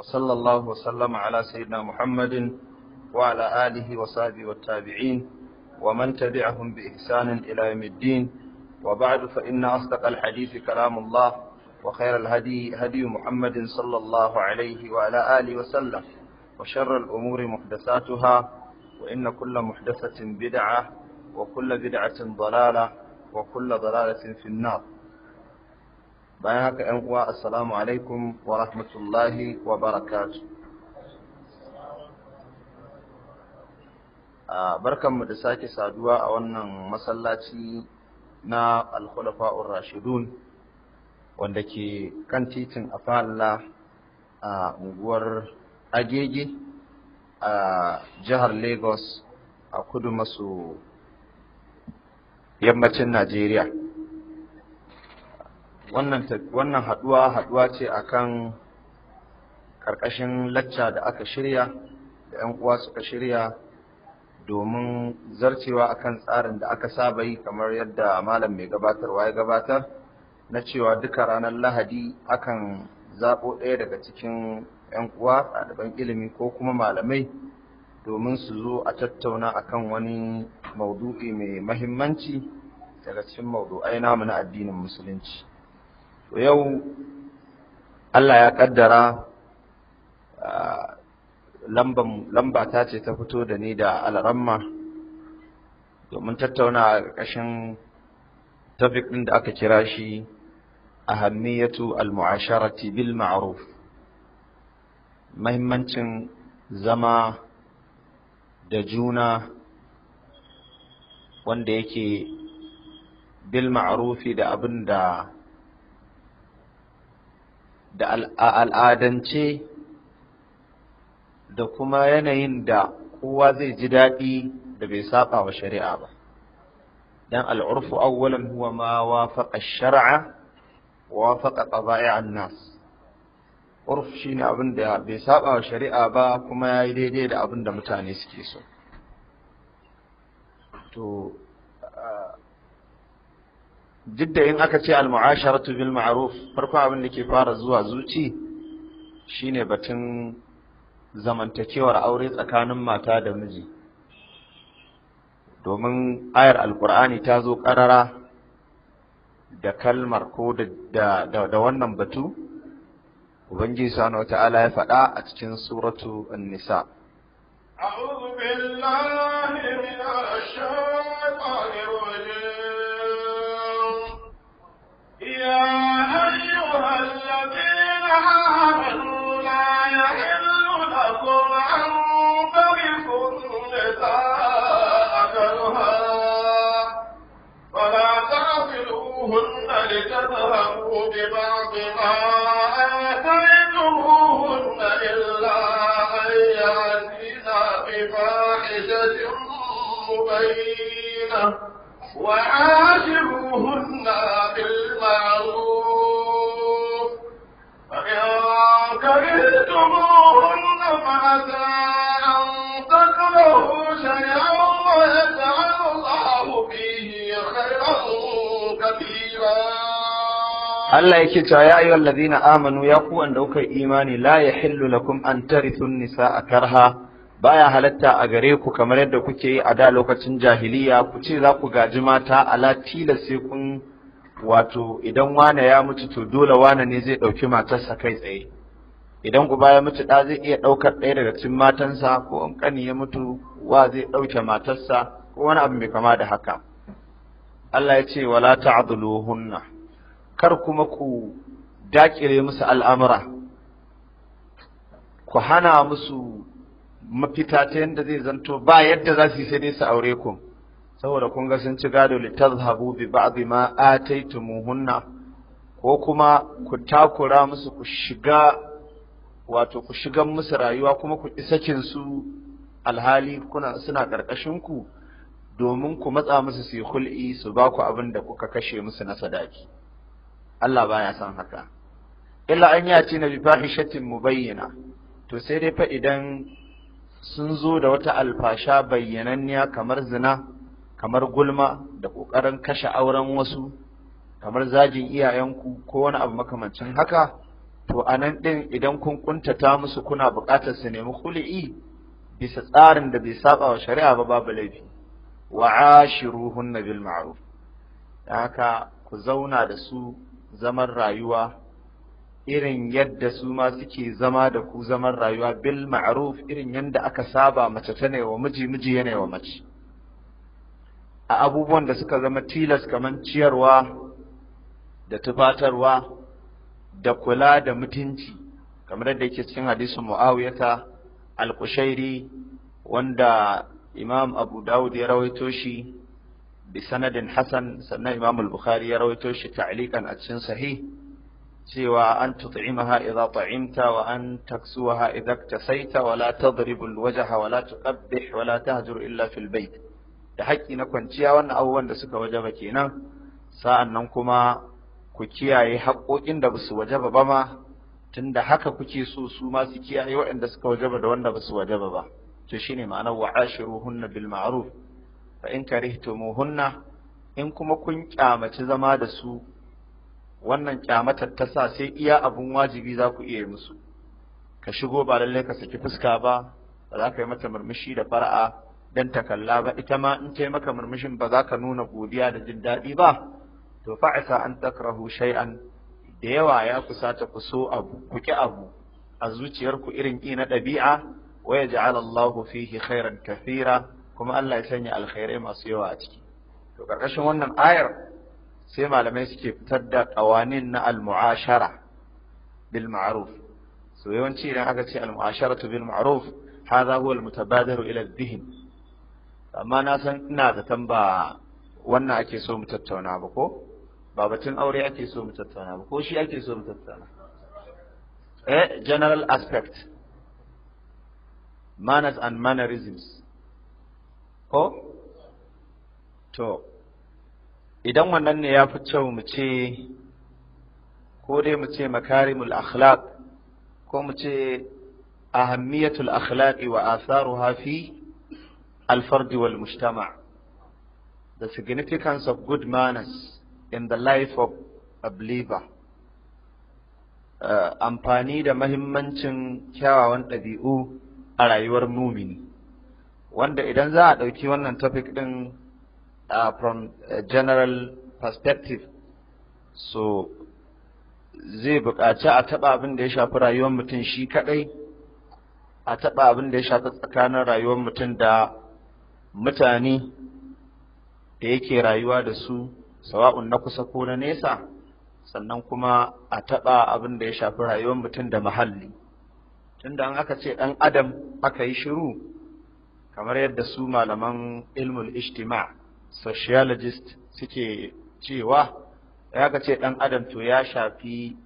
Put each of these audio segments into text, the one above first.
وصلى الله وسلم على سيدنا محمد وعلى آله وصحبه والتابعين ومن تبعهم بإحسان إلى يوم الدين وبعد فإن أصدق الحديث كلام الله وخير الهدي هدي محمد صلى الله عليه وعلى آله وسلم وشر الأمور محدثاتها وإن كل محدثة بدعة وكل بدعة ضلالة وكل ضلالة في النار bayan haka ‘yan uwa assalamu alaikum wa rahmatullahi wa barakatu barkanmu da sake saduwa a wannan masallaci na alkhulafa'ur rashidun wanda ke kan titin afalla a unguwar agege a jihar lagos a kudu maso yammacin najeriya wannan haduwa haduwa ce akan karkashin lacca da aka shirya da 'yan uwa suka shirya domin zarcewa akan tsarin da aka saba yi kamar yadda malam mai gabatarwa ya gabatar na cewa duka ranar lahadi akan zaɓo ɗaya daga cikin 'yan uwa ɗaliban ilimi ko kuma malamai domin su zo a tattauna akan wani maudu'i mai mahimmanci daga cikin maudu'ai namu na addinin musulunci yau Allah ya kaddara lamba ta ce ta fito da ni da al'amma domin tattauna a ƙarƙashin topic ɗin da aka kira shi ahammiyatu al-mu'asharati bil ma'ruf mahimmancin zama da juna wanda yake bil ma'rufi da abin da da al'adance da kuma yanayin da kowa zai ji daɗi da bai saba wa shari'a ba dan al'urfu awwalan huwa ma wafaqa shara wa wafaqa taba'i' nas urf shine abin da bai saba wa shari'a ba kuma yayi daidai da abin da mutane suke so to duk da in aka ce al-mu'asharatu bil ma'ruf farko abin da ke fara zuwa zuci shine batun zamantakewar aure tsakanin mata da miji domin ayar alkur'ani ta zo karara da kalmar ko da da wannan batu ubangiji sanu ta'ala ya faɗa a cikin suratu an-nisa أعوذ بالله من الشيطان الرجيم يا أيها الذين آمنوا لا يحل لكم أن ترثوا النساء كرها ولا تعقلوهن لتذهبوا ببعض ما آتيتموهن إلا أن يأتينا بفاحشة مبينة وعاشروهن بالمعروف فإن كرهتموهن فعسى أن تكرهوا شيئا ويجعل الله فيه خيرا كثيرا Allah yake cewa ya ayyuhal ladina amanu ya ku wanda kuka imani la yahillu lakum an tarithu an-nisaa karha baya halatta a gare ku kamar yadda kuke yi a da lokacin jahiliya ku ce za ku gaji mata ala tila sai kun wato idan wane ya mutu to dole wane ne zai ɗauki matarsa kai tsaye idan ku baya mutu da zai iya ɗaukar ɗaya daga cikin matansa ko in ƙani ya mutu wa zai ɗauke matarsa ko wani abu mai kama da haka Allah ya ce wala ta'dhuluhunna kar kuma ku dakire musu al'amura ku hana musu mafita ta yadda zai zanto ba yadda za su sai dai su aure ku saboda kun ga sun ci gado litazhabu bi ba'dhi ma muhunna ko kuma ku takura musu ku shiga wato ku shigan musu rayuwa kuma ku ki sakin su alhali kuna suna karkashin ku domin ku matsa musu su hul'i su ba ku abin da kuka kashe musu na sadaki Allah baya san haka illa an yace na bi fahishatin mubayyana to sai dai fa idan sun zo da wata alfasha bayyananniya kamar zina kamar gulma da ƙoƙarin kashe auren wasu kamar zajin iyayenku ko wani abu makamancin haka to a nan ɗin idan kun ƙuntata musu kuna buƙatar su nemi kuli'i bisa tsarin da bai saba wa shari'a ba babu laifi wa ashiruhunna bil ma'ruf haka ku zauna da su zaman rayuwa irin yadda su ma suke zama da ku zaman rayuwa bil ma'ruf irin yadda aka saba mace ta wa miji miji yana wa mace a abubuwan da suka zama tilas kamar ciyarwa da tufatarwa da kula da mutunci kamar yadda yake cikin hadisin mu'awiyata al-kushairi wanda imam abu dawud ya rawaito shi bi sanadin hasan sannan imam al-bukhari ya rawaito shi ta'liqan a cikin sahih cewa an tut'imaha idza ta'imta wa an taksuha idza iktasaita wa la tadribu alwajha wa la tuqabbih wa la tahjur illa fil bait da haƙƙi na kwanciya wannan abubuwan da suka wajaba kenan nan kuma ku kiyaye haƙƙoƙin da basu wajaba ba ma tunda haka kuke so su ma su kiyaye waɗanda suka wajaba da wanda basu wajaba ba to shine ma'anar wa'ashiruhunna bil ma'ruf fa in karihtumuhunna in kuma kun kyamaci zama da su wannan kyamatar ta sa sai iya abun wajibi za ku iya musu ka shigo ba lallai ka saki fuska ba ba za ka yi mata murmushi da fara'a dan ta kalla ba ita ma in ta maka murmushin ba za ka nuna godiya da jin daɗi ba to fa'isa an takrahu shay'an da yawa ya kusata ku so abu ku ki abu a zuciyarku irin ki na ɗabi'a wa yaj'al Allahu fihi khairan kathira kuma Allah ya sanya alkhairai masu yawa a ciki to karkashin wannan ayar sai malamai suke fitar da qawanin na al-mu'ashara bil ma'ruf so yawanci idan aka ce al to bil ma'ruf hadha huwa al-mutabadaru ila al-dhihn amma na san ina da tamba wannan ake so mu tattauna ba ko ba batun aure ake so mu tattauna ba ko shi ake so mu tattauna eh general aspect manners and mannerisms ko to idan wannan ne ya fi kyau mu ce ko dai mu ce makarimul akhlaq ko mu ce ahammiyatul akhlaqi wa atharuha fi al-fard wal mujtama the significance of good manners in the life of a believer uh, amfani da mahimmancin kyawawan ɗabi'u a rayuwar mumini wanda idan za a ɗauki wannan topic ɗin uh, from a general perspective so zai buƙaci a taɓa abin da ya shafi rayuwar mutum shi kaɗai a taɓa abin da ya shafi tsakanin rayuwar mutum da mutane da yake rayuwa da su sawa'un na kusa ko na nesa sannan kuma a taɓa abin da ya shafi rayuwar mutum da muhalli tunda an aka ce ɗan adam aka yi shiru kamar yadda su malaman ilmul ijtima sociologist suke cewa ya ka ce ɗan adam to ya shafi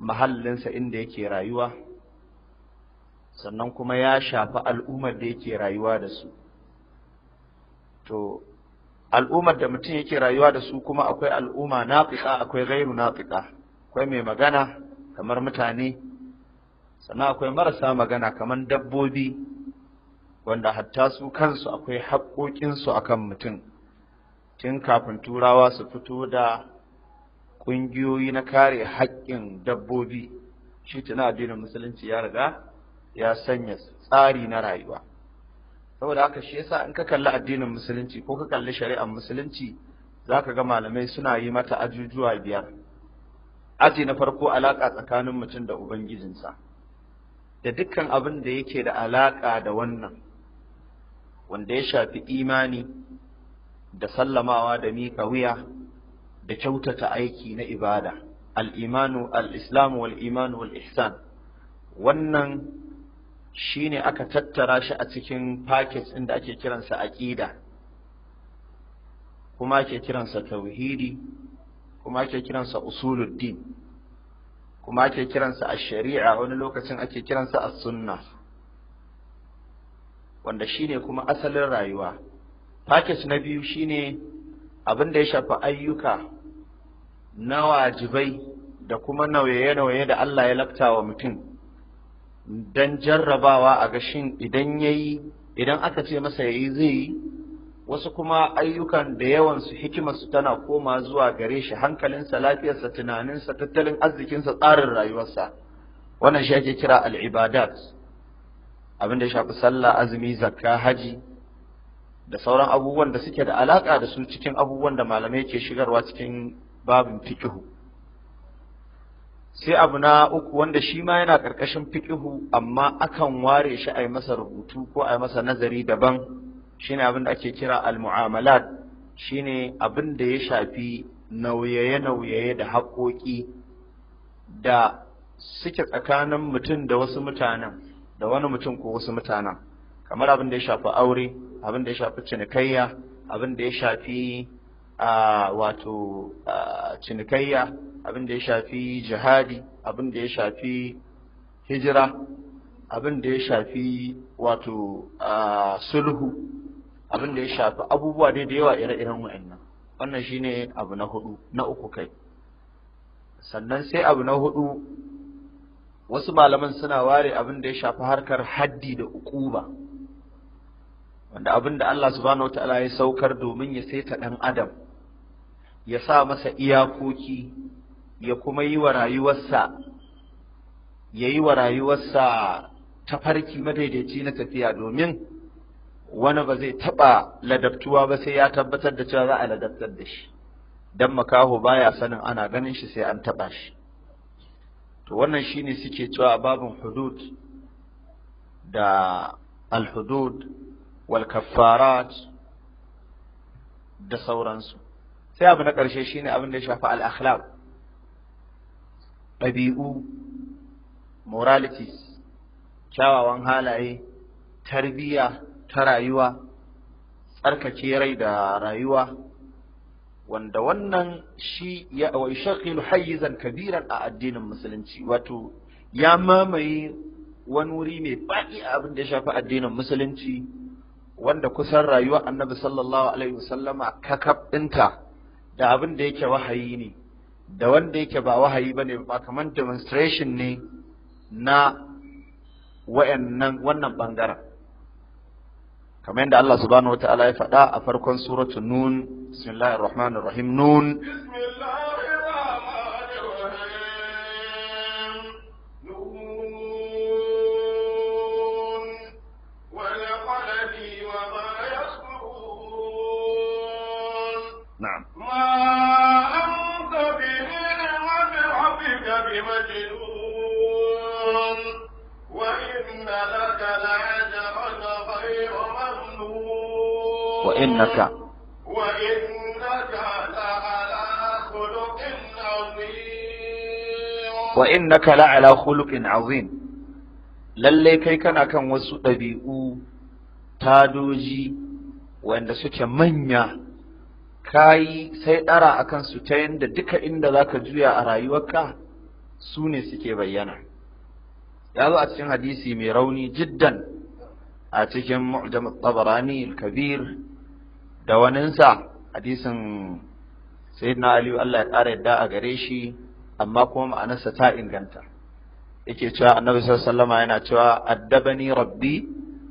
mahallinsa inda yake rayuwa sannan kuma ya shafi al'ummar da yake rayuwa da su to al'ummar da mutum yake rayuwa da su kuma akwai al'umma nafiƙa akwai gairu nafiƙa akwai mai magana kamar mutane sannan akwai marasa magana kamar dabbobi wanda hatta su kansu akwai haƙoƙinsu akan mutum tun kafin turawa su fito da ƙungiyoyi na kare haƙƙin dabbobi shi tuna addinin musulunci ya riga ya sanya tsari na rayuwa saboda haka shi yasa in ka kalli addinin musulunci ko ka kalli shari'ar musulunci za ka ga malamai suna yi mata ajujuwa biyar aji na farko alaƙa tsakanin mutum da ubangijinsa da dukkan abin da yake da alaƙa da wannan wanda ya shafi imani da sallamawa da mika wuya da kyautata aiki na ibada al al'islamu al-islamu wal shi ne wannan shine aka tattara shi a cikin package inda ake kiransa aƙida kuma ake kiransa tauhidi kuma ake kiransa usuluddin kuma ake kiransa a sharia wani lokacin ake kiransa a sunna. wanda shine kuma asalin rayuwa package na biyu shine abin da ya shafi ayyuka na wajibai da kuma nauye-nauye da Allah ya lafta wa mutum don jarrabawa a gashin idan yayi idan aka ce masa ya yi zai yi wasu kuma ayyukan da yawansu hikimarsu tana koma zuwa gare shi hankalinsa lafiyarsa tunaninsa tattalin arzikinsa tsarin rayuwarsa wannan shi ake kira al'ibadat abin da ya shafi sallah azumi zakka haji da sauran abubuwan da suke da alaka da su cikin abubuwan da malamai ke shigarwa cikin babin fiqhu sai abu na uku wanda shi ma yana ƙarƙashin fiƙihu amma akan ware shi a yi masa rubutu ko a yi masa nazari daban shine abin da ake kira al-mu'amalat shine abin da ya shafi nauyaye-nauyaye da haƙoƙi da suke tsakanin mutum da wasu mutanen da wani mutum ko wasu mutanen kamar abin da ya shafi aure abin da ya shafi cinikayya abin da ya shafi wato cinikayya abin da ya shafi jihadi abin da ya shafi hijira abin da ya shafi wato sulhu abin da ya shafi abubuwa dai da yawa ire-iren wa'annan wannan shine abu na hudu na uku kai sannan sai abu na hudu wasu malaman suna ware abin da ya shafi harkar haddi da ukuba wanda abin da Allah subhanahu wataala ya saukar domin ya saita ɗan adam ya sa masa iyakoki ya kuma yi wa rayuwarsa ya yi wa rayuwarsa tafarki madaidaici na tafiya domin wani ba zai taɓa ladabtuwa ba sai ya tabbatar da cewa za a ladabtar da shi don makaho baya sanin ana ganin shi sai an taɓa shi to wannan shine suke cewa babun hudud da al-hudud wal kaffarat da sauransu sai abu na ƙarshe shine abin da ya shafa al-akhlaq ɗabi'u moralities kyawawan halaye tarbiyya ta rayuwa tsarkake rai da rayuwa wanda wannan shi ya wa yashghilu hayyizan kabiran a addinin musulunci wato ya mamaye wani wuri mai baki a abin da ya shafi addinin musulunci wanda kusan rayuwar annabi sallallahu alaihi wasallama kakab ɗinta da abin da yake wahayi ne da wanda yake ba wahayi ba ne ba kamar demonstration ne na wannan bangaren كما عند الله سبحانه وتعالى فدا آه، افركون سوره النون بسم الله الرحمن الرحيم نون نعم. ما أنت به Thank you. وإنك وإنك لعلى خلق عظيم وإنك لعلى خلق عظيم kai kana kan wasu ɗabi'u tadoji wanda suke manya kayi sai ɗara a su ta yadda duka inda zaka juya a rayuwarka su ne suke bayyana ya zo a cikin hadisi mai rauni jiddan a cikin mu'jam tabarani kabir da waninsa hadisin sayyidina ali Allah ya ƙara yadda a gare shi amma kuma ma'anarsa ta inganta yake cewa annabi sallallahu alaihi yana cewa addabani rabbi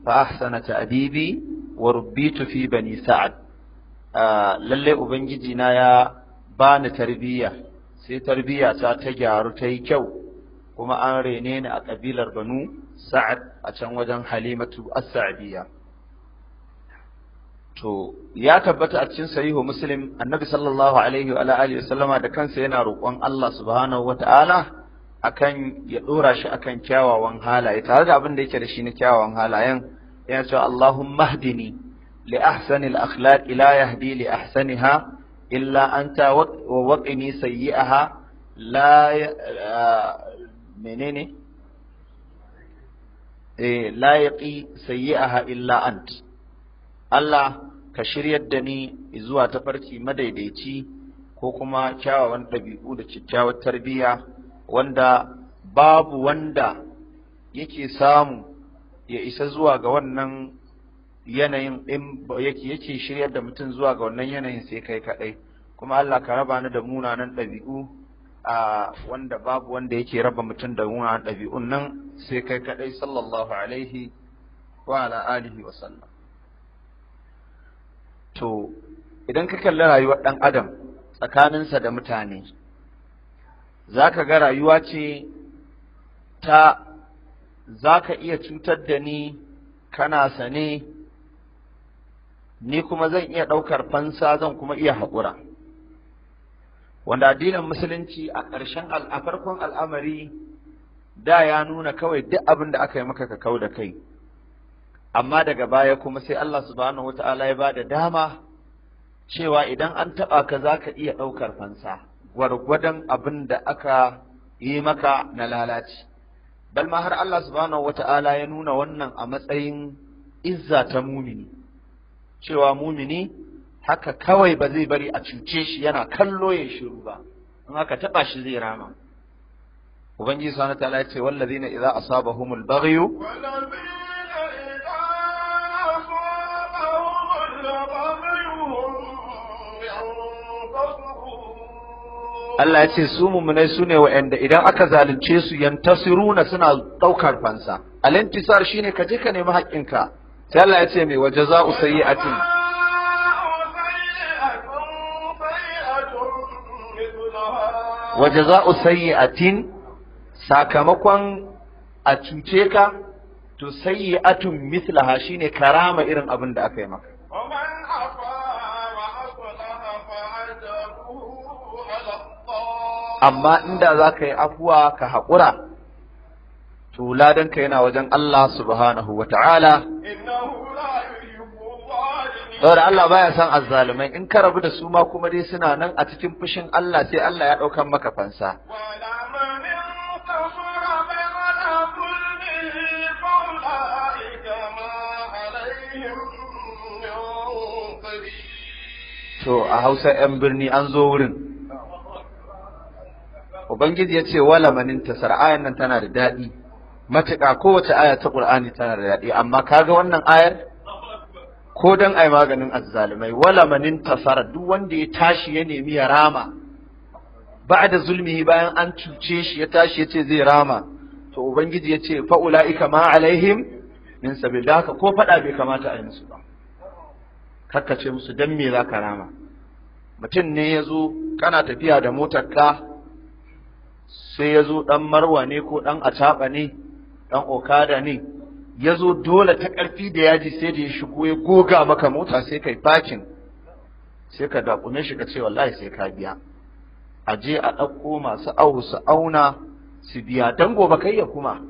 fa ahsana ta'dibi wa rubbitu fi bani sa'ad lalle ubangiji na ya bani tarbiyya sai tarbiyya ta ta gyaru ta yi kyau kuma an rene ni a kabilar banu sa'ad a can wajen halimatu as-sa'diyya to ya tabbata a cikin sahihu muslim annabi sallallahu alaihi wa alihi wasallama da kansa yana roƙon Allah subhanahu wata'ala akan ya dora shi akan kyawawan halaye tare da abin da yake da shi na kyawawan halayen yana cewa Allahumma hdini li ahsani al-akhlaq la yahdi li ahsaniha illa anta wa waqini sayyi'aha la menene eh la yaqi sayyi'aha illa ant Allah ka shiryar da ni zuwa tafarki madaidaici ko kuma kyawawan ɗabi'u da kyakkyawar tarbiyya wanda babu wanda yake samu ya isa zuwa ga wannan yanayin ɗin yake yake shiryar da mutum zuwa ga wannan yanayin sai kai kaɗai kuma Allah ka raba ni da munanan ɗabi'u a wanda babu wanda yake raba mutum da munanan ɗabi'un nan sai kai kaɗai sallallahu alaihi wa ala alihi wa sallam to idan ka kalli rayuwar ɗan adam tsakaninsa da mutane za ka ga rayuwa ce ta za ka iya cutar da ni kana sane ni kuma zan iya ɗaukar fansa zan kuma iya haƙura wanda addinin musulunci a ƙarshen a al'amari da ya nuna kawai duk abin da aka yi maka ka kau da kai amma daga baya kuma sai Allah subhanahu wata'ala ya bada dama cewa idan an taɓa ka za ka iya ɗaukar fansa gwargwadon abin da aka yi maka na lalaci bal har Allah subhanahu wata'ala ya nuna wannan a matsayin izza ta mumini cewa mumini haka kawai ba zai bari a cuce shi yana kallo ya shiru ba in aka taɓa shi zai rama ubangiji subhanahu wata'ala ya ce wallazina idza asabahumul baghyu Allah ya ce su mummunai su ne wa'anda idan aka zalunce su tasiruna suna ɗaukar fansa alintisar shine ka je ka nemi haƙƙinka sai Allah ya ce mai wa jaza'u sayyi'atin wa jaza'u sayyi'atin sakamakon a cuce ka to sayyi'atun mislaha shine karama irin abin da aka yi maka amma inda za ka yi afuwa ka haƙura to ladanka yana wajen Allah subhanahu wa ta'ala saboda Allah baya san azzalumai in ka rabu da su ma kuma dai suna nan a cikin fushin Allah sai Allah ya ɗaukan maka fansa to a hausa 'yan birni an zo wurin ubangiji ya ce wala manin tasar ayan nan tana da daɗi matuƙa kowace aya ta ƙur'ani tana da daɗi amma kaga wannan ayar ko dan ai maganin azzalumai wala manin tasar duk wanda ya tashi ya nemi ya rama ba'da zulmihi bayan an cuce shi ya tashi ya ce zai rama to ubangiji ya ce fa ulaika ma alaihim min sabil haka ko faɗa bai kamata a yi musu ba kakkace musu dan me za rama mutum ne ya zo kana tafiya da motar ka sai ya zo ɗan marwa ne ko ɗan acaɓa ne ɗan okada ne ya zo dole ta ƙarfi da yaji sai da ya shigo ya goga maka mota sai kai bakin sai ka daƙune shi ka ce wallahi sai ka biya a je a ɗauko masu awu su auna su biya dan gobe kai ya kuma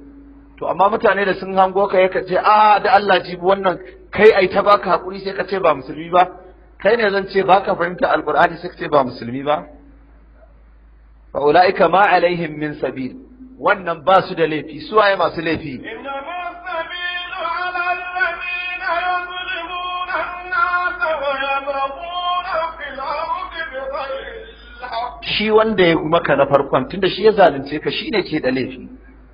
to amma mutane da sun hango ka ya ce a da Allah ji wannan kai ai ta baka hakuri sai ka ce ba musulmi ba kai ne zan ce baka fahimta Alƙur'ani sai ka ce ba musulmi ba fa ulaika ma alaihim min sabil wannan basu da laifi su waye masu laifi shi wanda ya maka na farkon tunda shi ya zalunce ka shine ke da laifi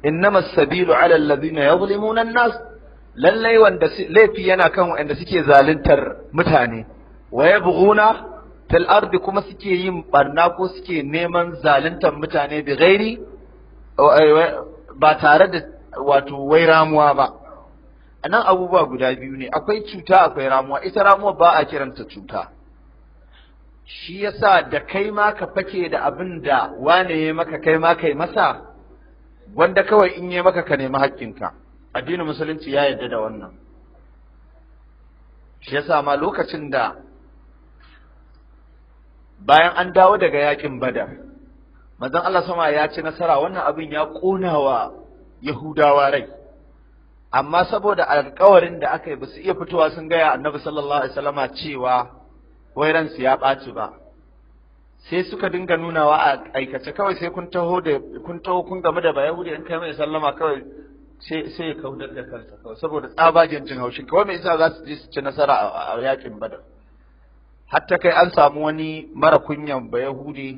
innamas sabilu ala alladhina yadhlimuna an-nas laifi yana kan wanda suke zaluntar mutane wa yabghuna fil ardi kuma suke yin barna ko suke neman zaluntar mutane bi gairi eh, ba tare da wato wai ramuwa ba anan abubuwa guda biyu ne akwai cuta akwai ramuwa ita ramuwa ba a kiranta cuta shi yasa da kai ma ka fake da abin da wane ya maka kai ma kai masa wanda kawai in yi maka ka nemi haƙƙinka addinin musulunci ya yarda da wannan shi yasa ma lokacin da bayan an dawo daga yakin badar manzon Allah sama ya ci nasara wannan abin ya konawa yahudawa rai amma saboda alƙawarin da aka yi ba su iya fitowa sun gaya annabi sallallahu alaihi wasallama cewa wai ransu ya ɓaci ba sai suka dinga nunawa a aikace kawai sai kun taho da kun taho kun game da bayahudi in kai mai sallama kawai sai sai ya kaudar da kansa kawai saboda tsabagen jin haushin kawai mai yasa za su je su ci nasara a yakin badar ta kai an samu wani mara kunyan yahudi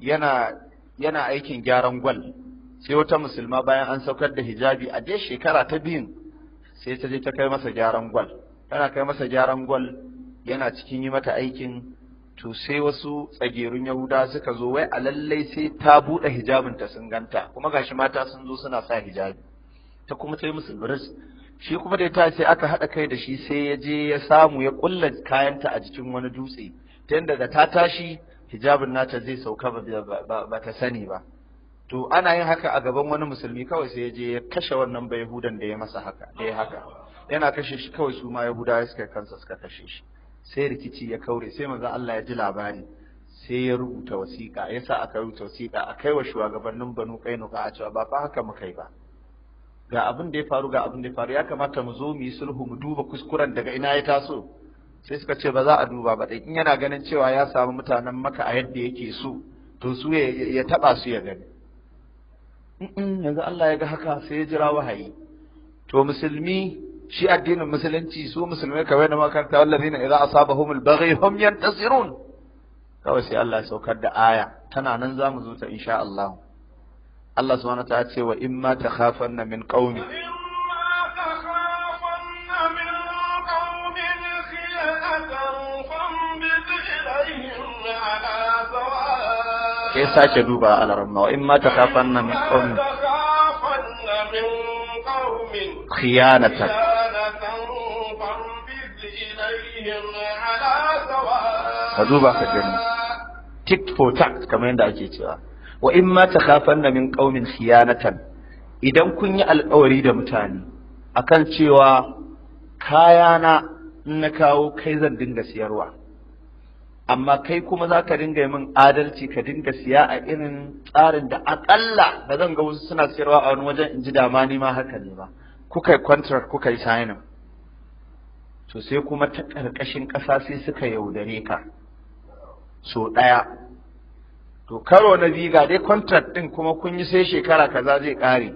yana yana aikin gyaran gwal sai wata musulma bayan an saukar da hijabi a dai shekara ta biyun sai ta je ta kai masa gyaran gwal tana kai masa gyaran gwal yana cikin yi mata aikin to sai wasu tsagerun yahuda suka zo wai a lallai sai ta buɗe hijabinta sun ganta kuma gashi mata sun zo suna sa hijabi ta kuma ta yi musu shi kuma da ya tashi aka haɗa kai da shi sai ya je ya samu ya ƙulla kayanta a jikin wani dutse ta yadda da ta tashi hijabin nata zai sauka ba ta sani ba to ana yin haka a gaban wani musulmi kawai sai ya je ya kashe wannan bai hudan da ya masa haka da ya haka yana kashe shi kawai su ma ya suka kansa suka kashe shi sai rikici ya kaure sai maza Allah ya ji labari sai ya rubuta wasiƙa ya sa aka rubuta wasiƙa a kai wa shugabannin Banu nuka a cewa ba fa haka muka yi ba ga abin da ya faru ga abin da ya faru ya kamata mu zo mu yi sulhu mu duba kuskuren daga ina ya taso sai suka ce ba za a duba ba in yana ganin cewa ya samu mutanen maka a yadda yake so to su ya taba su ya gani yanzu Allah ya ga haka sai ya jira wahayi to musulmi shi addinin musulunci su musulmai kawai na makaranta wallazina idza asabahum al-baghi hum yantasirun kawai sai Allah ya saukar da aya tana nan zamu zo ta insha Allah Allah subhanahu wa ta'ala ce wa imma takhafanna min qaumi sai sake duba a larabna wa in ma ta kafan na min ƙaumin khiyanatan ka duba ka gani tit for tat kamar yadda ake cewa wa in ma na min qaumin khiyanatan idan kun yi alƙawari da mutane akan cewa kayana in na kawo kai zan dinga siyarwa amma kai kuma za ka dinga min adalci ka dinga siya a irin tsarin da aƙalla ba zan ga wasu suna siyarwa a wani wajen in ji dama ni ma haka ne ba kuka yi contract kuka yi signing to sai kuma ta ƙarƙashin ƙasa sai suka yaudare ka so ɗaya to karo na biyu ga dai contract din kuma kun yi sai shekara kaza zai kare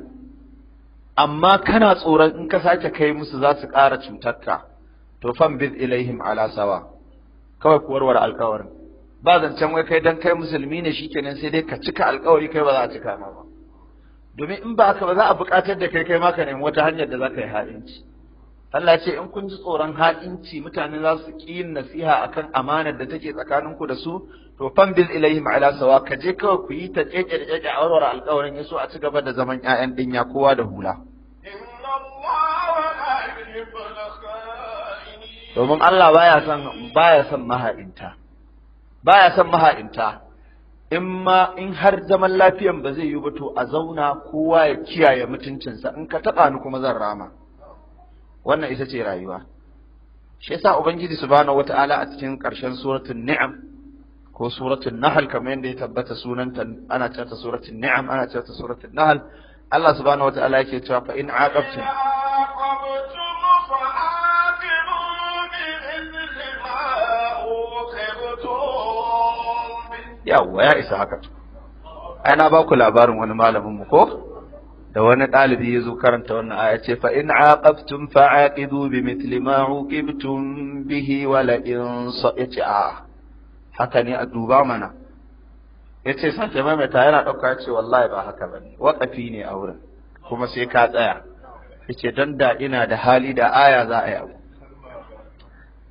amma kana tsoron in ka sake kai musu za su ƙara cutarka to fan bid ilaihim ala sawa kawai ku warware alƙawarin ba zancen wai kai dan kai musulmi ne kenan, sai dai ka cika alƙawari kai ba za a cika ma ba domin in ba haka ba za a buƙatar da kai kai ma ka nemi wata hanyar da za ka yi ha'inci Allah ce in kun ji tsoron ha'inci mutane za su ƙi yin nasiha akan amanar da take tsakaninku da su to bil ilayhim ala sawa ka je kawai ku yi ta tsetse da tsetse a warware alƙawarin yaso a ci gaba da zaman ƴaƴan dinya kowa da hula domin Allah baya son baya son maha'inta baya son maha'inta in ma in har zaman lafiyan ba zai yi ba to a zauna kowa ya kiyaye mutuncinsa in ka taɓa ni kuma zan rama wannan ita ce rayuwa shi yasa ubangiji subhanahu wata'ala a cikin ƙarshen suratul ni'am ko suratul nahl kamar yadda ya tabbata sunanta ana cewa suratul ni'am ana cewa suratul nahl Allah subhanahu wataala yake cewa fa in aqabtum yawwa ya isa haka ai na ba ku labarin wani malamin mu ko da wani ɗalibi ya zo karanta wannan aya ce fa in aqabtum fa aqidu bi mithli ma uqibtum bihi wa la in sa a haka ne a duba mana ya ce mai ta yana ɗauka ce wallahi ba haka ba ne waƙafi ne a wurin kuma sai ka tsaya ya ce don da ina da hali da aya za a yi abu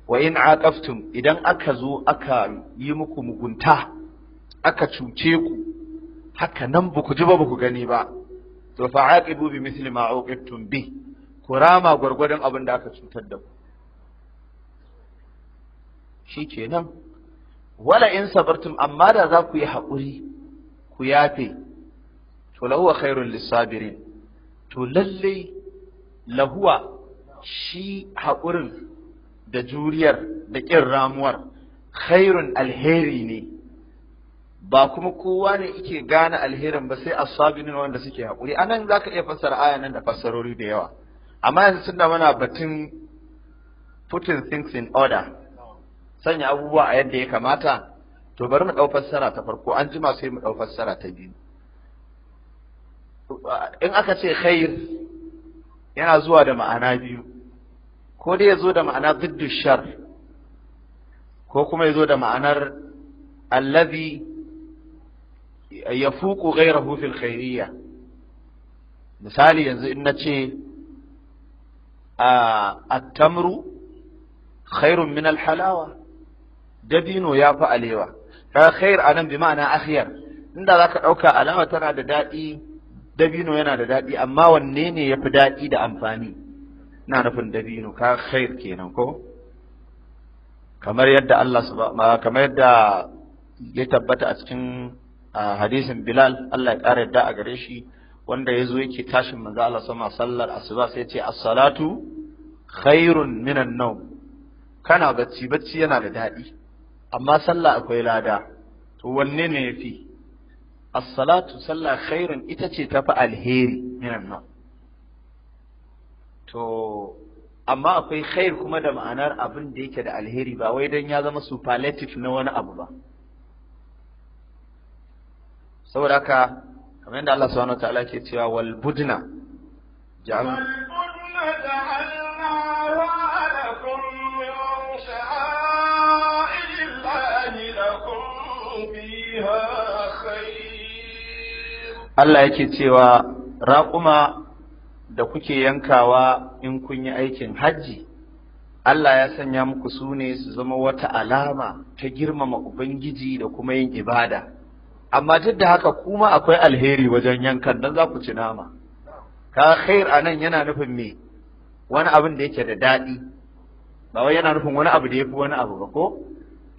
wa in aqaftum idan aka zo aka yi muku mugunta aka cuce ku haka nan ba ku ji ba ku gani ba to fa aqibu bi misli ma uqibtum bi ku rama gwargwadon abin da aka cutar da ku Shi shikenan wala in sabartum amma da za ku yi haƙuri ku yafe to lahuwa khairul lisabirin to lalle lahuwa shi haƙurin da juriyar da ƙin ramuwar khairun alheri ne ba kuma kowa ne yake gane alherin ba sai asabinin wanda suke haƙuri anan za ka iya fassara aya nan da fassarori da yawa amma yanzu tunda muna batun putting things in order sanya abubuwa a yadda ya kamata to bari mu ɗau fassara ta farko an jima sai mu ɗau fassara ta biyu in aka ce khair yana zuwa da ma'ana biyu ko dai ya zo da ma'ana ziddu shar ko kuma ya zo da ma'anar allazi fuku gaira fil khairiyya misali yanzu in na ce a ah, tamru khairun min al-halawa dabino ya fi alewa ka khair anan bi ma'ana akhyar inda zaka dauka alama tana da dadi dabino yana da dadi amma wanne ne yafi dadi da amfani ina nufin dabino ka khair kenan ko kamar yadda Allah subhanahu kamar yadda ya tabbata a cikin hadisin Bilal Allah ya kare yadda a gare shi wanda yazo yake tashin manzo Allah sama sallar asuba sai ce as-salatu khairun minan nawm kana bacci bacci yana da dadi amma sallah akwai lada to wanne ne yafi as-salatu sallah khairun ita ce ta tafi alheri minan nan to amma akwai khair kuma da ma'anar abin da yake da alheri ba wai dan ya zama superlative na wani abu ba saboda haka kamar yadda Allah subhanahu wataala ke cewa wal budna ja'al allah yake cewa raƙuma da kuke yankawa in kun yi aikin hajji Allah ya sanya muku su ne su zama wata alama ta girmama Ubangiji da kuma yin ibada. Amma duk da haka kuma akwai alheri wajen yankan don za ku ci nama. Ka khair a nan yana nufin me wani abin da yake da daɗi, ba wai yana nufin wani abu da ya fi wani abu ba ko?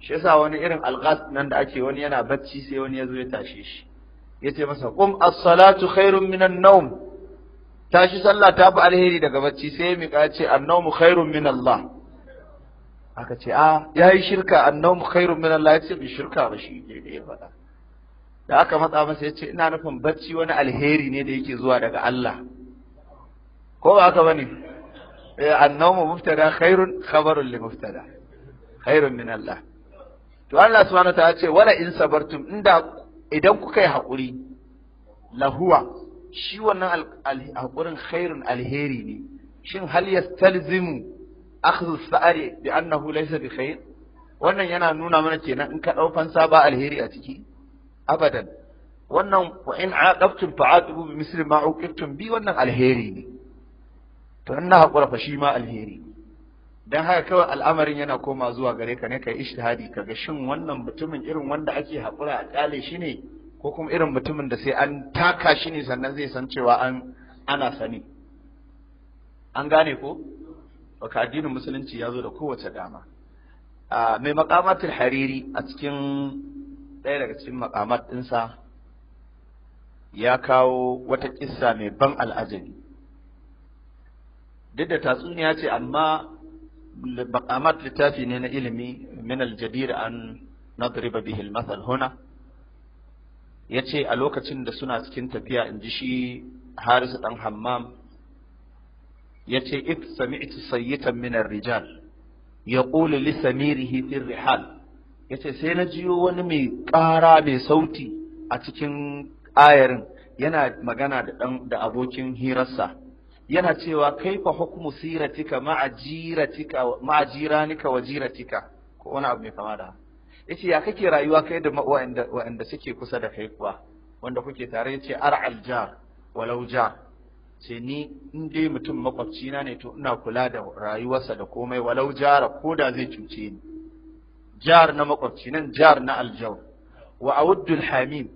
shi yasa wani irin alghas nan da ake wani yana bacci sai wani ya zo ya tashe shi Ya yace masa qum as-salatu khairun minan nawm tashi sallah ta fi alheri daga bacci sai ya mika ce an-nawm khairun min Allah aka ce a ah, ya yi shirka an-nawm khairun min Allah ya ce bi shirka ba shi ne ya faɗa da aka matsa masa ya ce ina nufin bacci wani alheri ne da yake zuwa daga Allah ko ba haka bane eh, an-nawm mubtada khairun khabarun li mubtada khairun min Allah to Allah subhanahu ta'ala ce wala in sabartum inda idan kuka yi haƙuri lahuwa shi wannan haƙurin khairun alheri ne shin hal yastalzimu akhdhu sa'ari bi annahu laysa bi khair wannan yana nuna mana kenan in ka dau fansa ba alheri a ciki abadan wannan wa in aqabtum fa'aqibu bi misli ma uqibtum bi wannan alheri ne to inna haƙura fa shi ma alheri ne dan haka kawai al'amarin yana koma zuwa gare ka ne kai ishtihadi kaga shin wannan mutumin irin wanda ake haƙura a ƙale shi ne ko kuma irin mutumin da sai an taka shi ne sannan zai san cewa an ana sani an gane ko baka addinin musulunci ya zo da kowace dama mai maƙamatul hariri a cikin ɗaya daga cikin maƙamat ɗinsa ya kawo wata ƙissa mai ban al'ajabi duk da tatsuniya ce amma baqamat littafi ne na ilimi min aljadir an nadriba bihi almathal huna yace a lokacin da suna cikin tafiya in ji shi Harisu dan Hammam yace if sami'tu sayyitan min ar-rijal ya ƙula samirihi fi rihal yace sai na jiyo wani mai ƙara mai sauti a cikin ayarin yana magana da dan da abokin hirarsa yana cewa kaifa hukmu siratika ma'a jiratika ma'a jiranika wa jiratika ko wani abu mai kama da yace ya kake rayuwa kai da wa'anda wa'anda suke kusa da kai kuwa wanda kuke tare yace ar jar walau jar ce ni in dai mutum makwabci na ne to ina kula da rayuwarsa da komai walau jara ko da zai cuce ni jar na makwabci nan jar na aljau wa awuddul hamim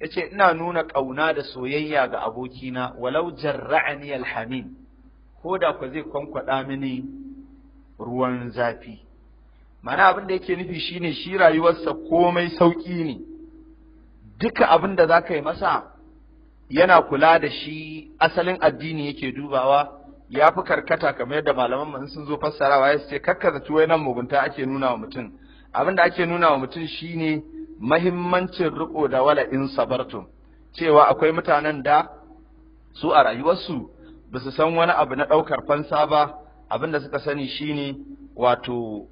yace ina nuna ƙauna da soyayya ga abokina walau jarra'ani alhamin ko da ku zai kwankwada mini ruwan zafi mana abin da yake nufi shine shi rayuwarsa komai sauki ne duka abin da zaka yi masa yana kula da shi asalin addini yake dubawa ya fi karkata kamar yadda malaman mu sun zo fassarawa ya ce karkata tuwai nan mugunta ake nuna wa mutum abin da ake nuna wa mutum shine ne mahimmancin riko da wala in sabartum cewa akwai mutanen da su a rayuwarsu ba su san wani abu na ɗaukar fansa ba abinda suka sani shine wato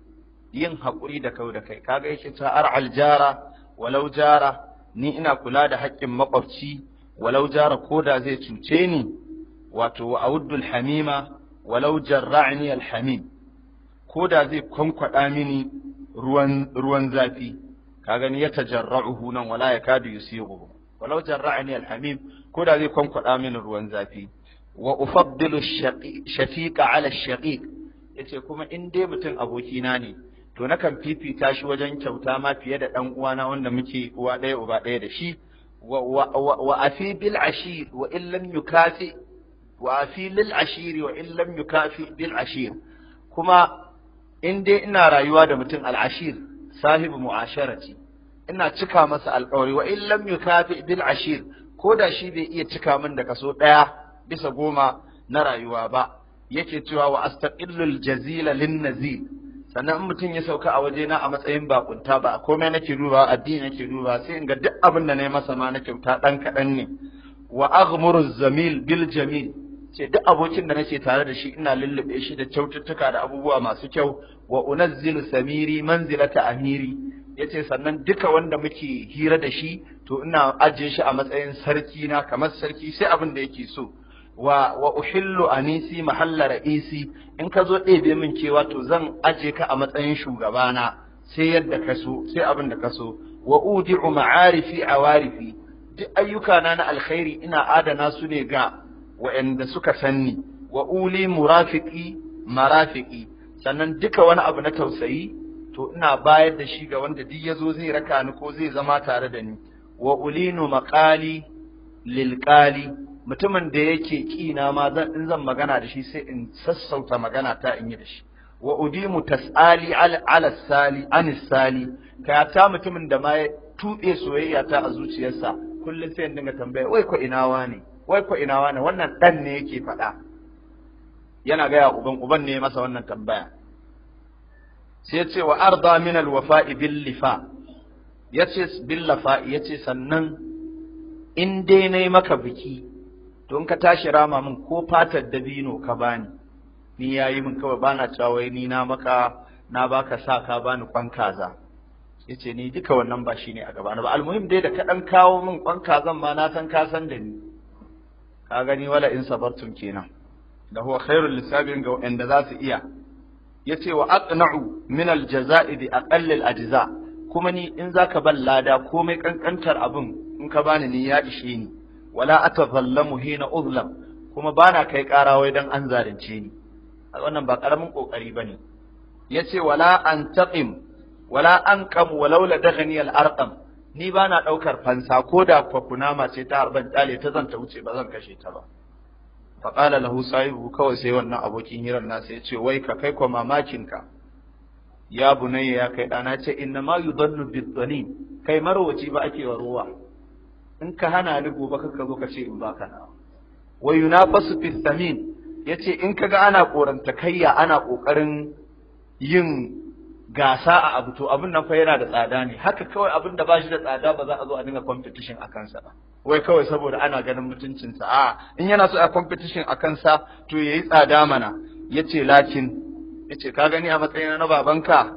yin haƙuri da kau da kai kaga yake ta ar aljara walau jara ni ina kula da haƙƙin makwabci walau jara ko da zai cuce ni wato wa auddul hamima walau jarra'ni alhamim ko da zai kwankwada mini ruwan ruwan zafi ka gani ya tajarra'uhu nan wala yakadu yusighu walau jarra'ani alhamim ko da zai kwankwada mini ruwan zafi wa ufaddilu shafiqa ala shaqiq yace kuma in dai mutum abokina ne to nakan fifita shi wajen kyauta ma fiye da dan uwana wanda muke uwa ɗaya uba ɗaya da shi wa afi bil ashir wa in lam yukafi wa afi lil ashir wa in lam yukafi bil ashir kuma in dai ina rayuwa da mutum al ashir sahibu mu'asharati ina cika masa alƙawari wa in lam yukafi bil ashir ko da shi bai iya cika min da kaso ɗaya bisa goma na rayuwa ba yake cewa wa astaqillul jazila lin nazil sannan in mutum ya sauka a wajena a matsayin bakunta ba komai nake duba addini nake duba sai in ga duk abin da na yi masa ma na kyauta ɗan kaɗan ne wa aghmuru zamil bil jamil ce duk abokin da nake tare da shi ina lullube shi da kyaututtuka da abubuwa masu kyau wa unazzilu samiri manzilata amiri yace sannan duka wanda muke hira da shi to ina ajiye shi a matsayin sarki na kamar sarki sai abin da yake so wa wa uhillu anisi mahalla ra'isi in ka zo ɗebe min cewa to zan ajiye ka a matsayin shugabana sai yadda ka so sai abin da ka so wa udi'u ma'arifi awarifi duk ayyuka na na alkhairi ina adana su ne ga wa'anda suka sanni wa uli murafiki marafiki sannan duka wani abu na tausayi to ina bayar da shi ga wanda duk yazo zai raka ni ko zai zama tare da ni wa ulinu maqali qali mutumin da yake kina ma zan in zan magana da shi sai in sassauta magana ta in yi da shi wa udimu tasali ala sali anis sali kayata mutumin da ma ya tuɓe soyayya ta a zuciyarsa kullum sai in dinga tambaya wai ko ina wane ne wai ko ina wane wannan dan ne yake faɗa yana gaya uban uban ne masa wannan tambaya sai ce wa arda min alwafa'i bil lifa yace bil lafa'i yace sannan in dai nayi maka biki to in ka tashi rama min ko fatar dabino ka bani ni yayi min kawai bana cewa ni na maka na baka sa ka bani kwan kaza yace ni duka wannan ba shine a gaba ba almuhim dai da ka dan kawo min kwan kazan ma na san ka san da ni ka gani wala in sabartum kenan da huwa khairul lisabin ga wanda za su iya yace wa aqna'u min aljaza'i bi aqall alajza kuma ni in zaka ban lada komai kankantar abin in ka bani ni ya ishe ni wala atazallamu hina uzlam kuma bana kai ƙara wai dan an zalunce ni wannan ba karamin kokari bane yace wala antaqim wala anqam walau ladaghni al-arqam ni ba na ɗaukar fansa ko da kuwa kunama ta harban ƙyale ta zan ta wuce ba zan kashe ta ba faƙala lahu sahibu kawai sai wannan abokin hirar nasa ya ce wai ka kai kwa mamakinka ya bunayya ya kai ɗana ce inna ma yudannu bidhalin kai marwaci ba ake wa ruwa in ka hana ni gobe ka zo ka ce in baka na wa yunafasu fi samin yace in kaga ana koranta kayya ana kokarin yin gasa a abu to abin nan fa yana da tsada ne haka kawai abin da bashi da tsada ba za a zo a dinga competition a kansa ba wai kawai saboda ana ganin mutuncinsa a in yana so a competition a kansa to yayi tsada mana yace lakin yace ka gani a matsayin na babanka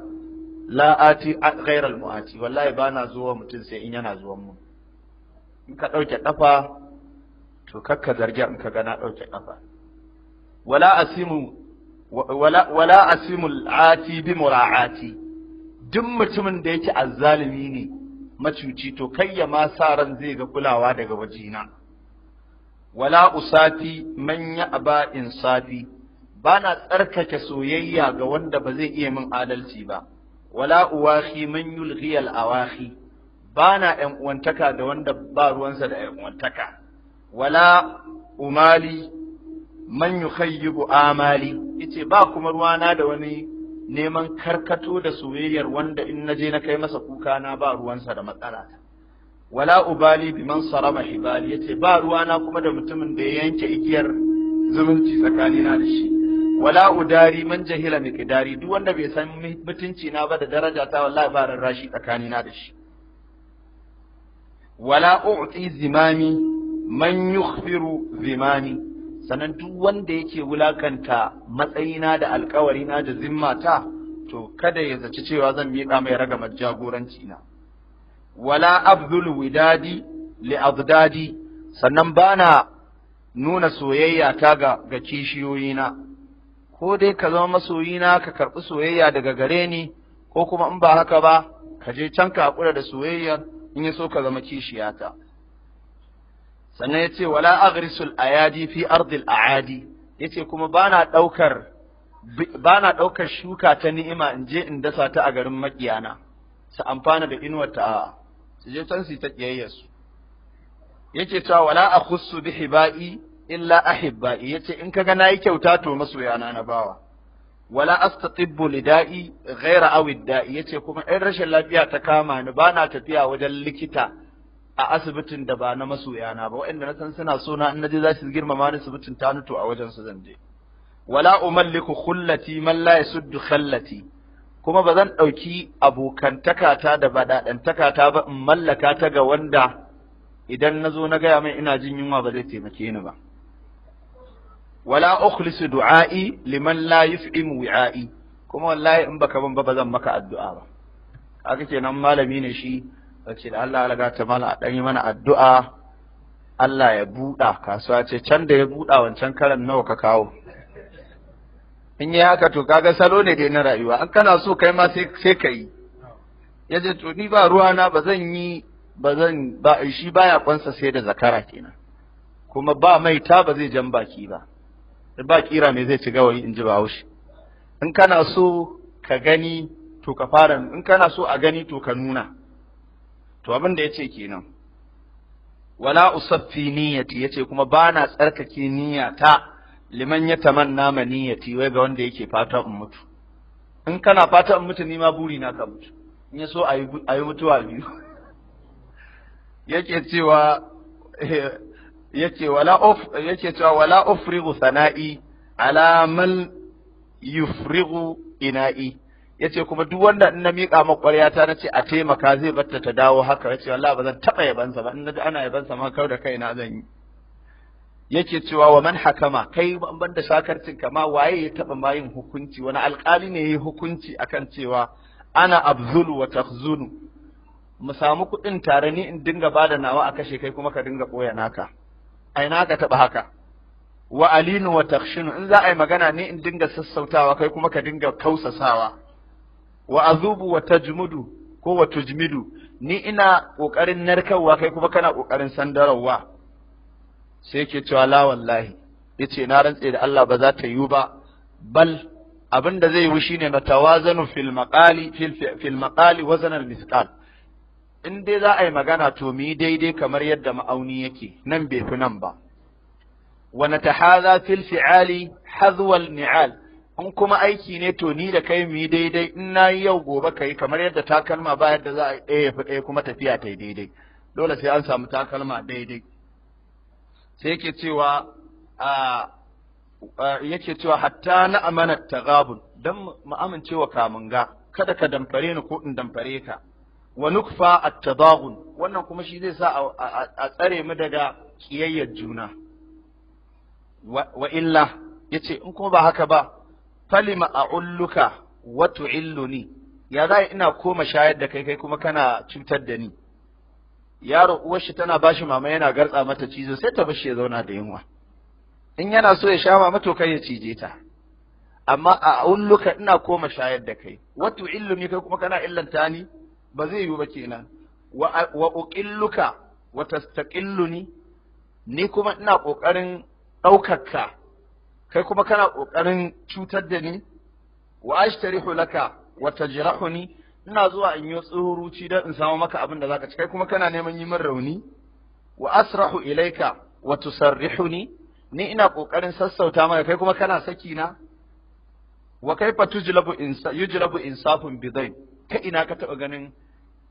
la ati ghayra al muati wallahi na zuwa mutun sai in yana zuwan mu in ka dauke kafa to kakka zargi in ka ga na dauke kafa wala asimu wala asimul ati bi mura'ati duk mutumin da yake azzalimi ne macuci to kai ya ma sa ran zai ga kulawa daga wajina wala usati man ya aba insafi bana tsarkake soyayya ga wanda ba zai iya min adalci ba wala uwahi man yulghi al awahi bana yan uwantaka da wanda ba ruwansa da yan uwantaka wala umali man yukhayyibu amali yace ba kuma ruwa na da wani neman karkato da soyayyar wanda in naje na kai masa kuka na ba ruwansa da matsala ta wala ubali biman sarama hibali yace ba ruwana kuma da mutumin da ya yanke igiyar zumunci tsakanina da shi wala udari man jahila miqdari duk wanda bai san mutunci na ba da daraja ta wallahi ba rarrashi rashi tsakanina da shi wala u'ti zimami man yukhfiru zimani sannan duk wanda yake wulakanta matsayina da alkawarina da zimmata to kada ya zaci cewa zan miƙa mai ragamar jagoranci na wala abdul widadi li azdadi sannan bana nuna soyayya ta ga ga kishiyoyina ko dai ka zama masoyina ka karɓi soyayya daga gare ni ko kuma in ba haka ba ka je can ka haƙura da soyayyar in ya so ka zama kishiyata sannan ya ce wala agrisul ayadi fi ardil aadi ya ce kuma ba na ɗaukar shuka ta ni'ima in je in dasa ta a garin maƙiyana. su amfana da inuwar ta su je can su ta ya ce cewa wala akhussu bi hibai illa ya ce in kaga yi kyauta to masoyana na bawa wala ni da'i gaira awi dai ce kuma in rashin lafiya ta kama ni na tafiya wajen likita a asibitin da ba na masoyana ba waɗanda na san suna so na in za su girmama ni asibitin ta nuto a wajen su zan je wala umalliku khullati man la yasuddu khallati kuma ba zan ɗauki abokantaka da ba ta ba in mallaka ta ga wanda idan na zo na gaya mai ina jin yunwa ba zai taimake ni ba wala ukhlisu du'a'i liman la yuf'im wi'a'i kuma wallahi in baka ban ba ba zan maka addu'a ba haka kenan malami ne shi ce da Allah ya ta mala a yi mana addu'a Allah ya buɗa kasuwa ce can da ya buɗa wancan karan nawa ka kawo in yi haka to kaga salo ne dai na rayuwa an kana so kai ma sai ka yi ya ce to ni ba ruwa na ba zan yi ba zan ba shi ba ya kwansa sai da zakara kenan kuma ba mai ta ba zai jan baki ba ba kira me zai ci gawayi in ji haushi. in kana so ka gani to ka fara in kana so a gani to ka nuna to abin da yace kenan wala usaffi niyyati yace kuma bana tsarkake niyyata liman ya tamanna ma niyyati wai ga wanda yake fata in mutu in kana fata in mutu ni ma buri na ka mutu in ya so a yi mutuwa biyu yake cewa yake wala of yake cewa wala ufrigu sana'i ala man yufrigu ina'i yace kuma duk wanda in na miƙa ma ƙwarya ta nace a taimaka zai batta ta dawo haka yace wallahi ba zan taɓa sa ba in naji ana sa ma kau da kaina zan yi yake cewa wa man hakama kai ban da sakarcin kama waye ya taɓa ma yin hukunci wani alƙali ne yayi hukunci akan cewa ana abzulu wa takhzunu mu samu kuɗin tare ni in dinga bada nawa a kashe kai kuma ka dinga ɓoye naka ai naka taɓa haka wa alinu wa takhshinu in za a yi magana ni in dinga sassautawa kai kuma ka dinga kausasawa wa azubu wa tajmudu ko wa tujmidu ni ina ƙoƙarin narkarwa kai kuma kana ƙoƙarin sandararwa sai ke cewa la wallahi yace na rantse da Allah ba za ta yiwu ba bal abin da zai yi shine natawazanu fil maqali fil fil maqali wazan al misqal in dai za a yi magana to mu daidai kamar yadda ma'auni yake nan bai fi nan ba wa natahadha fil fi'ali hadwa ni'al in kuma aiki ne to ni da kai mu yi daidai in na yau gobe ka yi kamar yadda takalma ba yadda za a ɗaya fi ɗaya kuma tafiya ta yi daidai dole sai an samu takalma daidai sai yake cewa a yake cewa hatta na amana tagabun dan mu amince wa ga kada ka damfare ni ko in damfare ka wa nukfa at-tadaghun wannan kuma shi zai sa a tsare mu daga kiyayyar juna wa illa yace in kuma ba haka ba falima a'ulluka watu illuni, ya za ina koma shayar da kai kai kuma kana cutar da ni yaro uwarshi shi tana bashi mama yana gartsa mata cizo sai ta bashi ya zauna da yunwa in yana so ya sha mama to kai ya cije ta amma a ulluka ina koma shayar da kai wato illumi kai kuma kana illanta ni ba zai yiwu ba kenan wa wa uqilluka wa tastaqilluni ni kuma ina ƙoƙarin daukar ka kai kuma kana ƙoƙarin cutar da ni wa ashtarihu laka wa ni ina zuwa in yi tsuruci don in samu maka abin da zaka ci kai kuma kana neman yi min rauni wa asrahu ilaika wa tusarrihuni ni ina ƙoƙarin sassauta maka kai kuma kana saki na wa kaifa tujlabu insa yujlabu insafun bidai ka ina ka taɓa ganin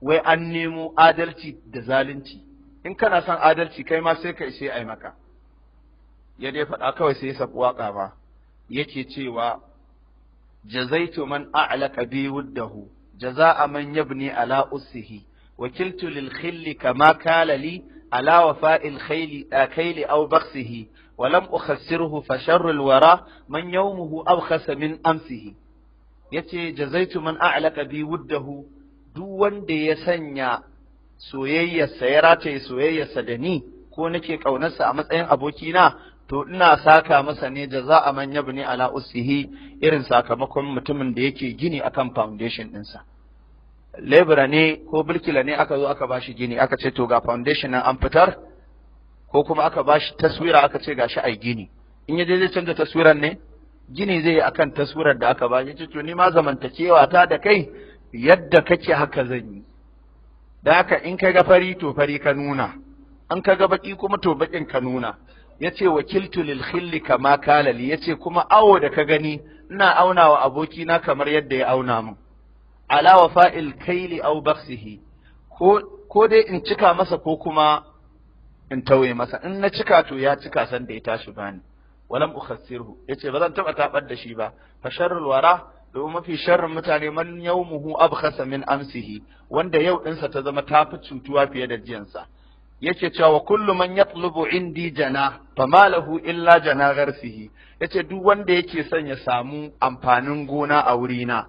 wai an nemo adalci da zalunci in kana son adalci kai ma sai ka ishe ai maka ya dai faɗa kawai sai ya saku waƙa ma yake cewa jazaitu man a'laka bi wuddahu jaza'a man yabni ala ussihi وكلت للخل كما ala لي على وفاء الخيل كيل أو بخسه ولم أخسره فشر الورى من يومه أبخس من أمسه yace jazaitu man a'laka bi wuddahu duk wanda ya sanya soyayyarsa ya rataye soyayyarsa da ni ko nake ƙaunarsa a matsayin abokina to ina saka masa ne manya man ne ala usihi irin sakamakon mutumin da yake gini akan foundation ɗinsa lebura ne ko bilkila ne aka zo aka ba shi gini aka ce to ga foundation nan an fitar ko kuma aka ba shi taswira aka ce shi ai gini in je zai canza taswiran ne gini zai yi akan taswirar da aka shi ce to ni ma zamantakewa ta da kai yadda kake haka zan yi da haka in ka ga fari to fari ka nuna an ka ga baki kuma to bakin ka nuna yace wakiltu lil khilli kama kala li yace kuma awo da ka gani ina auna wa abokina kamar yadda ya auna min ala wafa'il kaili aw baksihi ko ko dai in cika masa ko kuma in tauye masa in na cika to ya cika san da ya tashi bani walam ukhassirhu yace ba zan taba tabar da shi ba fa sharrul wara domin mafi sharrin mutane man yawmuhu abkhasa min amsihi wanda yau dinsa ta zama tafi cutuwa fiye da jiyansa yace cewa kullu man yatlubu indi jana fa malahu illa jana garsihi yace duk wanda yake son ya samu amfanin gona a wurina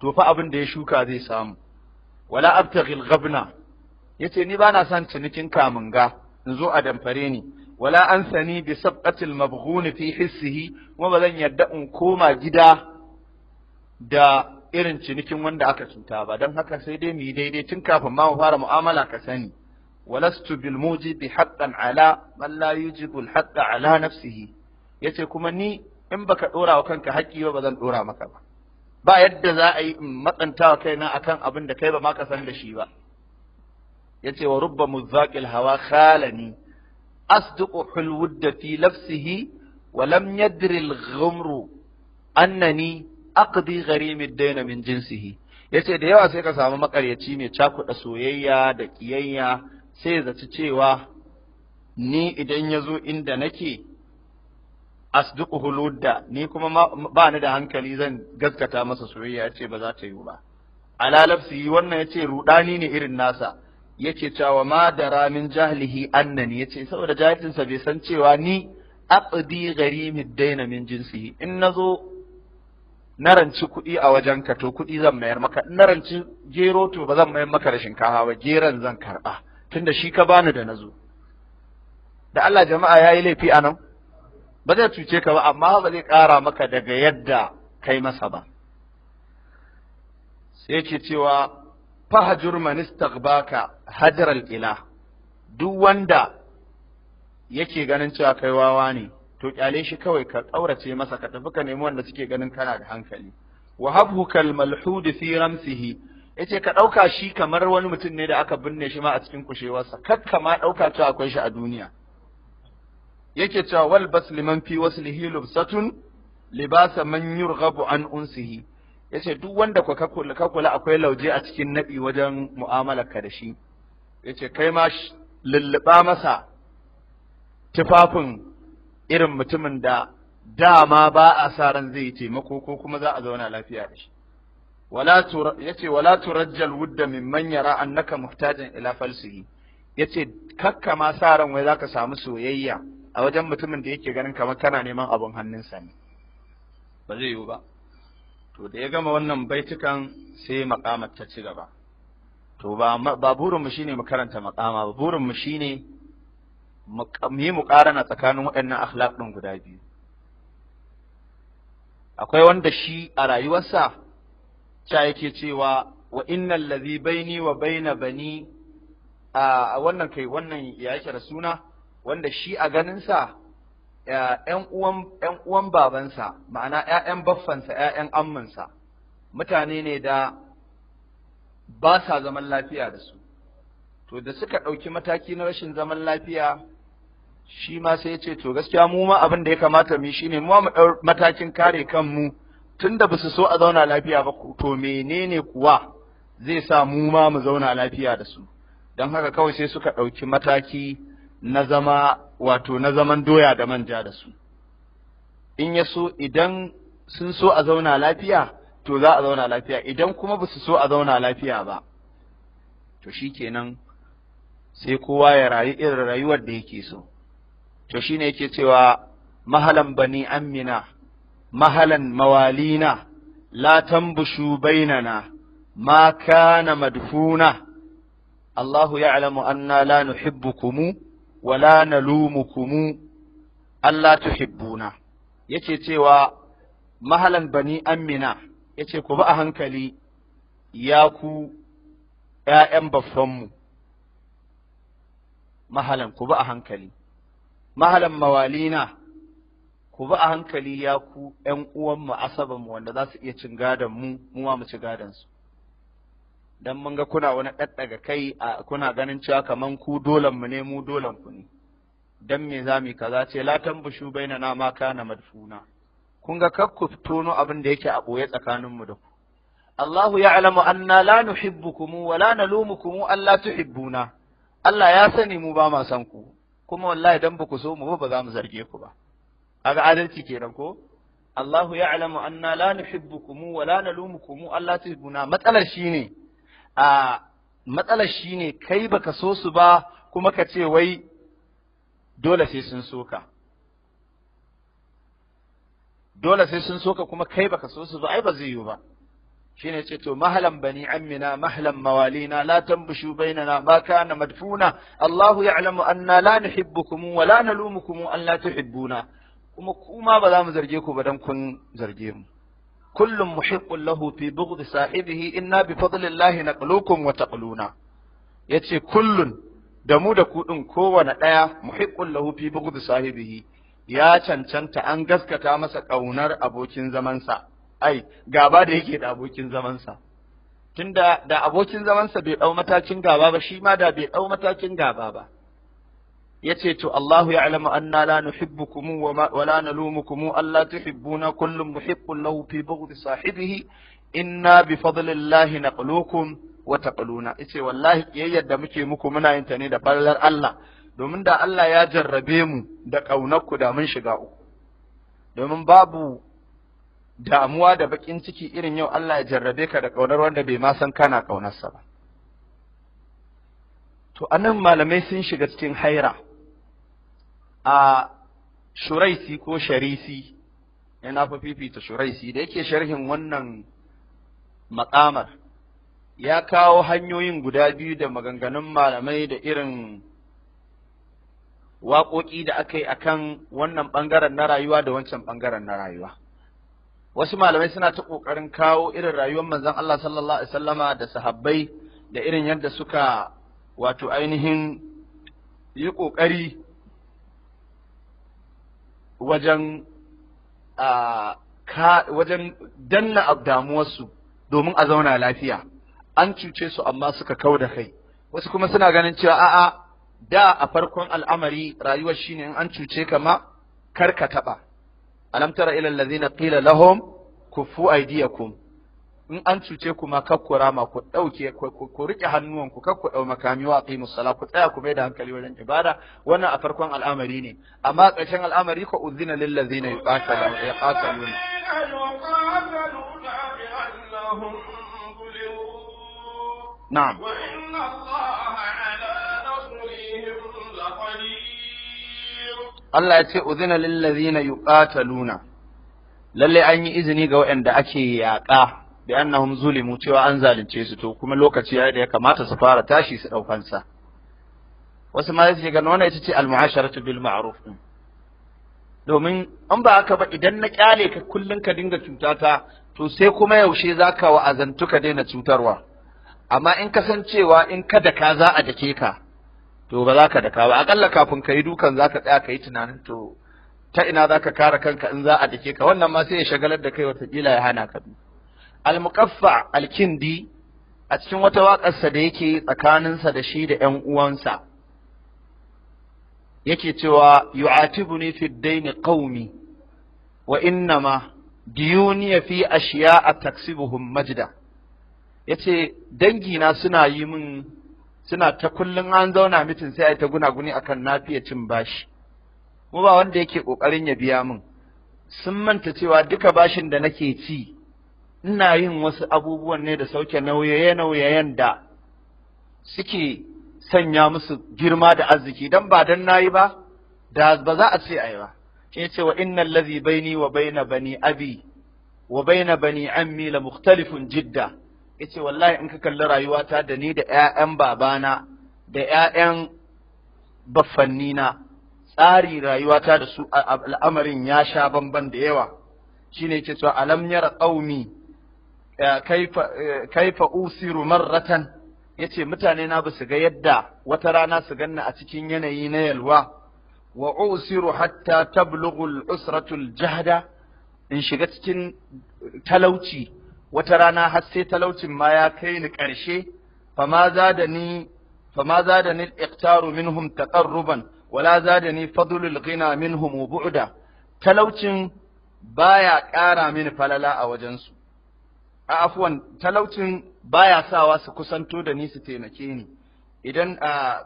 to fa abin da ya shuka zai samu wala abtaghil ghabna yace ni bana son cinikin kamunga in zo a damfare ni wala ansani bi sabqatil mabghun fi hissihi kuma zan yadda in koma gida da irin cinikin wanda aka cuta ba don haka sai dai mu yi daidai tun kafin ma mu fara mu'amala ka sani walastu bil mujibi haqqan ala man la yujibu al haqqa ala nafsihi yace kuma ni in baka ɗora wa kanka haƙƙi ba bazan ɗora maka ba ba yadda za a yi in matsanta wa kaina akan abin da kai ba ma san da shi ba yace wa rubba muzzaqil hawa khalani asduqu hulwudda fi nafsihi wa lam yadri al ghumru annani aqdi gharimid dayn min jinsihi yace da yawa sai ka samu maƙaryaci mai cakuɗa soyayya da kiyayya sai zaci cewa ni idan ya zo inda nake asduku huludda ni kuma ba ni da hankali zan gaskata masa soyayya yace ba za ta yi ba ala lafsi wannan yace rudani ne irin nasa yace cewa ma da ramin jahlihi annani yace saboda jahilinsa bai san cewa ni aqdi gharimid daina min jinsihi in nazo na kuɗi a wajen to kuɗi zan mayar maka in gero to ba zan mayar maka da shinkafa ba geron zan karɓa tunda shi ka bani da nazo da Allah jama'a yayi laifi anan ba zai cuce ka ba amma ba zai ƙara maka daga yadda kai masa ba sai yake cewa fahajur man istaghbaka al ilah duk wanda yake ganin cewa kai wawa ne to kyale shi kawai ka ƙaurace masa ka tafi ka nemi wanda suke ganin kana da hankali wa habhu kal malhud fi ramsihi yace ka ɗauka shi kamar wani mutum ne da aka binne shi ma a cikin kushewarsa kakka ma ɗauka cewa akwai shi a duniya yake cewa wal bas liman fi waslihi lubsatun libasa man yurghabu an unsihi yace duk wanda ku ka kula akwai lauje a cikin nabi wajen mu'amalar ka da shi yace kai ma lulluba masa tufafin irin mutumin da dama ba a sa ran zai taimako ko kuma za a zauna lafiya da shi yace wala turajjal wudda man yara annaka muhtajan ila falsihi yace kakka ma sa ran wai zaka samu soyayya a wajen mutumin da yake ganin kamar kana neman abun hannunsa ne ba zai yiwu ba to da ya gama wannan baitukan sai maqamat ta ci gaba to ba ba burin mu shine mu karanta makama ba burin mu shine mu yi muqarana tsakanin waɗannan akhlaq din guda biyu akwai wanda shi a rayuwarsa cha yake cewa wa innal ladhi baini wa baina bani a wannan kai wannan ya yake da suna wanda shi a ganin sa 'yan uwan yan uwan babansa ma'ana ƴaƴan baffansa 'ya'yan amminsa mutane ne da ba sa zaman lafiya da su to da suka ɗauki mataki na rashin zaman lafiya shi ma sai ya ce to gaskiya mu ma abin da ya kamata mu shine mu mu matakin kare kanmu tunda ba su so a zauna lafiya ba to menene kuwa zai sa mu ma mu zauna lafiya da su don haka kawai sai suka ɗauki mataki na zama wato na zaman doya da manja da su in ya so idan sun so a zauna lafiya to za a zauna lafiya idan kuma ba su so a zauna lafiya ba to shi kenan sai kowa ya rayu irin rayuwar da yake so to shine yake cewa mahalan bani amina mahalan mawalina la tambushu bainana ma kana madfuna Allahu ya'lamu anna la nuhibbukum wa la nalumukum Allah tuhibbuna yake cewa mahalan bani amina yace ku ba a hankali ya ku ƴaƴan baffanmu, mahalan ku ba a hankali, mahalan mawalina ku bi a hankali ya ku ‘yan uwanmu asabanmu wanda za su iya cin gadon mu mu ma mu ci gadon su Don mun ga kuna wani ɗaɗɗaga kai a kuna ganin cewa kaman ku dolan mu ne mu dolan ku ne Don me za mu kaza ce la bushu bai na ma kana madfuna kun ga kar ku tono abin da yake a ɓoye tsakaninmu da ku Allahu ya'lamu anna la nuhibbukum wa la nalumukum alla tuhibbuna Allah ya sani mu ba ma san ku kuma wallahi dan ba ku so mu ba ba za mu zarge ku ba Aga adalci kenan ko Allahu ya'lamu anna la nuhibbukum wa la nalumukum Allah tuhibbuna matsalar shine a matsalar shine kai baka so su ba kuma ka ce wai dole sai sun soka dole sai sun soka kuma kai baka so su ba ai ba zai yiwu ba shine yace to mahlan bani Amina, mahlan mawalina la tambushu bainana ma kana madfuna Allahu ya'lamu anna la an kuma kuma ba za mu zarge ku ba dan kun zarge mu kullum muhiqqun lahu fi bughd sahibihi inna bi fadlillahi naqlukum wa taqluna yace kullun da mu da ku din kowane daya muhiqqun lahu fi bughd sahibihi ya cancanta an gaskata masa kaunar abokin zamansa ai gaba da yake da abokin zamansa tunda da abokin zamansa bai dau matakin gaba ba shi ma da bai dau matakin gaba ba yace to Allahu ya'lamu anna la nuhibbukum wa la nalumukum alla tuhibbuna kullum muhibbun lahu fi bughd sahibihi inna bi fadlillahi naqlukum wa taqluna yace wallahi kiyayyar da muke muku muna yin ta ne da ballar Allah domin da Allah ya jarrabe mu da ku da mun shiga uku domin babu damuwa da bakin ciki irin yau Allah ya jarrabe ka da ƙaunar wanda bai ma san kana kaunarsa ba. To, anan malamai sun shiga cikin haira, a shuraisi ko sharisi yana eh, fa fifita shuraisi da yake sharhin wannan makamar ya kawo hanyoyin guda biyu da maganganun malamai da irin waƙoƙi da aka yi akan wannan bangaren na rayuwa da wancan bangaren na rayuwa wasu malamai suna ta ƙoƙarin kawo irin rayuwar manzon Allah sallallahu alaihi wasallama da sahabbai da irin yadda suka wato ainihin yi ƙoƙari wajen wajen danna damuwarsu domin a zauna lafiya an cuce su amma suka kau da kai wasu kuma suna ganin cewa a'a da a farkon al'amari rayuwar shine in an cuce ka ma kar ka taba alam tara ila allazina qila lahum kufu aydiyakum in an cuce ku ma kakku rama ku ɗauke ku riƙe hannuwanku kakku ɗau makami wa aqimu sala ku tsaya ku maida da hankali wajen ibada wannan a farkon al'amari ne amma ƙarshen al'amari ko uzina lil ladzina yuqataluna yuqataluna na'am Allah ya ce uzina lil ladzina yuqataluna lalle an yi izini ga waɗanda ake yaƙa da annahum zulimu cewa an zalunce su to kuma lokaci yayi da ya kamata su fara tashi su daukan sa wasu ma sai ga wannan ita ce al-mu'asharatu bil ma'ruf domin an ba haka ba idan na kyale ka kullun ka dinga cutata to sai kuma yaushe zaka wa'azantu ka daina cutarwa amma in ka san cewa in ka da ka za a dake ka to ba za ka da ka ba akalla kafin ka yi dukan za ka tsaya ka yi tunanin to ta ina za ka kare kanka in za a dake ka wannan ma sai ya shagalar da kai watakila ya hana ka duka al Alkindi, a cikin wata waƙarsa da yake tsakaninsa da shi da ‘yan uwansa yake cewa Yuatibu ne fi daini qaumi wa innama diyuniya fi ashiya'a taksibuhum majda yace dangina suna yi min suna ta kullum an zauna mitin sai ai ta gunaguni akan nafiya cin bashi mu ba wanda yake ƙoƙarin ya biya min sun manta cewa duka bashin da nake ci ina yin wasu abubuwan ne da sauke nauyaye-nauyayen da suke sanya musu girma da arziki don ba dan nayi ba da ba za a ce ai ba shi ce wa innal ladhi baini wa baina bani abi wa baina bani ammi la mukhtalifun jidda yace wallahi in ka kalli rayuwata da ni da 'ya'yan babana da ƴaƴan na tsari rayuwata da su al'amarin ya sha bamban da yawa shine yake cewa alam yara qaumi Eh, eh, kaifa usiru marratan yace mutane na basu ga yadda wata rana su ganna a cikin yanayi na yalwa wa usiru hatta tablughu al-usratu al-jahda in shiga cikin talauci wata rana har sai talaucin ma ya kai ni ƙarshe fama zadani fama zadani al-iqtaru minhum taqarruban wala zadani ghina minhum bu'da talaucin baya ƙara mini falala a wajensu a afuwan talaucin baya sawa su kusanto da ni su taimake ni idan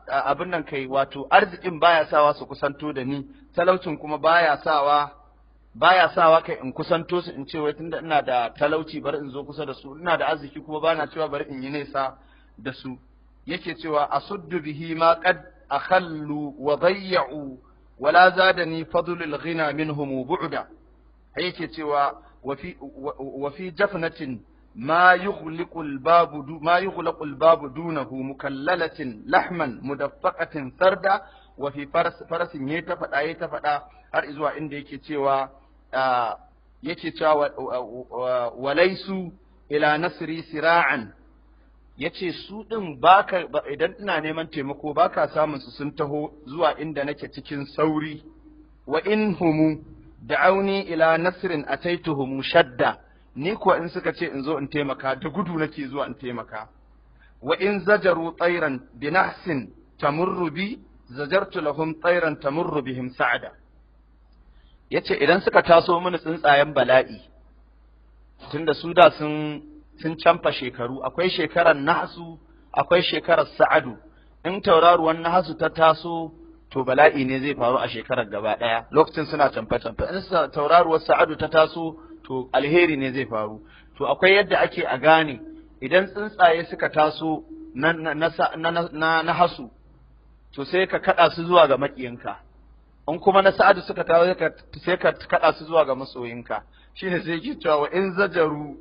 abin nan kai wato arzikin baya sawa su kusanto da ni talaucin kuma baya sawa baya sawa kai in kusanto su in ce wai tunda ina da talauci bari in zo kusa da su ina da arziki kuma bana cewa bari in yi nesa da su yake cewa asuddu bihi ma qad akhallu wa dayya'u wala zadani fadlul ghina minhum bu'da yake cewa وفي جفنة ما يغلق الباب ما يغلق الباب دونه مكللة لحما مدفقة سردا وفي فرس فرس يتفدا يتفدا har izuwa inda yake cewa yake cewa walaisu ila nasri sira'an yace su din baka idan ina neman taimako baka samun su sun taho zuwa inda nake cikin sauri wa in humu Da auni ila nasrin ataituhum shadda ni kuwa in suka ce in zo in taimaka da gudu nake zuwa in taimaka wa in zajaru tsairan binahsin tamurru bi zajartu lahum tsairan tamurru bihim sa'ada yace idan suka taso mini tsuntsayen bala'i tunda su da sun sun canfa shekaru akwai shekarar nahasu akwai shekarar sa'adu in tauraruwan nahasu ta taso to bala'i ne zai faru a shekarar gaba ɗaya lokacin suna canfe canfe in tauraruwar sa'adu ta taso to alheri ne zai faru to akwai yadda ake a gane idan tsuntsaye suka taso na hasu to sai ka kaɗa su zuwa ga maƙiyinka in kuma na sa'adu suka taso sai ka kaɗa su zuwa ga masoyinka shine sai yake cewa wa in zajaru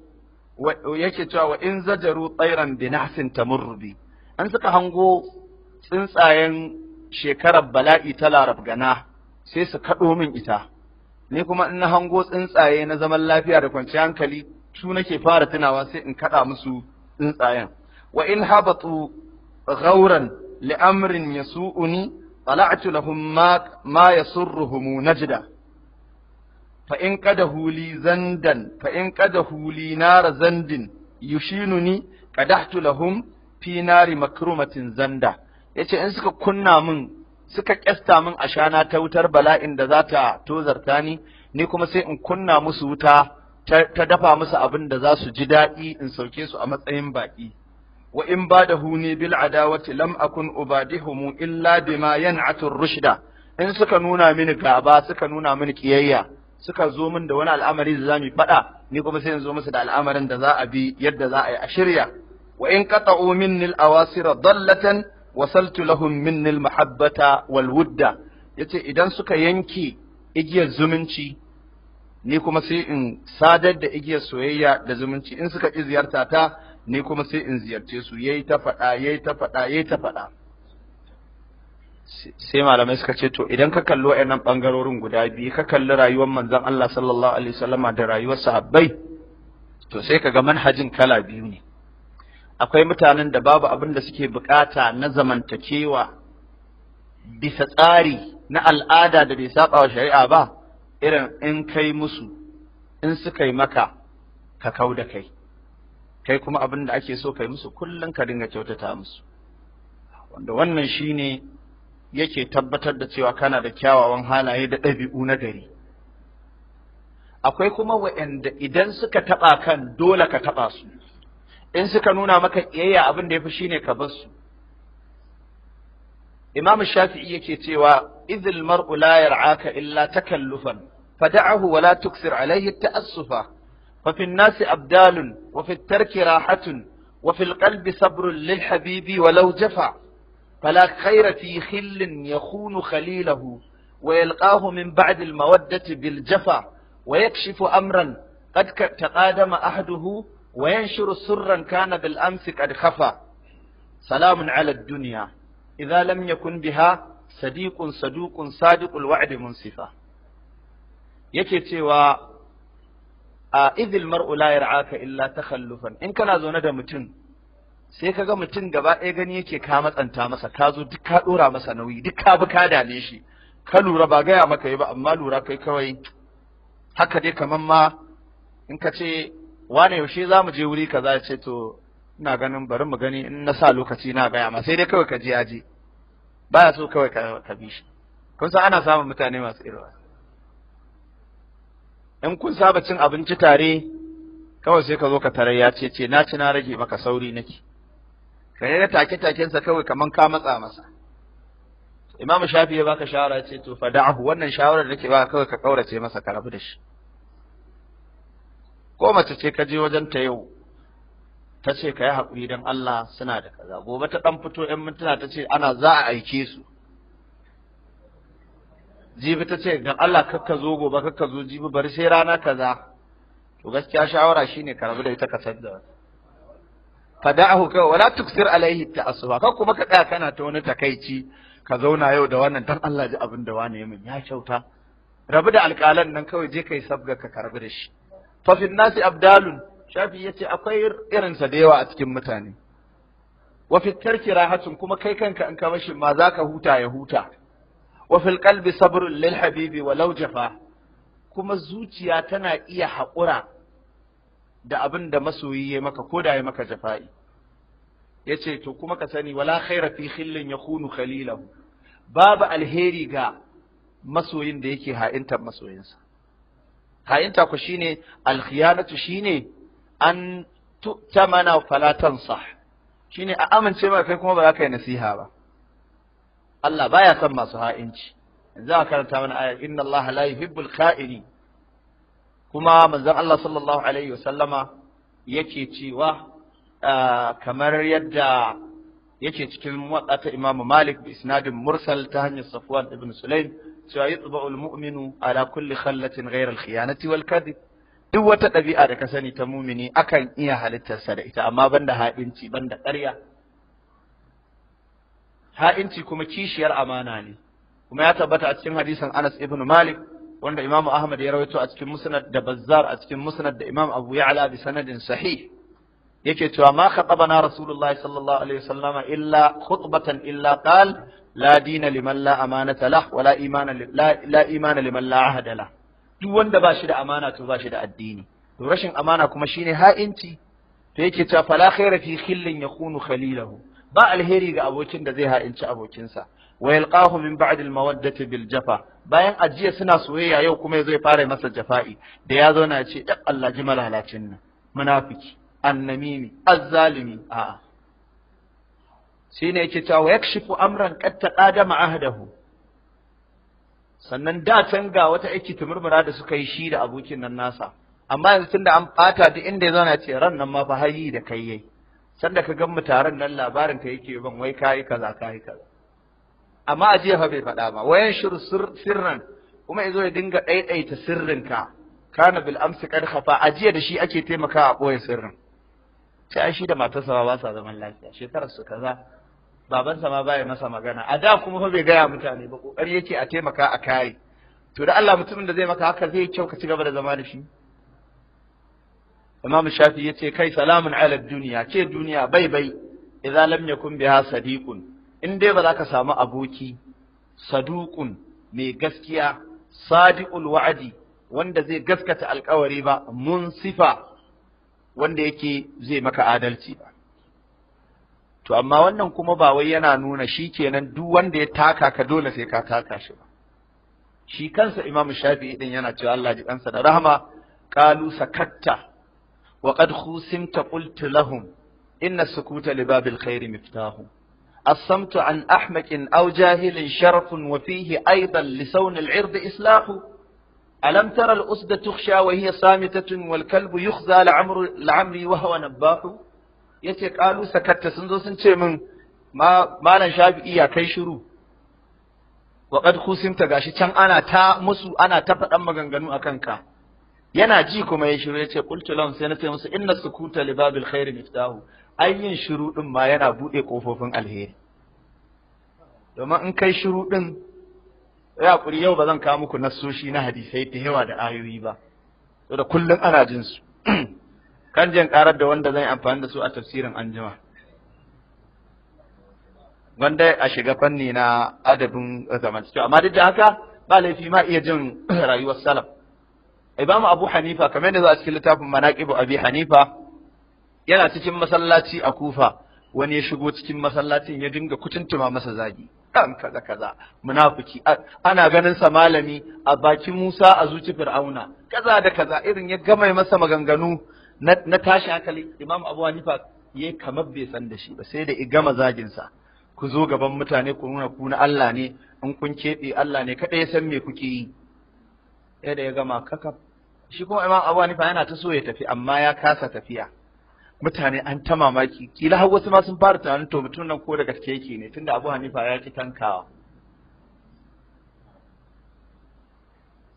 yake cewa wa in zajaru tsairan binasin tamurrubi an suka hango tsuntsayen shekarar bala'i ta larabgana sai su kaɗo min ita ni kuma in na hango tsuntsaye na zaman lafiya da kwanciyar hankali su nake fara tunawa sai in kaɗa musu tsuntsayen wa in habatu ghauran li amrin yasu'uni tala'tu lahum ma ma na jida. fa in kada huli zandan fa in kada huli nara zandin yushinuni qadahtu lahum fi nari makrumatin zanda yace in suka kunna min suka kyasta min ashana ta wutar bala'in da za ta tozarta ni ni kuma sai in kunna musu wuta ta dafa musu abin da za su ji daɗi in sauke su a matsayin baƙi wa in ba da huni bil adawati lam akun ubadihumu illa bima yan'atu rushda in suka nuna mini gaba suka nuna mini kiyayya suka zo min da wani al'amari da za mu faɗa ni kuma sai in zo musu da al'amarin da za a bi yadda za a yi a shirya wa in qata'u minni al-awasira dallatan wasaltu lahum minni mahabbata wal wudda yace idan suka yanke igiyar zumunci ni kuma sai in sadar da igiyar soyayya da zumunci in suka ki ziyarta ta ni kuma sai in ziyarce su yayi ta faɗa yayi ta faɗa yayi ta faɗa sai malamai suka ce to idan ka kalli wayannan bangarorin guda biyu ka kalli rayuwar manzon Allah sallallahu alaihi wasallama da rayuwar sahabbai to sai ga manhajin kala biyu ne akwai mutanen da babu abin da suke bukata na zamantakewa bisa tsari na al'ada da bai saba wa shari'a ba irin in kai musu in suka yi maka ka kau da kai kai kuma abin da ake so kai musu kullum ka dinga kyautata musu wanda wannan shine yake tabbatar da cewa kana da kyawawan halaye da ɗabi'u na gari akwai kuma waɗanda idan suka taɓa kan dole ka taɓa su in suka nuna maka iyayya abin da yafi shine ka bar su imam shafi'i yake cewa idhil mar'u la yar'aka illa takallufan fad'ahu wa la tuksir alayhi ta'assufa fa fi an-nasi abdalun wa fi at-tarki rahatun wa fi al-qalbi sabrun lil habibi wa law jafa فلا خير في خل يخون خليله ويلقاه من بعد المودة بالجفا ويكشف أمرا قد تقادم أحده Wayan shiru sirran kana bil amsi qad salamun ala duniya, idza lam yakun biha sadiqun saduqun sadiqul wa'di yake cewa a idil mar'u la yar'aka illa takhallufan in kana zaune da mutum sai kaga mutum gaba ɗaya gani yake ka matsanta masa ka zo duk ka dora masa nauyi duk ka bi ka dame shi ka lura ba gaya maka yi ba amma lura kai kawai haka dai kaman ma in ka ce wane yaushe za mu je wuri kaza ya ce to ina ganin bari mu gani in na sa lokaci na gaya ma sai dai kawai ka je aji baya so kawai ka bi shi kun san ana samun mutane masu irwa in kun saba cin abinci tare kawai sai ka zo ka tarar ya ce ce na ci na rage maka sauri nake ka da take takensa kawai kaman ka matsa masa imamu shafi ya baka shawara ce to fa wannan shawara da nake ba kawai ka kaurace masa ka rabu da shi ko mace ce ka je wajen ta yau ta ce ka yi haƙuri don Allah suna da kaza gobe ta ɗan fito ‘yan mintuna ta ce ana za a aike su jibi ta ce don Allah kakka zo gobe kakka zo jibi bari sai rana kaza to gaskiya shawara shine ka rabu da ita ka san da fada'ahu kai wala tuksir alaihi ta'assuba kar kuma ka tsaya kana ta wani takaici ka zauna yau da wannan dan Allah ji abin da wani ya min ya kyauta rabu da alƙalan nan kawai je kai sabga ka karbi da shi fafin nasi abdalun shafi ya ce akwai irinsa da yawa a cikin mutane wa fi tarki rahatun kuma kai kanka in ka bashi ma zaka huta ya huta wa fil qalbi sabrun lil habibi law jafa kuma zuciya tana iya haƙura da abin da masoyi ya maka ko da ya maka jafa'i yace to kuma ka sani wala khaira fi khillin yakunu khalilahu babu alheri ga masoyin da yake ha'intar masoyinsa hayinta taku shine alkhiyanatu shine an tu'tamana mana tansah shine a amince maka kai kuma ba za ka nasiha ba Allah baya son masu ha'inci za ka karanta mana aya inna Allah la yuhibbul kha'ini kuma manzon Allah sallallahu alaihi wasallama yake cewa ah, kamar yadda yake cikin wadata Imam Malik bi isnadin mursal ta hanyar Safwan ibn Sulaim cewa yatba'u muminu ala kulli khallatin ghayra alkhiyanati wal kadhib duk wata ɗabi'a da ka sani ta mumini akan iya halittarsa da ita amma banda ha'inci banda ƙarya ha'inci kuma kishiyar amana ne kuma ya tabbata a cikin hadisin Anas ibn Malik wanda Imam Ahmad ya rawaito a cikin Musnad da Bazzar a cikin Musnad da Imam Abu Ya'la bi sanadin sahih yake cewa ma khatabana Rasulullahi sallallahu alaihi wasallama illa khutbatan illa qal la dina liman la amanata wa la liman la ahada lah duk wanda ba shi da amana to ba shi da addini to rashin amana kuma shine ha'inci to yake cewa fala khaira fi khillin yakunu khalilahu ba alheri ga abokin da zai ha'inci abokinsa wa yalqahu min ba'd al mawaddati bil jafa bayan ajiya suna soyayya yau kuma zai fara masa jafa'i da ya zo na ce Allah ji malalacin nan munafiki annamimi azzalimi a'a shine yake cewa wa yakshifu amran qad taqadama ahdahu sannan da can ga wata aiki murmura da suka yi shi da abokin nan nasa amma yanzu tunda an bata duk inda ya na ce ran nan ma fa hayi da kai yayi sanda ka ga mu taron nan labarin ka yake ban wai kai kaza kai kaza amma a fa bai fada ba wayan shiru sirran kuma yazo ya dinga ɗaiɗaita sirrinka kana bil amsi kad khafa a jiya da shi ake taimaka a boye sirrin sai ai shi da matarsa ba sa zaman lafiya shekarar su kaza babansa ma baya masa magana a da kuma fa bai gaya mutane ba kokari yake a taimaka a kare to da Allah mutumin da zai maka haka zai kyau ka ci gaba da zama da shi Imam Shafi yace kai salamun ala duniya ce duniya bai bai idza lam yakun biha sadiqun in dai ba za ka samu aboki saduqun mai gaskiya sadiqul wa'di wanda zai gaskata alkawari ba munsifa wanda yake zai maka adalci ba to amma wannan kuma ba wai yana nuna shi kenan duk wanda ya taka ka dole sai ka taka shi ba shi kansa imamu shafi'i din yana cewa Allah ji kansa da rahama qalu sakatta wa qad khusimta qult lahum inna sukuta li babil khair miftahu الصمت عن أحمق أو جاهل شرف وفيه أيضا لسون العرض إصلاح ألم ترى الأسد تخشى وهي صامتة والكلب يخزى لعمر لعمري وهو نباح yace qalu sakatta sun zo sun ce min malam shafi'i ya kai shiru wa qad khusimta gashi can ana ta musu ana ta faɗan maganganu akan ka yana ji kuma ya shiru yace qultu lahum sai na ce musu inna sukuta li babil khairi miftahu yin shiru din ma yana buɗe kofofin alheri domin in kai shiru ɗin, ya kuri yau ba zan kawo muku nasoshi na hadisai da yawa da ayoyi ba saboda kullum ana jin kan jin karar da wanda zan amfani da su a tafsirin anjima wanda a shiga fanni na adabin zamantakewa amma duk da haka ba laifi ma iya jin rayuwar salaf mu abu hanifa kamar yadda za a cikin littafin manaqibu abi hanifa yana cikin masallaci a kufa wani ya shigo cikin masallacin ya dinga kutuntuma masa zagi kan kaza kaza munafiki ana ganin sa malami a baki Musa a zuci Fir'auna kaza da kaza irin ya gama masa maganganu na tashi hankali imam abu hanifa yi kamar bai san da shi ba sai da i gama zaginsa. ku zo gaban mutane ku nuna ku na Allah ne in kun keɓe Allah ne kada ya san me kuke yi ɗaya da ya gama kaka. shi kuma imam abu hanifa yana ta so ya tafi amma ya kasa tafiya mutane an ta mamaki kila har wasu ma sun fara tunanin to mutum nan ko da gaske yake ne tunda abu hanifa ya ki tankawa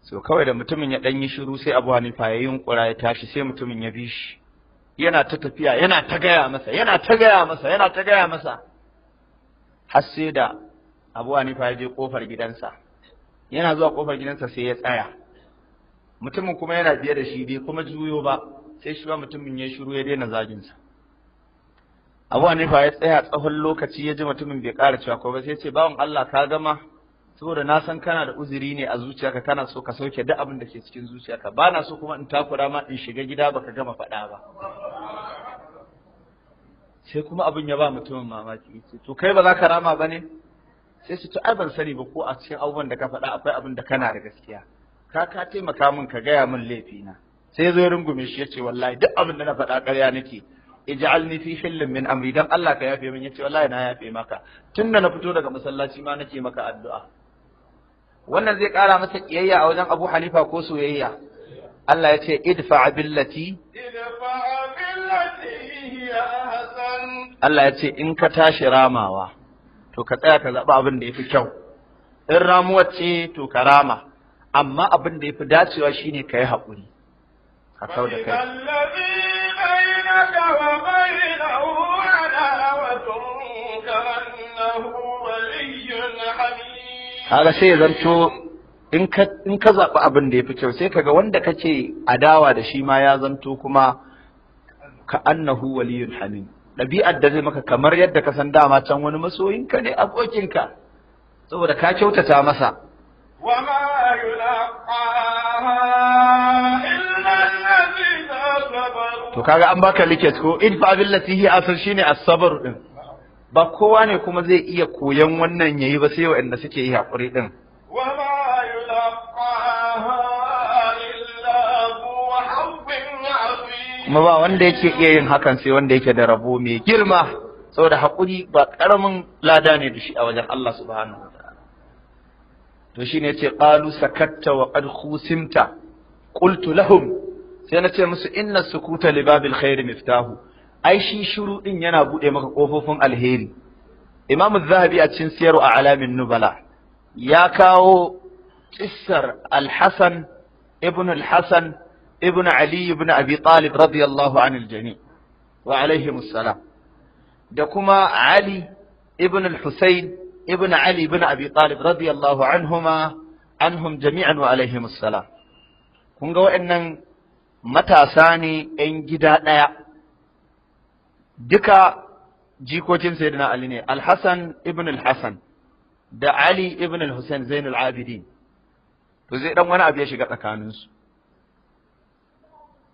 so kawai da mutumin ya ɗan yi shiru sai abu hanifa ya yunkura ya tashi sai mutumin ya bi shi yana ta tafiya yana ta gaya masa yana ta gaya masa yana ta gaya masa har sai da abu hanifa ya je kofar gidansa yana zuwa kofar gidansa sai ya tsaya mutumin kuma yana biye da shi bai kuma juyo ba sai shi ba mutumin ya shiru ya daina zaginsa abu hanifa ya tsaya tsawon lokaci ya ji mutumin bai ƙara cewa ko ba sai ce bawan allah ka gama saboda na san kana da uzuri ne a zuciyarka kana so ka sauke duk abin da ke cikin zuciyarka ba na so kuma in takura ma in shiga gida baka gama faɗa ba sai kuma abin ya ba mutumin mamaki ce to kai ba za ka rama ba ne sai su ci sani ba ko a cikin abubuwan da ka faɗa akwai abin da kana da gaskiya ka ka taimaka min ka gaya min laifina sai ya zo rungume shi yace wallahi duk abin da na faɗa ƙarya nake ij'alni fi hillin min amri dan Allah ka yafe min yace wallahi na yafe maka tunda na fito daga masallaci ma nake maka addu'a wannan zai ƙara masa ƙiyayya a wajen Abu Halifa ko soyayya Allah ya ce idfa billati Allah ya ce in ka tashi ramawa to ka tsaya ka zaɓi abin da ya fi kyau in ramuwa ce to ka rama amma abin da ya fi dacewa shine ka yi haƙuri ka kau da kai كمن kaga sai ya zanto in ka zaɓi abin da ya fi kyau sai kaga wanda kake adawa da shi ma ya zanto kuma ka annahu waliyul hamim ɗabi'ar da zai maka kamar yadda ka san dama can wani masoyinka ne abokinka saboda ka kyautata masa to kaga an baka liket ko idfa billati hi asr shine as-sabr din ba kowa ne kuma zai iya koyan wannan yayi ba sai waɗanda suke yi haƙuri ɗin. kuma ba wanda yake iya yin hakan sai wanda yake da rabo mai girma saboda haƙuri ba ƙaramin lada ne da shi a wajen Allah subhanahu wa ta'ala to shine yace ƙalu sakatta wa qad khusimta qultu lahum sai na ce musu inna sukuta li babil khair miftahu ai shi shiru din yana bude maka kofofin alheri imamu zahabi a cikin siyar a alamin nubala ya kawo kissar alhassan ibn alhassan ibn ali ibn abi talib radiyallahu anil jami wa alaihim da kuma ali ibn al-husayn ibn ali ibn abi talib radiyallahu anhuma anhum jami'an wa alaihim kun ga waɗannan matasa ne 'yan gida ɗaya duka jikokin sayyidina Ali ne Al-Hasan ibn Al-Hasan da Ali ibn Al-Husayn al Abidin to zai dan wani abu ya shiga tsakanin su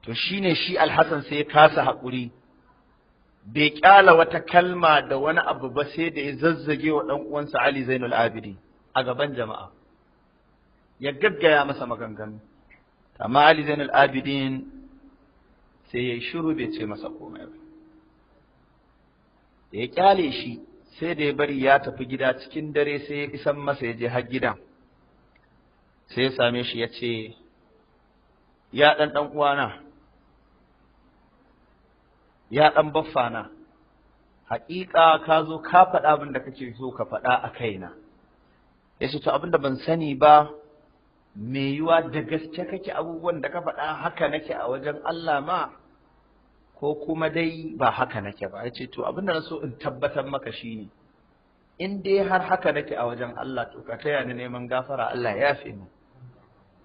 to shine shi Al-Hasan sai ya kasa hakuri bai kyala wata kalma da wani abu ba sai da ya zazzage wa dan uwansa Ali al Abidin a gaban jama'a ya gaggaya masa maganganu amma Ali al Abidin sai ya shiru bai ce masa komai ba da ya kyale shi sai da ya bari ya tafi gida cikin dare sai ya isan masa ya je har gidan sai ya same shi ya ce ya ɗan ɗan uwana ya ɗan baffana haƙiƙa ka zo ka faɗa abin da kake so ka faɗa a kaina ya ce to abin da ban sani ba me yiwa da gaske kake abubuwan da ka faɗa haka nake a wajen Allah ma ko kuma dai ba haka nake ba ya ce to abinda na so in tabbatar maka shine in dai har haka nake a wajen Allah to ka taya ni neman gafara Allah ya fi ni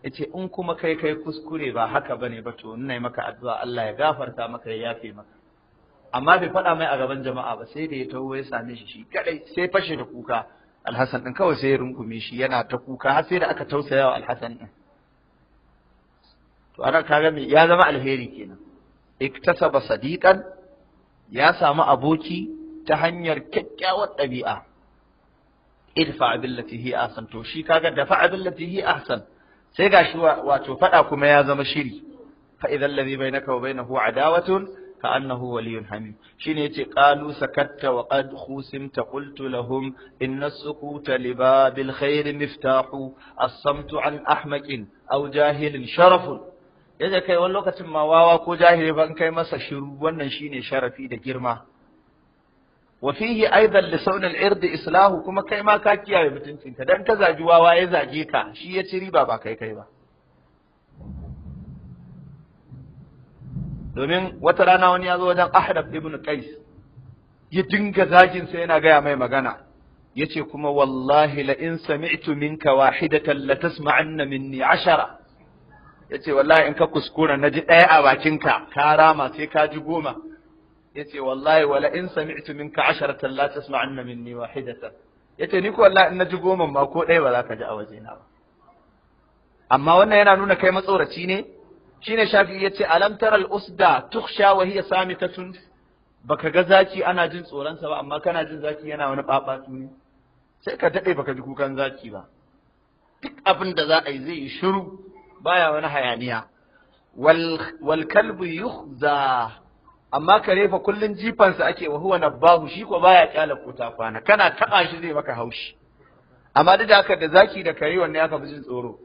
ya in kuma kai kai kuskure ba haka bane ba to ina maka addu'a Allah ya gafarta maka ya yafe maka amma bai faɗa mai a gaban jama'a ba sai da ya taho ya same shi shi kadai sai fashe da kuka alhassan din kawai sai ya rungume shi yana ta kuka har sai da aka tausaya wa alhassan din to ana kaga ya zama alheri kenan iktasaba sadiqan ya samu aboki ta hanyar kyakkyawar ɗabi'a idfa billati hi ahsan to shi kaga dafa billati hi ahsan sai gashi wato fada kuma ya zama shiri fa idhal ladhi bainaka wa bainahu adawatun ka annahu waliyyun hamim shine yace qalu sakatta wa qad khusimta qultu lahum inna as-sukuta li babil khair miftahu as-samtu an ahmakin au jahilin sharafun yace kai wani lokacin ma wawa ko jahili fa in kai masa shiru wannan shine sharafi da girma wa fihi aidan li sawn al islahu kuma kai ma ka kiyaye mutuncinka dan ta zaji wawa ya zage ka shi ya ci riba ba kai kai ba domin wata rana wani ya zo wajen Ahraf ibn Qais ya dinga zaginsa yana gaya mai magana yace kuma wallahi la in sami'tu minka wahidatan la tasma'anna ashara ya ce wallahi in ka kuskura na ji ɗaya a bakinka ka rama sai ka ji goma ya ce wallahi wala in sami'tu minka asharatan la tasma'anna minni wahidatan ya ce ni ko wallahi in na ji goma ma ko ɗaya ba za ka ji a wajena ba amma wannan yana nuna kai matsoraci ne shine shafi ya ce alam taral usda tukhsha wa hiya samitatun baka ga zaki ana jin tsoronsa ba amma kana jin zaki yana wani babatu ne sai ka daɗe baka ji kukan zaki ba duk abin da za a yi zai yi shiru baya wani hayaniya wal kalbu yukhza amma kare fa kullun jifansa ake wa huwa nabahu shi ko baya kyala kuta kwana kana taba shi zai maka haushi amma duk da haka da zaki da kare wanne aka fi jin tsoro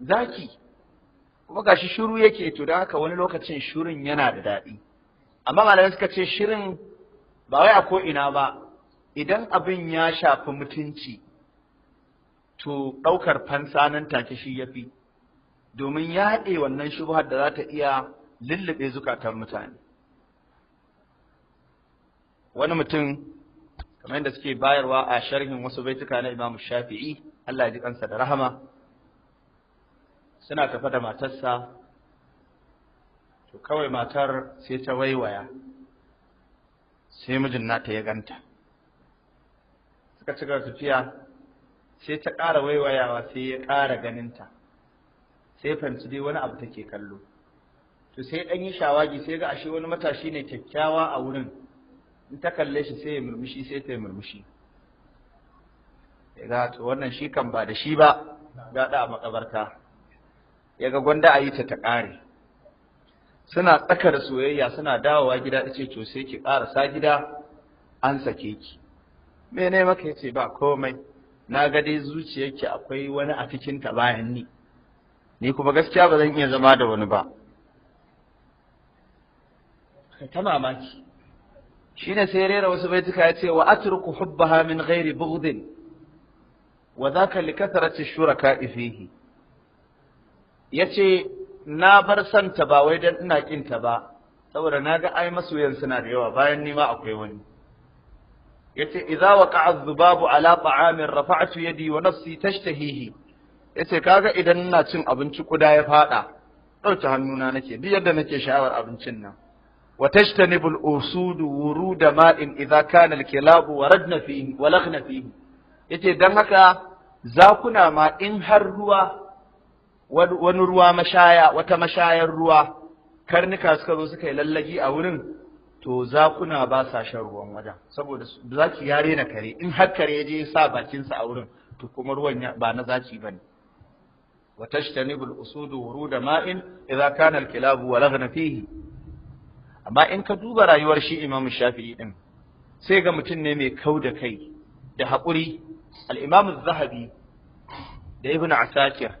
zaki kuma gashi shiru yake to da haka wani lokacin shirin yana da daɗi amma malamai suka ce shirin ba wai a ko ina ba idan abin ya shafi mutunci to ɗaukar fansa nan take shi yafi domin ya yaɗe wannan shubhar da za ta iya lullube zukatan mutane wani mutum kamar yadda suke bayarwa a sharhin wasu baituka na Imam Shafi'i Allah ji kansa da rahama suna tafa da matarsa to kawai matar sai ta waiwaya sai mijin nata ya ganta suka ci tafiya sai ta ƙara waiwayawa sai ya ƙara ganinta sai fanci dai wani abu take kallo to sai dan yi shawagi sai ga ashe wani matashi ne kyakkyawa a wurin in ta kalle shi sai ya murmushi sai ta murmushi ga to wannan shi kan ba da shi ba ga da a makabarta ya ga gwanda a yi ta ta kare suna tsakar da soyayya suna dawowa gida ta ce to sai ki sa gida an sake ki Menene maka yace ba komai na ga dai zuciyarki akwai wani a cikin ta bayan ni ni kuma gaskiya ba zan iya zama da wani ba ta mamaki shine sai rera wasu baituka ya ce wa atruku hubbaha min ghairi bughdin wa dhaka li kathrati shuraka fihi yace na bar santa ba wai dan ina kinta ba saboda ga ai masoyan suna da yawa bayan ni ma akwai wani yace idza waqa'a adh-dhubabu ala ta'amin rafa'tu yadi wa nafsi tashtahihi yace kaga idan ina cin abinci kuda ya fada dauke hannuna nake duk yadda nake sha'awar abincin nan wa tashtanibul usudu wuruda ma'in idza kana alkilabu waradna fihi wa fi fihi yace dan haka zakuna ma in har ruwa wani ruwa mashaya wata mashayar ruwa karnuka suka zo suka yi lallagi a wurin to zakuna ba sa shan ruwan wajen saboda zaki ya rena kare in har kare ya je ya sa bakinsa a wurin to kuma ruwan ba na zaki ba ne. وتجتنب الأسود ورود ماء إذا كان الكلاب ولغن فيه amma in ka duba rayuwar shi Imam Shafi'i din sai ga mutum ne mai kau da kai da haƙuri al Zahabi da Ibn Asakir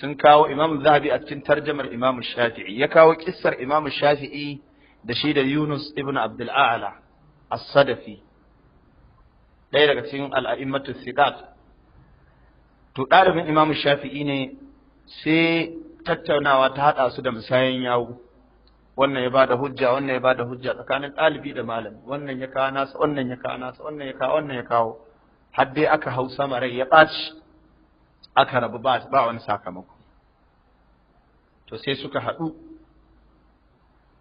sun kawo Imam Zahabi a cikin tarjamar Imam Shafi'i ya kawo ƙissar Imam Shafi'i da shi da Yunus ibn Abdul A'la as-Sadafi ɗaya daga cikin al-a'immatu to ɗalibin imam shafi'i ne sai tattaunawa ta haɗa su da musayan yawo wannan ya ba da hujja wannan ya ba da hujja tsakanin ɗalibi da malami wannan ya kawo nasa wannan ya kawo nasa wannan ya kawo wannan ya kawo har dai aka hau sama rai ya ɓaci aka rabu ba wani sakamako to sai suka haɗu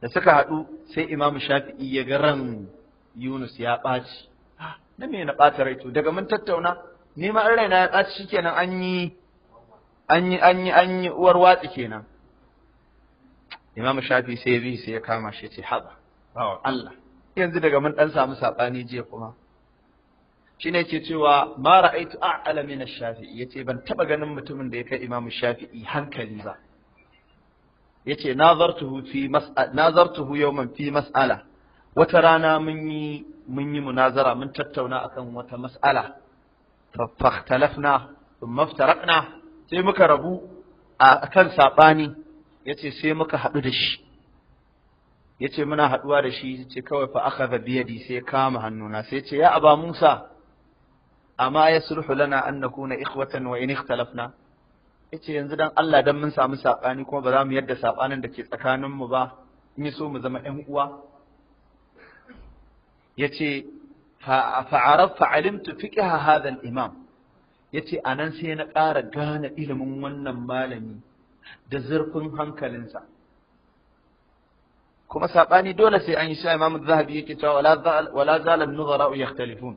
da suka haɗu sai imamu shafi'i ya ga ran yunus ya ɓaci ah, na me na ɓata rai to daga mun tattauna ni ma an raina ya ɓaci kenan an yi an yi an yi an yi uwar watsi kenan imam shafi sai bi sai ya kama shi ce haɗa bawa Allah yanzu daga mun ɗan samu saɓani jiya kuma ne ke cewa ma ra'aitu a'ala min ash-shafi'i yace ban taba ganin mutumin da ya kai imam shafi'i hankali ba yace nazartuhu fi mas'ala nazartuhu yawman fi mas'ala wata rana mun yi mun yi munazara mun tattauna akan wata mas'ala fakhtalafna thumma iftaraqna sai muka rabu a kan saɓani ce sai muka haɗu da shi Ya ce muna haɗuwa da shi ce kawai fa aka ga yadi sai kama hannuna sai ce ya aba Musa amma sulhu lana an kuna ikhwatan wa in ikhtalafna ce yanzu dan Allah dan mun samu saɓani kuma ba za mu yadda saɓanin da ke tsakaninmu ba in so mu zama ƴan uwa ce. fa'arab fa'alimtu fiqha hadha al-imam yace anan sai na ƙara gane ilimin wannan malami da zurfin hankalinsa kuma Saɓani dole sai an yi sha imam zahabi yake cewa wala zala an-nuzara yakhtalifun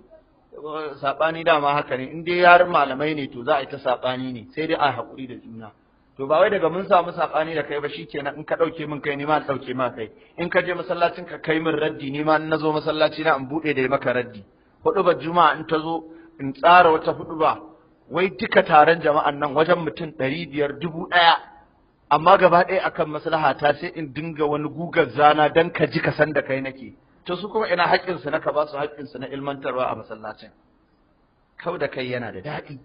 Saɓani dama haka ne in dai yarin malamai ne to za a yi ta Saɓani ne sai dai a haƙuri da juna to ba wai daga mun samu sabani da kai ba kenan in ka dauke min kai ni ma dauke ma kai in ka je masallacin ka kai min raddi ni ma in nazo masallaci na in bude da maka raddi Hudu ba juma'a in ta zo in tsara wata ba, wai duka taron jama'an nan wajen mutum ɗari biyar dubu ɗaya amma gaba ɗaya akan maslaha ta sai in dinga wani gugar zana dan ka ji ka san da kai nake to su kuma ina haƙƙinsu na ka ba su haƙƙinsu na ilmantarwa a masallacin kau da kai yana da daɗi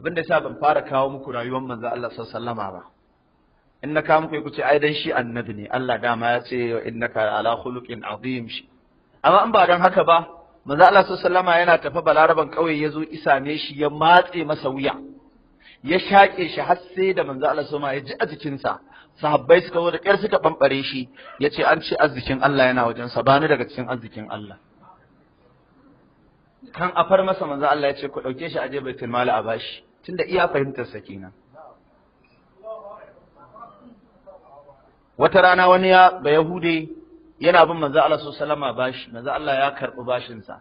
abin da yasa ban fara kawo muku rayuwar manzo Allah sallallahu alaihi ba in na muku ku ce ai dan shi annabi ne Allah dama ya ce innaka ala khuluqin azim shi amma in ba dan haka ba manzo Allah sallallahu alaihi yana tafa balaraban kauye ya zo isa ne shi ya matse masa wuya ya shaƙe shi har sai da manzo Allah sallallahu alaihi ya ji a jikinsa sahabbai suka zo da suka bambare shi ya ce an ce arzikin Allah yana wajen sa bani daga cikin arzikin Allah kan a afar masa manzo Allah ya ce ku ɗauke shi aje baitul mali a bashi tunda iya fahimtar sa kenan wata rana wani ya ga yahude yana bin manzo Allah sallama bashi manzo Allah ya karbi bashin sa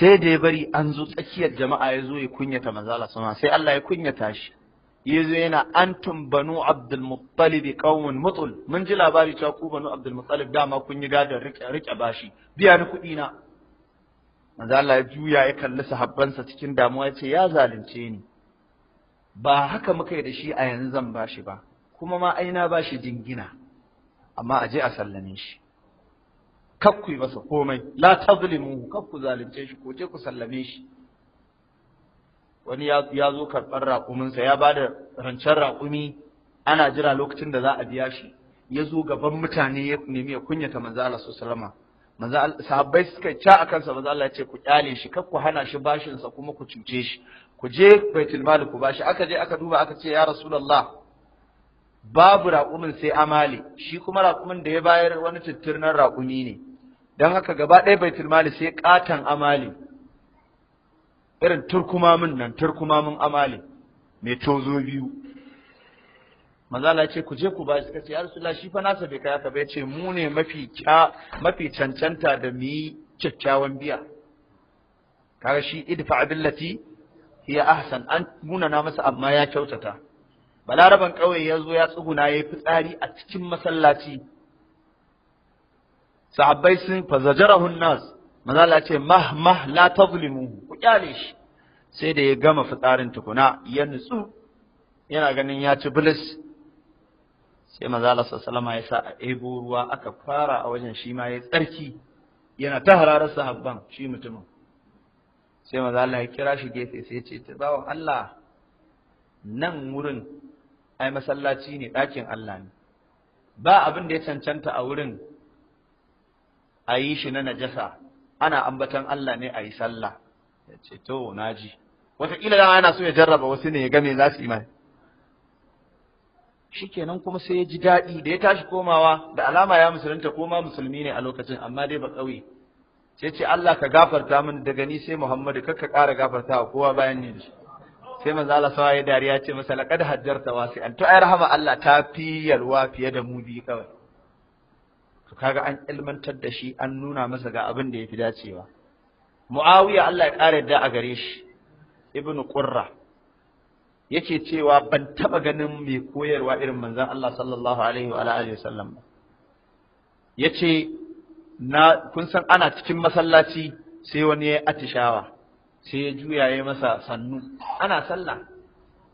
sai da ya bari an zo tsakiyar jama'a ya zo ya kunyata manzo Allah sallama sai Allah ya kunyata shi zo yana antum banu abdul muttalib qaumun mutul mun ji labari cewa ku banu abdul muttalib dama kun yi gadar rike rike bashi biya ni kuɗi na manzo Allah ya juya ya kalli sa cikin damuwa ya ce ya zalunce ni ba haka muka yi da shi a yanzu zan ba shi ba kuma ma aina ba shi jingina amma a je a sallame shi kakku yi masa komai la zulimu kakku zalunce shi ko je ku sallame shi wani ya zo karɓar raƙuminsa ya ba da rancen raƙumi ana jira lokacin da za a biya shi ya zo gaban mutane ya nemi ya kunyata manzo Allah sallama manzo sahabbai suka ci a kansa manzo Allah ya ce ku kyale shi kar hana shi bashin sa kuma ku cuce shi ku je baitul mali ku bashi aka je aka duba aka ce ya rasulullah babu raƙumin sai amali shi kuma raƙumin da ya bayar wani tutturnan raƙumi ne don haka gaba ɗaya baitul mali sai ƙaton amali irin turkumamin nan turkumamin amali mai tozo biyu manzala ce ku je ku ba shi kace ya rasulullah shi fa nasa bai kai haka bai ce mu ne mafi mafi cancanta da mu yi kyakkyawan biya kaga shi idfa billati hiya ahsan an munana masa amma ya kyautata balaraban ƙauye ya zo ya tsuguna ya yi fitsari a cikin masallaci sahabbai sun fazajarahun nas mazala ce mah mah la tazlimu ku kyale shi sai da ya gama fitsarin tukuna ya nutsu yana ganin ya ci bilis sai mazala sallama ya sa a ɗebo ruwa aka fara a wajen shi ma ya tsarki yana ta hararar sahabban shi mutumin sai maza Allah ya kira shi gefe sai ce ta bawan Allah nan wurin ai masallaci ne ɗakin Allah ne ba abin da ya cancanta a wurin a yi shi na najasa ana ambatan Allah ne a yi sallah ya ce to na ji. wataƙila dama yana so ya jarraba wasu ne ya game za su yi mai kenan kuma sai ya ji daɗi da ya tashi komawa da alama ya musulunta koma musulmi ne a lokacin amma dai ba ƙauye sai ce Allah ka gafarta min daga ni sai Muhammadu kar ka ƙara gafarta wa kowa bayan ni sai manzo Allah sawa ya dariya ce masa laqad hajjarta wasi'an to ai rahama Allah ta fi yalwa fiye da mu bi kawai to kaga an ilmantar da shi an nuna masa ga abin da yafi dacewa Muawiya Allah ya ƙara yadda a gare shi Ibn Qurra yake cewa ban taba ganin mai koyarwa irin manzon Allah sallallahu alaihi wa alihi wasallam yace na kun san ana cikin masallaci sai wani ya atishawa sai ya juya ya masa sannu ana sallah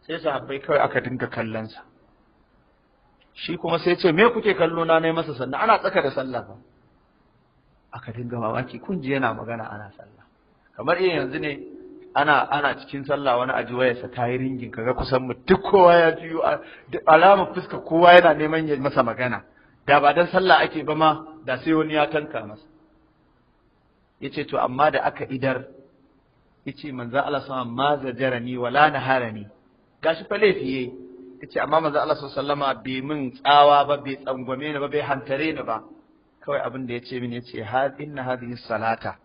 sai sahabbai kawai aka dinga kallon sa shi kuma sai ce me kuke kallo na nayi masa sannu ana tsaka da sallah fa aka dinga mamaki kun ji yana magana ana sallah kamar iya yanzu ne ana ana cikin sallah wani aji wayarsa ta yi ringin kaga kusan mu duk kowa ya juyo alama fuska kowa yana neman ya masa magana da ba don sallah ake ba ma da sai wani ya tanka masa yace to amma da aka idar yace manzo Allah sallallahu ma zajarani wala naharani gashi fa laifi Ya ce amma manzo Allah sallallahu bai min tsawa ba bai tsangwame ni ba bai hantare ni ba kawai abin da yace min yace had inna hadhihi salata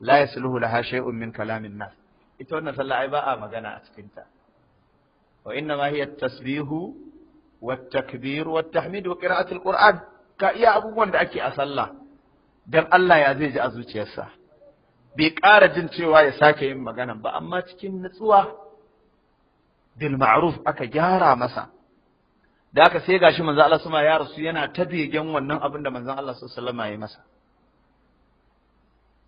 la yasluhu laha shay'un min kalamin nas ita wannan sallah ai ba a magana a cikin ta wa inna ma hiya at-tasbihu wat-takbir wat-tahmid wa ka iya abubuwan da ake a sallah dan Allah ya zai ji a zuciyarsa bai ƙara jin cewa ya sake yin magana ba amma cikin nutsuwa bil ma'ruf aka gyara masa da aka sai gashi manzo Allah suma ya rasu yana ta begen wannan abin da manzo Allah sallallahu alaihi masa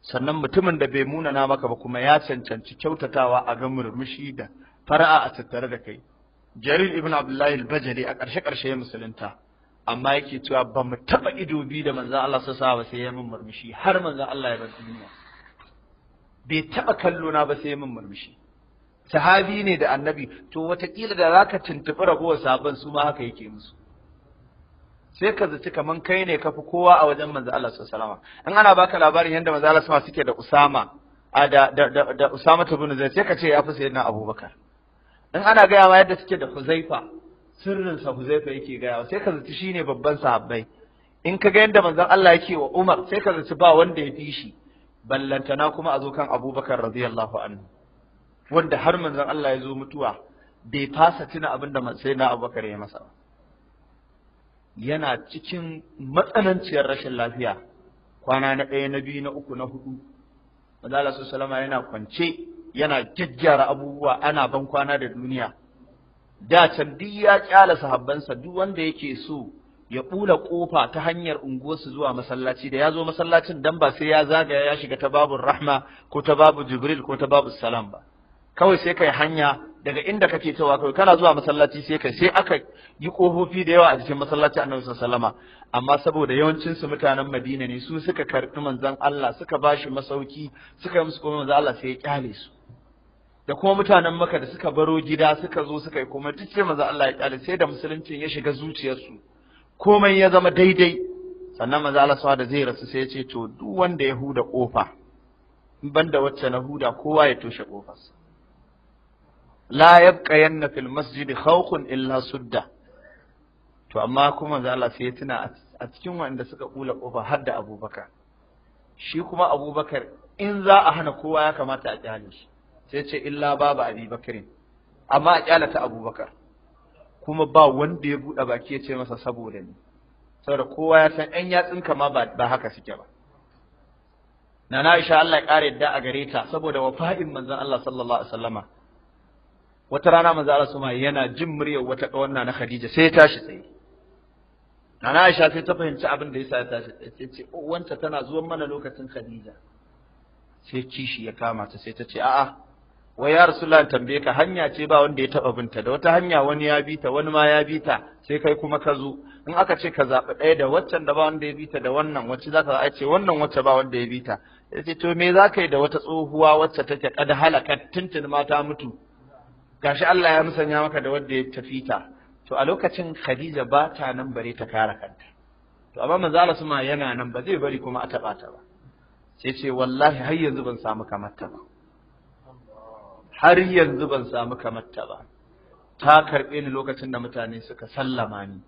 sannan mutumin da bai munana maka ba kuma ya cancanci kyautatawa a ga murmushi da fara'a a tattare da kai jarir ibn abdullahi al-bajali a ƙarshe ƙarshe musulunta amma yake cewa ba mu taba ido biyu da manzon Allah sa sa ba sai ya min murmushi har manzon Allah ya bar duniya bai taba kallo na ba sai ya min murmushi sahabi ne da annabi to watakila da zaka tuntubi ragowar sabon su ma haka yake musu sai ka zaci kaman kai ne kafi kowa a wajen manzon Allah sallallahu salama in ana baka labarin yadda manzon Allah suke da Usama a da da da Usama sai ka ce ya fi sayyidina Abubakar in ana gaya ma yadda suke da Huzaifa sirrin sa Huzaifa yake gaya sai ka zaci shine babban sahabbai in ka ga yadda manzon Allah yake wa Umar sai ka zaci ba wanda ya fi shi ballantana kuma a zo kan Abubakar radiyallahu anhu wanda har manzon Allah ya zo mutuwa bai fasa tuna abin da sai na Abubakar ya masa ba yana cikin matsananciyar rashin lafiya kwana na ɗaya na biyu na uku na hudu manzon Allah sallallahu alaihi yana kwance yana gyaggyara abubuwa ana ban kwana da duniya da can duk ya kyala sahabbansa duk wanda yake so ya bula kofa ta hanyar unguwarsu zuwa masallaci da ya zo masallacin dan ba sai ya zagaya ya shiga ta babu rahma ko ta babu jibril ko ta babu salam ba kawai sai kai hanya daga inda kake cewa kawai kana zuwa masallaci sai kai sai aka yi kofofi da yawa a cikin masallaci annabi wasallama amma saboda yawancin su mutanen Madina ne su suka karbi manzon Allah suka bashi masauki suka yi musu komai manzon Allah sai ya kyale su da kuma mutanen maka da suka baro gida suka zo suka yi kuma duk sai manzo Allah ya kyale sai da musuluncin ya shiga zuciyarsu komai ya zama daidai sannan manzo Allah da zai rasu sai ya ce to duk wanda ya huda kofa in banda wacce na huda kowa ya toshe kofarsa la yanna fil masjid khawqun illa sudda to amma kuma manzo Allah sai ya tuna a cikin wanda suka kula kofa har da Abubakar shi kuma Abubakar in za a hana kowa ya kamata a kyale shi sai ce illa babu abi Bakirin amma a kyalata abubakar kuma ba wanda ya buɗe baki ya ce masa saboda ni saboda kowa ya san ɗan ka ma ba haka suke ba na Aisha Allah ya ƙara yadda a gare ta saboda wafa'in manzon Allah sallallahu alaihi wasallama wata rana manzon Allah suma yana jin muryar wata ƙawanna na Khadija sai ya tashi tsaye Nana Aisha sai ta fahimci abin da yasa ya tashi tsaye sai ce wanta tana zuwan mana lokacin Khadija sai kishi ya kama ta sai ta ce a'a Wa ya rasulullah tambaye ka hanya ce ba wanda ya taba binta da wata hanya wani ya bi ta wani ma ya bi ta sai kai kuma ka zo in aka ce ka zaɓi ɗaya da waccan da ba wanda ya bi ta da wannan wacce za ka ce wannan wacce ba wanda ya bi ta ya ce to me za ka yi da wata tsohuwa wacce take kada halaka tuntun ma ta mutu gashi Allah ya musanya maka da wanda ya tafi ta to a lokacin Khadija ba ta nan bare ta kare kanta to amma manzo Allah suma yana nan ba zai bari kuma a taɓa ta ba sai ce wallahi har yanzu ban samu kamar ta ba har yanzu ban samu kamar ta ba ta karɓe ni lokacin da mutane suka sallama ni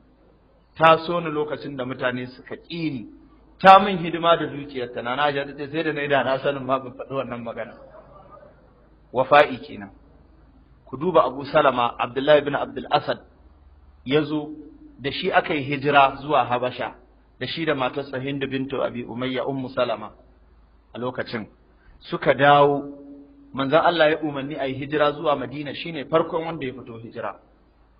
ta so ni lokacin da mutane suka ƙi ni ta min hidima da zuciyarta na na da sai da na yi da na sanin ma ban faɗi wannan magana wafa'i kenan ku duba Abu Salama Abdullahi bin Abdul Asad ya zo da shi aka yi hijira zuwa Habasha da shi da matarsa Hindu bintu Abi Umayya Ummu Salama a lokacin suka dawo Manzan Allah ya umarni a yi hijira zuwa Madina shine farkon wanda ya fito hijira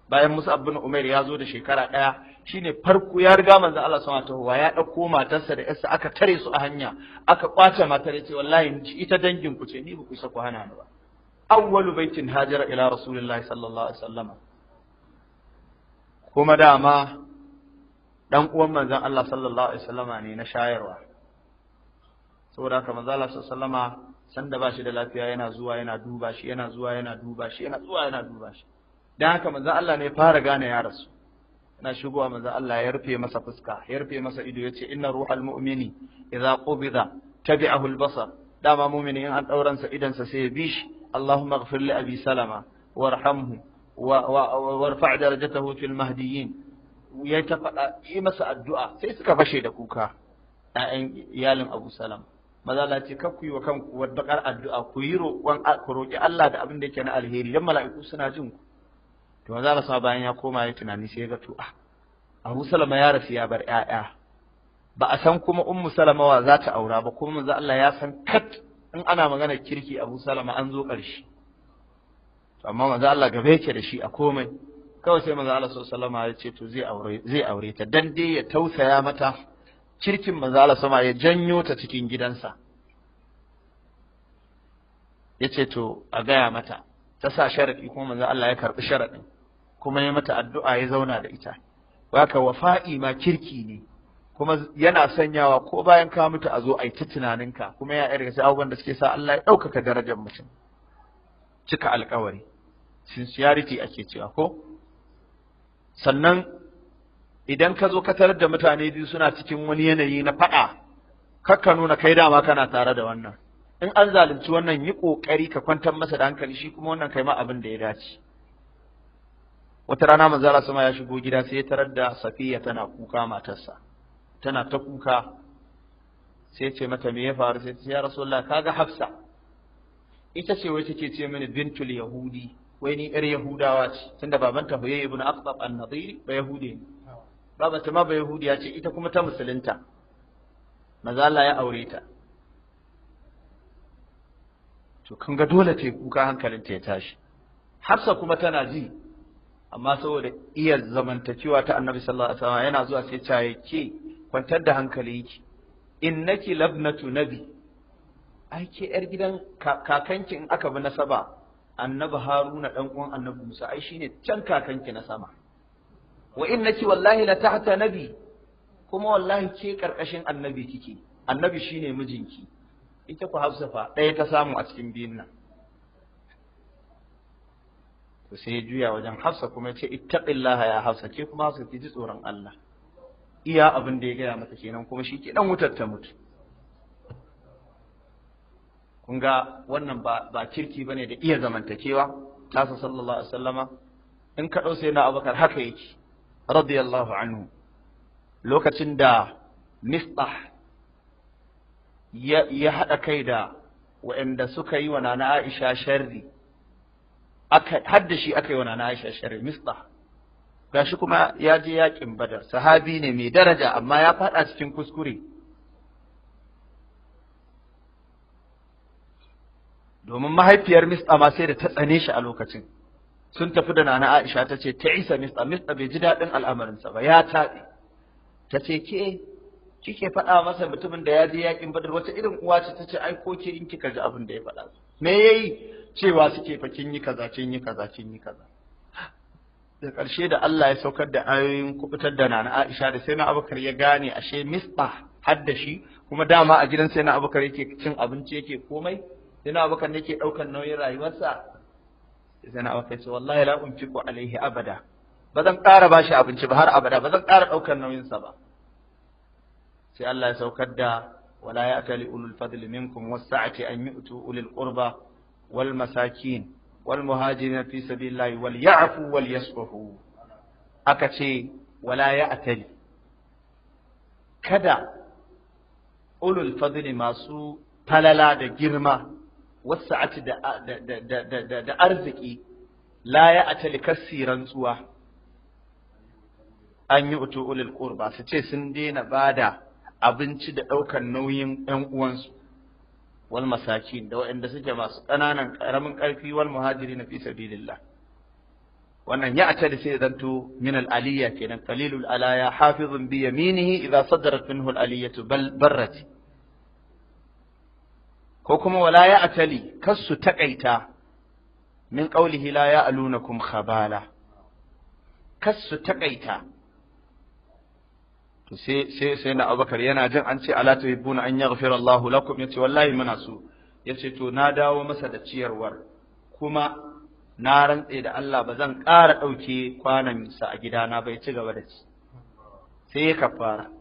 bayan Musa abin Umar ya zo da shekara ɗaya shine farko ya riga manzan Allah sun ta wa ya ɗauko matarsa da yarsa aka tare su a hanya aka kwace matar ya ce wallahi ita dangin ku ce ni ba ku isa ku hana ni ba awwalu baitin hajira ila rasulillahi sallallahu alaihi wasallam kuma dama dan uwan manzan Allah sallallahu alaihi wasallama ne na shayarwa saboda haka manzan Allah sallallahu alaihi wasallama sanda ba shi da lafiya yana zuwa yana duba shi yana zuwa yana duba shi yana zuwa yana duba shi dan haka manzon Allah ne fara gane ya rasu yana shigowa manzon Allah ya rufe masa fuska ya rufe masa ido yace inna ruhal mu'mini idza qubida tabi'ahu al-basar dama mu'mini in an dauran sa idan sa sai ya bi shi Allahumma ighfir li abi salama warhamhu warfa' darajatahu fil mahdiyyin ya ta faɗa yi masa addu'a sai suka fashe da kuka ‘ya'yan iyalin Abu Salama. maza Allah ce kar ku yi wa kanku wata bakar addu'a ku yi roƙon ku roƙi Allah da abin da yake na alheri dan mala'iku suna jin ku to maza Allah sa bayan ya koma ya tunani sai ya ga to ah Abu Salama ya rasu ya bar ƴaƴa ba a san kuma Ummu Salama wa za ta aura ba kuma maza Allah ya san kat in ana magana kirki Abu Salama an zo ƙarshe amma maza Allah gaba yake da shi a komai kawai sai maza Allah sallallahu alaihi wasallam ya ce to zai aure zai aure ta dan dai ya tausaya mata kirkin Manzala sama ya janyo ta cikin gidansa yace to a gaya mata ta sa sharadi kuma manzo Allah ya karbi sharadin kuma ya mata addu'a ya zauna da ita waka wafa'i ma kirki ne kuma yana sanyawa ko bayan ka mutu a zo a yi ta tunaninka kuma ya yarda sai abubuwan da suke sa Allah ya ɗaukaka darajar mutum cika alkawari sincerity ake cewa ko sannan idan ka zo ka tarar da mutane biyu suna cikin wani yanayi na faɗa kakka nuna kai dama kana tare da wannan in an zalunci wannan yi ƙoƙari ka kwantar masa da hankali shi kuma wannan kai ma abin da ya dace wata rana manzala sama ya shigo gida sai ya tarar da safiya tana kuka matarsa tana ta kuka sai ce mata me ya faru sai ce ya rasulullah kaga hafsa ita ce wai take ce mini bintul yahudi wai ni yar yahudawa ce tunda babanta huyay ibn aqtab an-nadiri ba yahudi ne babanta ma ba yahudiya ce ita kuma ta musulunta maza Allah ya aure ta to kan ga dole ta kuka hankalinta ya tashi Hafsa kuma tana ji amma saboda iya zamantakewa ta Annabi sallallahu alaihi wasallam yana zuwa sai caye ke kwantar da hankalinki innaki labnatu nabi ai ke yar gidan kakanki in aka bi nasaba Annabi Haruna dan uwan Annabi Musa ai shine can kakanki na sama wa innaki wallahi la tahta nabi kuma wallahi ke karkashin annabi kike annabi shine mijinki ita ku Hafsa fa ɗaya ta samu a cikin biyun nan to sai ya juya wajen Hafsa kuma ya ce ittaqillaha ya Hafsa ke kuma Hafsa ki ji tsoron Allah iya abin da ya gaya mata kenan kuma shi ke dan wutar ta mutu kun ga wannan ba ba kirki bane da iya zamantakewa tasa sallallahu alaihi wasallama in ka sai na abakar haka yake radiyallahu anhu lokacin da mistah ya haɗa kai da waɗanda suka yi wa nana Aisha sharri har da shi aka yi wa nana Aisha sharri mistah gashi kuma ya je yaƙin badar sahabi ne mai daraja amma ya faɗa cikin kuskure domin mahaifiyar mistah ma sai da ta tsane shi a lokacin sun tafi da nana Aisha ta ce ta isa mista mista bai ji daɗin al'amarinsa ba ya taɗe. ta ce ke kike faɗa masa mutumin da ya je yaƙin badar wata irin uwa ce ta ce ai ko ke in kika ji abin da ya faɗa me yayi cewa suke fa kin yi kaza kin yi kaza kin yi kaza da ƙarshe da Allah ya saukar da ayoyin kubutar da nana Aisha da sai na Abubakar ya gane ashe mista har da shi kuma dama a gidan sai na Abubakar yake cin abinci yake komai sai na Abubakar ne ke ɗaukar nauyin rayuwarsa zana wa kai wallahi la unfiqu alaihi abada ba zan ƙara bashi abinci ba har abada ba zan ƙara ɗaukar nauyinsa ba sai Allah ya saukar da wala ya'tali ulul fadli minkum wasa'ati an yu'tu ulil qurba wal masakin wal muhajirin fi sabilillahi wal ya'fu wal yasfahu aka ce wala ya'tali kada ulul fadli masu falala da girma wasa'ati da da arziki la ya atali siran tsuwa an yi utu ulul qurba su ce sun daina bada abinci da ɗaukar nauyin yan uwansu wal masakin da waɗanda suke masu ƙananan ƙaramin ƙarfi wal na fi sabilillah wannan ya ace da sai zanto min al aliyya kenan qalilul alaya hafizun bi yaminihi idza sadarat minhu al aliyatu bal ko kuma wala ya atali kas su taƙaita min ƙaulihi la ya alunakum khabala kas su taƙaita to sai sai sai na abubakar yana jin an ce ala tuhibbuna an yaghfira Allah lakum yace wallahi muna so yace to na dawo masa da ciyarwar kuma na rantse da Allah ba zan ƙara ɗauke kwanan sa a gidana bai ci gaba da ci sai ya kafara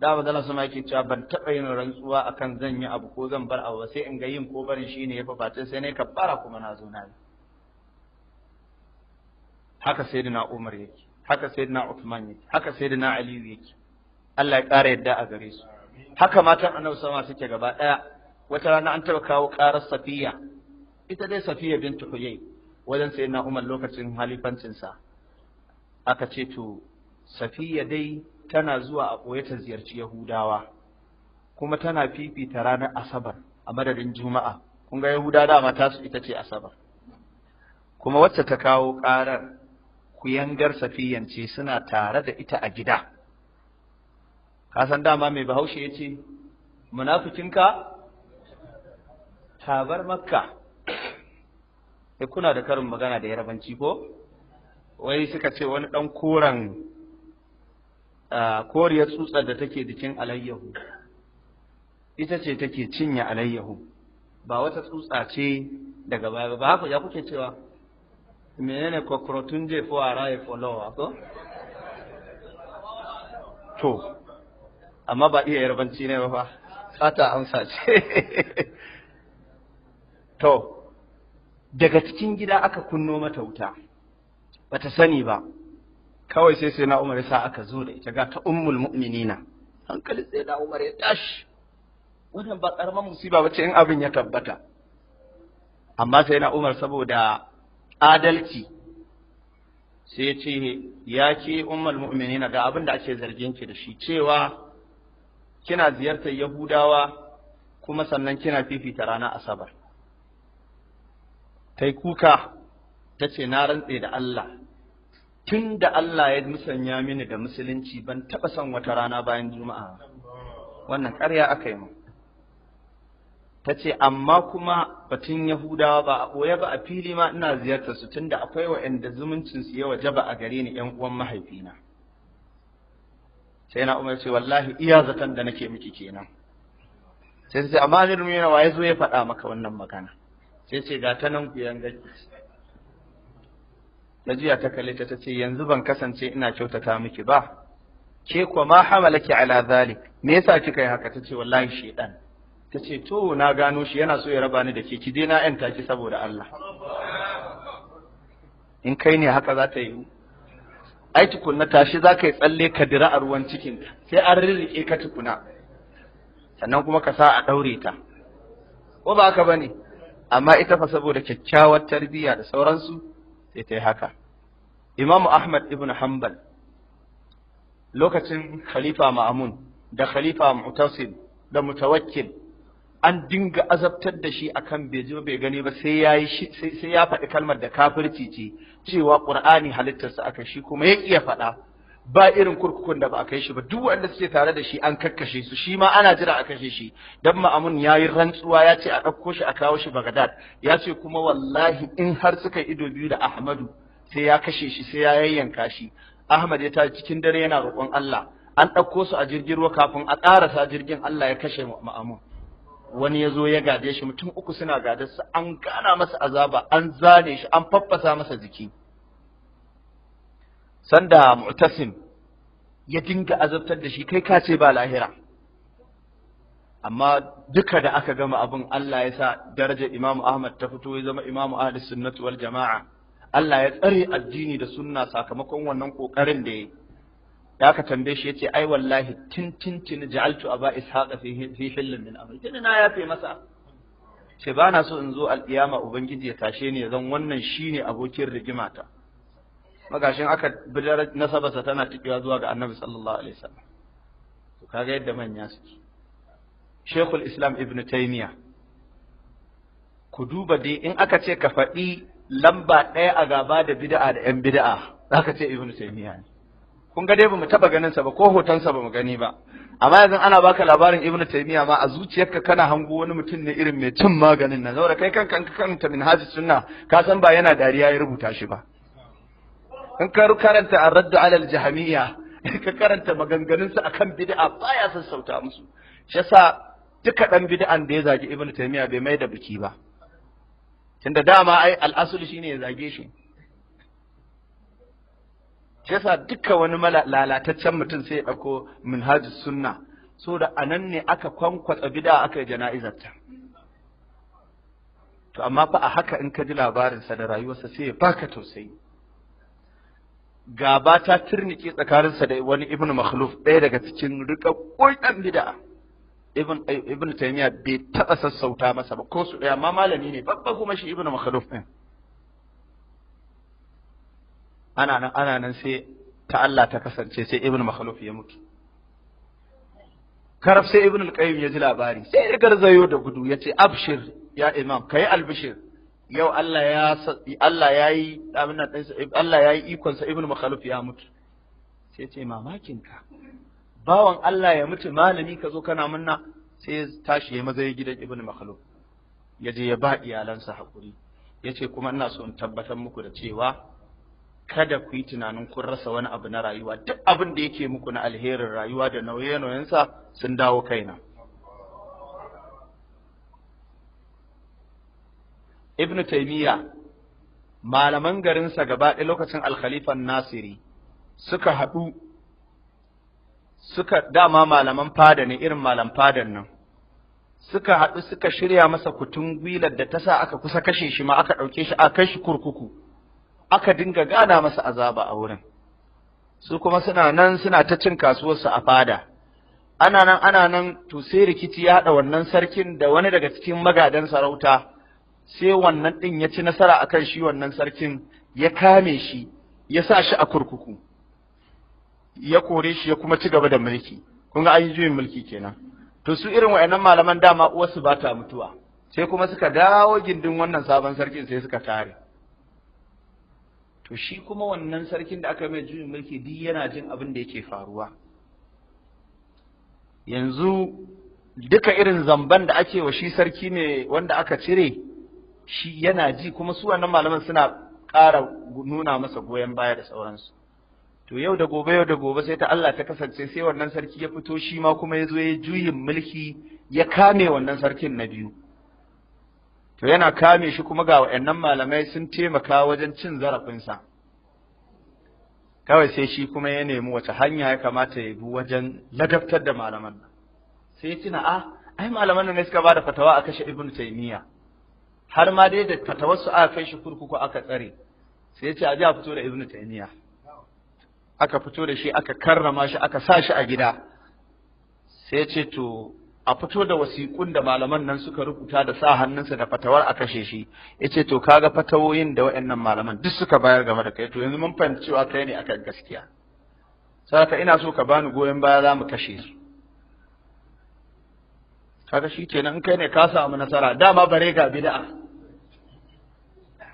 da ba zala sama yake cewa ban taɓa yin rantsuwa akan zan yi abu ko zan bar abu sai in ga yin ko barin shi ne ya fi fatin sai ne fara kuma na zo na yi haka sayyidina Umar yake haka sayyidina Uthman yake haka sayyidina Ali yake Allah ya ƙara yadda a gare su haka matan annabi sama suke gaba ɗaya wata rana an taɓa kawo ƙarar Safiya ita dai Safiya bintu Huyay wajen sayyidina Umar lokacin halifancinsa aka ce to Safiya dai tana zuwa a ɓoye ta ziyarci Yahudawa kuma tana fifita ranar Asabar a madadin Juma'a kun ga Yahuda dama su ita ce Asabar kuma wacce ta kawo ƙarar ku yangar safiyance suna tare da ita a gida kasan dama mai bahaushe ya ce munafikinka tabar makka eh, kuna da karin magana da yarabanci ko wai suka ce wani ɗan koren Ah, koriyar tsutsar da take jikin alayyahu ita ce take cinye alayyahu ba wata tsutsa ce daga baya ba haka ya kuke cewa menene kokrotun je fo araye folowa ko to amma ba iya yarbanci ne ba fa fata amsa ce to daga cikin gida aka kunno mata wuta bata sani ba kawai sai sai na Umar ya sa aka zo da ita ga ta ummul mu'minina hankali sai na Umar ya tashi wannan ba karamar musiba bace in abin ya tabbata amma sai na Umar saboda adalci sai ya ce ya ce ummul mu'minina ga abin da ake zargin ki da shi cewa kina ziyartar Yahudawa kuma sannan kina fifita rana Asabar tai kuka tace na rantse da Allah tun da Allah ya musanya mini da musulunci ban taɓa son wata rana bayan juma'a wannan ƙarya aka yi mu ta ce amma kuma batun yahudawa ba a ɓoye ba a fili ma ina ziyartar su da akwai waɗanda zumuncin su yawa jaba a gare ni yan uwan mahaifina sai na umar ce wallahi iya zaton da nake miki kenan sai sai amma ni wa waye zo ya faɗa maka wannan magana sai ce ga ta nan ku yanga Na jiya ta kalle ta ce yanzu ban kasance ina kyautata miki ba ke kuwa ma hamalaki ala zalik me yasa kika yi haka tace wallahi shedan tace to na gano shi yana so ya raba ni da ke ki je na yanta ki saboda Allah in kai ne haka za ta yi ai tukunna tashi za ka yi tsalle ka dira a ruwan cikin sai an rirriƙe ka tukuna sannan kuma ka sa a ɗaure ta ko ba haka bane amma ita fa saboda kyakkyawar tarbiyya da sauransu sai ta yi haka imamu ahmad ibn hanbal lokacin khalifa ma'amun da khalifa mutasil da mutawakkil an dinga azabtar da shi akan bai ji bai gani ba sai ya sai ya faɗi kalmar da kafirci ce cewa qur'ani halittarsa aka shi kuma ya iya faɗa ba irin kurkukun da ba a kai shi ba duk wanda suke tare da shi an kakkashe su shi ma ana jira a kashe shi dan ma'amun yayi rantsuwa ya ce a ɗauko shi a kawo shi Baghdad ya ce kuma wallahi in har suka ido biyu da Ahmadu sai ya kashe shi sai ya yayyanka shi Ahmad ya ta cikin dare yana roƙon Allah an ɗauko su a jirgin ruwa kafin a ƙarasa jirgin Allah ya kashe ma'amun wani ya zo ya gade shi mutum uku suna gadarsa an gana masa azaba an zane shi an faffasa masa jiki sanda mu'tasim ya dinga azabtar da shi kai ka ce ba lahira amma duka da aka gama abin Allah ya sa daraja Imam Ahmad ta fito ya zama Imam Ahlus Sunnah wal Jama'a Allah ya tsare addini da sunna sakamakon wannan kokarin da yi. da aka tambaye shi yace ai wallahi tintintin ja'altu aba ishaqa fi fi hillin min amri kin na yafe masa ce bana so in zo alƙiyama ubangiji ya tashe ni ya zan wannan shine abokin rigimata magashin aka bidar nasabarsa tana tikiwa zuwa ga annabi sallallahu alaihi wasallam to kaga yadda manya suke shekul islam ibn taymiya ku duba dai in aka ce ka faɗi lamba ɗaya a gaba da bid'a da yan bid'a zaka ce ibn taymiya ne kun ga dai bamu taba ganin sa ba ko hotonsa bamu gani ba amma yanzu ana baka labarin Ibn taymiya ma a zuciyarka kana hango wani mutum ne irin mai cin maganin nan Za'ura kai kanka kanka min haji sunna ka san ba yana dariya ya rubuta shi ba in ka karanta ar-raddu ala al ka karanta maganganun su akan bid'a baya sassauta musu shi yasa duka dan bid'an da ya zagi ibnu taymiya bai mai da biki ba tunda dama ai al-asl shine ya zage shi shi yasa duka wani lalataccen mutum sai ya dauko minhajus sunna saboda anan ne aka kwankwatsa bid'a aka yi jana'izarta to amma fa a haka in ka ji labarinsa da rayuwarsa sai ya baka tausayi gaba ta turnike tsakaninsa da wani ibn makhluf ɗaya daga cikin koi ɗan bid'a ibn eh, ibn taymiya bai taɓa sassauta masa ba ko su ɗaya amma malami ne babba kuma shi ibn makhluf ɗin ana nan ana nan sai ta Allah ta kasance sai ibn makhluf ya mutu karaf sai ibn al-qayyim ya ji labari sai ya garzayo da gudu ya ce abshir ya imam kai albishir yau Allah ya Allah ikonsa abin Allah ikon sa ibnu makhluf ya mutu sai ce mamakin ka bawan Allah ya mutu malami ka zo kana munna sai ya tashi ya maza gidan Ibn makhluf ya je ya ba iyalansa hakuri ya ce kuma ina so in tabbatar muku da cewa kada ku yi tunanin kun rasa wani abu na rayuwa duk abin da yake muku na alherin rayuwa da nauye-nauyensa sun dawo kaina. ibn taymiya malaman garinsa gaba ɗaya lokacin alkhalifan nasiri suka haɗu suka dama malaman fada ne irin malam fadan nan suka haɗu suka shirya masa kutun gwilar da ta sa aka kusa kashe shi ma aka ɗauke shi a kai shi kurkuku aka dinga gana masa azaba a wurin su kuma suna nan suna ta cin kasuwarsu a fada ana nan ana nan to sai rikici ya haɗa wannan sarkin da wani daga cikin magadan sarauta sai wannan ɗin ya ci nasara a kan shi wannan sarkin ya kame shi ya sa shi a kurkuku ya kore shi ya kuma ci gaba da mulki kun ga yi juyin mulki kenan to su irin wa'annan malaman dama uwarsu ba ta mutuwa sai kuma suka dawo gindin wannan sabon sarkin sai suka tare to shi kuma wannan sarkin da aka mai juyin mulki duk yana jin abin da yake faruwa yanzu duka irin zamban da ake wa shi sarki ne wanda aka cire shi yana ji kuma su wannan malaman suna ƙara nuna masa goyon baya da sauransu to yau da gobe yau da gobe sai ta Allah ta kasance sai wannan sarki ya fito shi ma kuma ya zo ya juyin mulki ya kame wannan sarkin na biyu to yana kame shi kuma ga wa'annan malamai sun taimaka wajen cin zarafinsa kawai sai shi kuma ya nemi wace hanya ya kamata ya bi wajen ladabtar da malaman sai ya tuna a ah, ai malaman ne suka ba da fatawa a kashe ibnu taymiya har ma dai da wasu aka kai shi kurkuku aka tsare sai ya ce a a fito da ibnu taymiya aka fito da shi aka karrama shi aka sa shi a gida sai ya ce to a fito da wasiƙun da malaman nan suka rubuta da sa hannunsa da fatawar a kashe shi ya ce to kaga fatawoyin da waɗannan malaman duk suka bayar game da kai to yanzu mun fahimci cewa kai ne akan gaskiya saboda ina so ka bani goyon baya za mu kashe su kaga shi kenan in kai ne ka samu nasara dama bare ga bid'a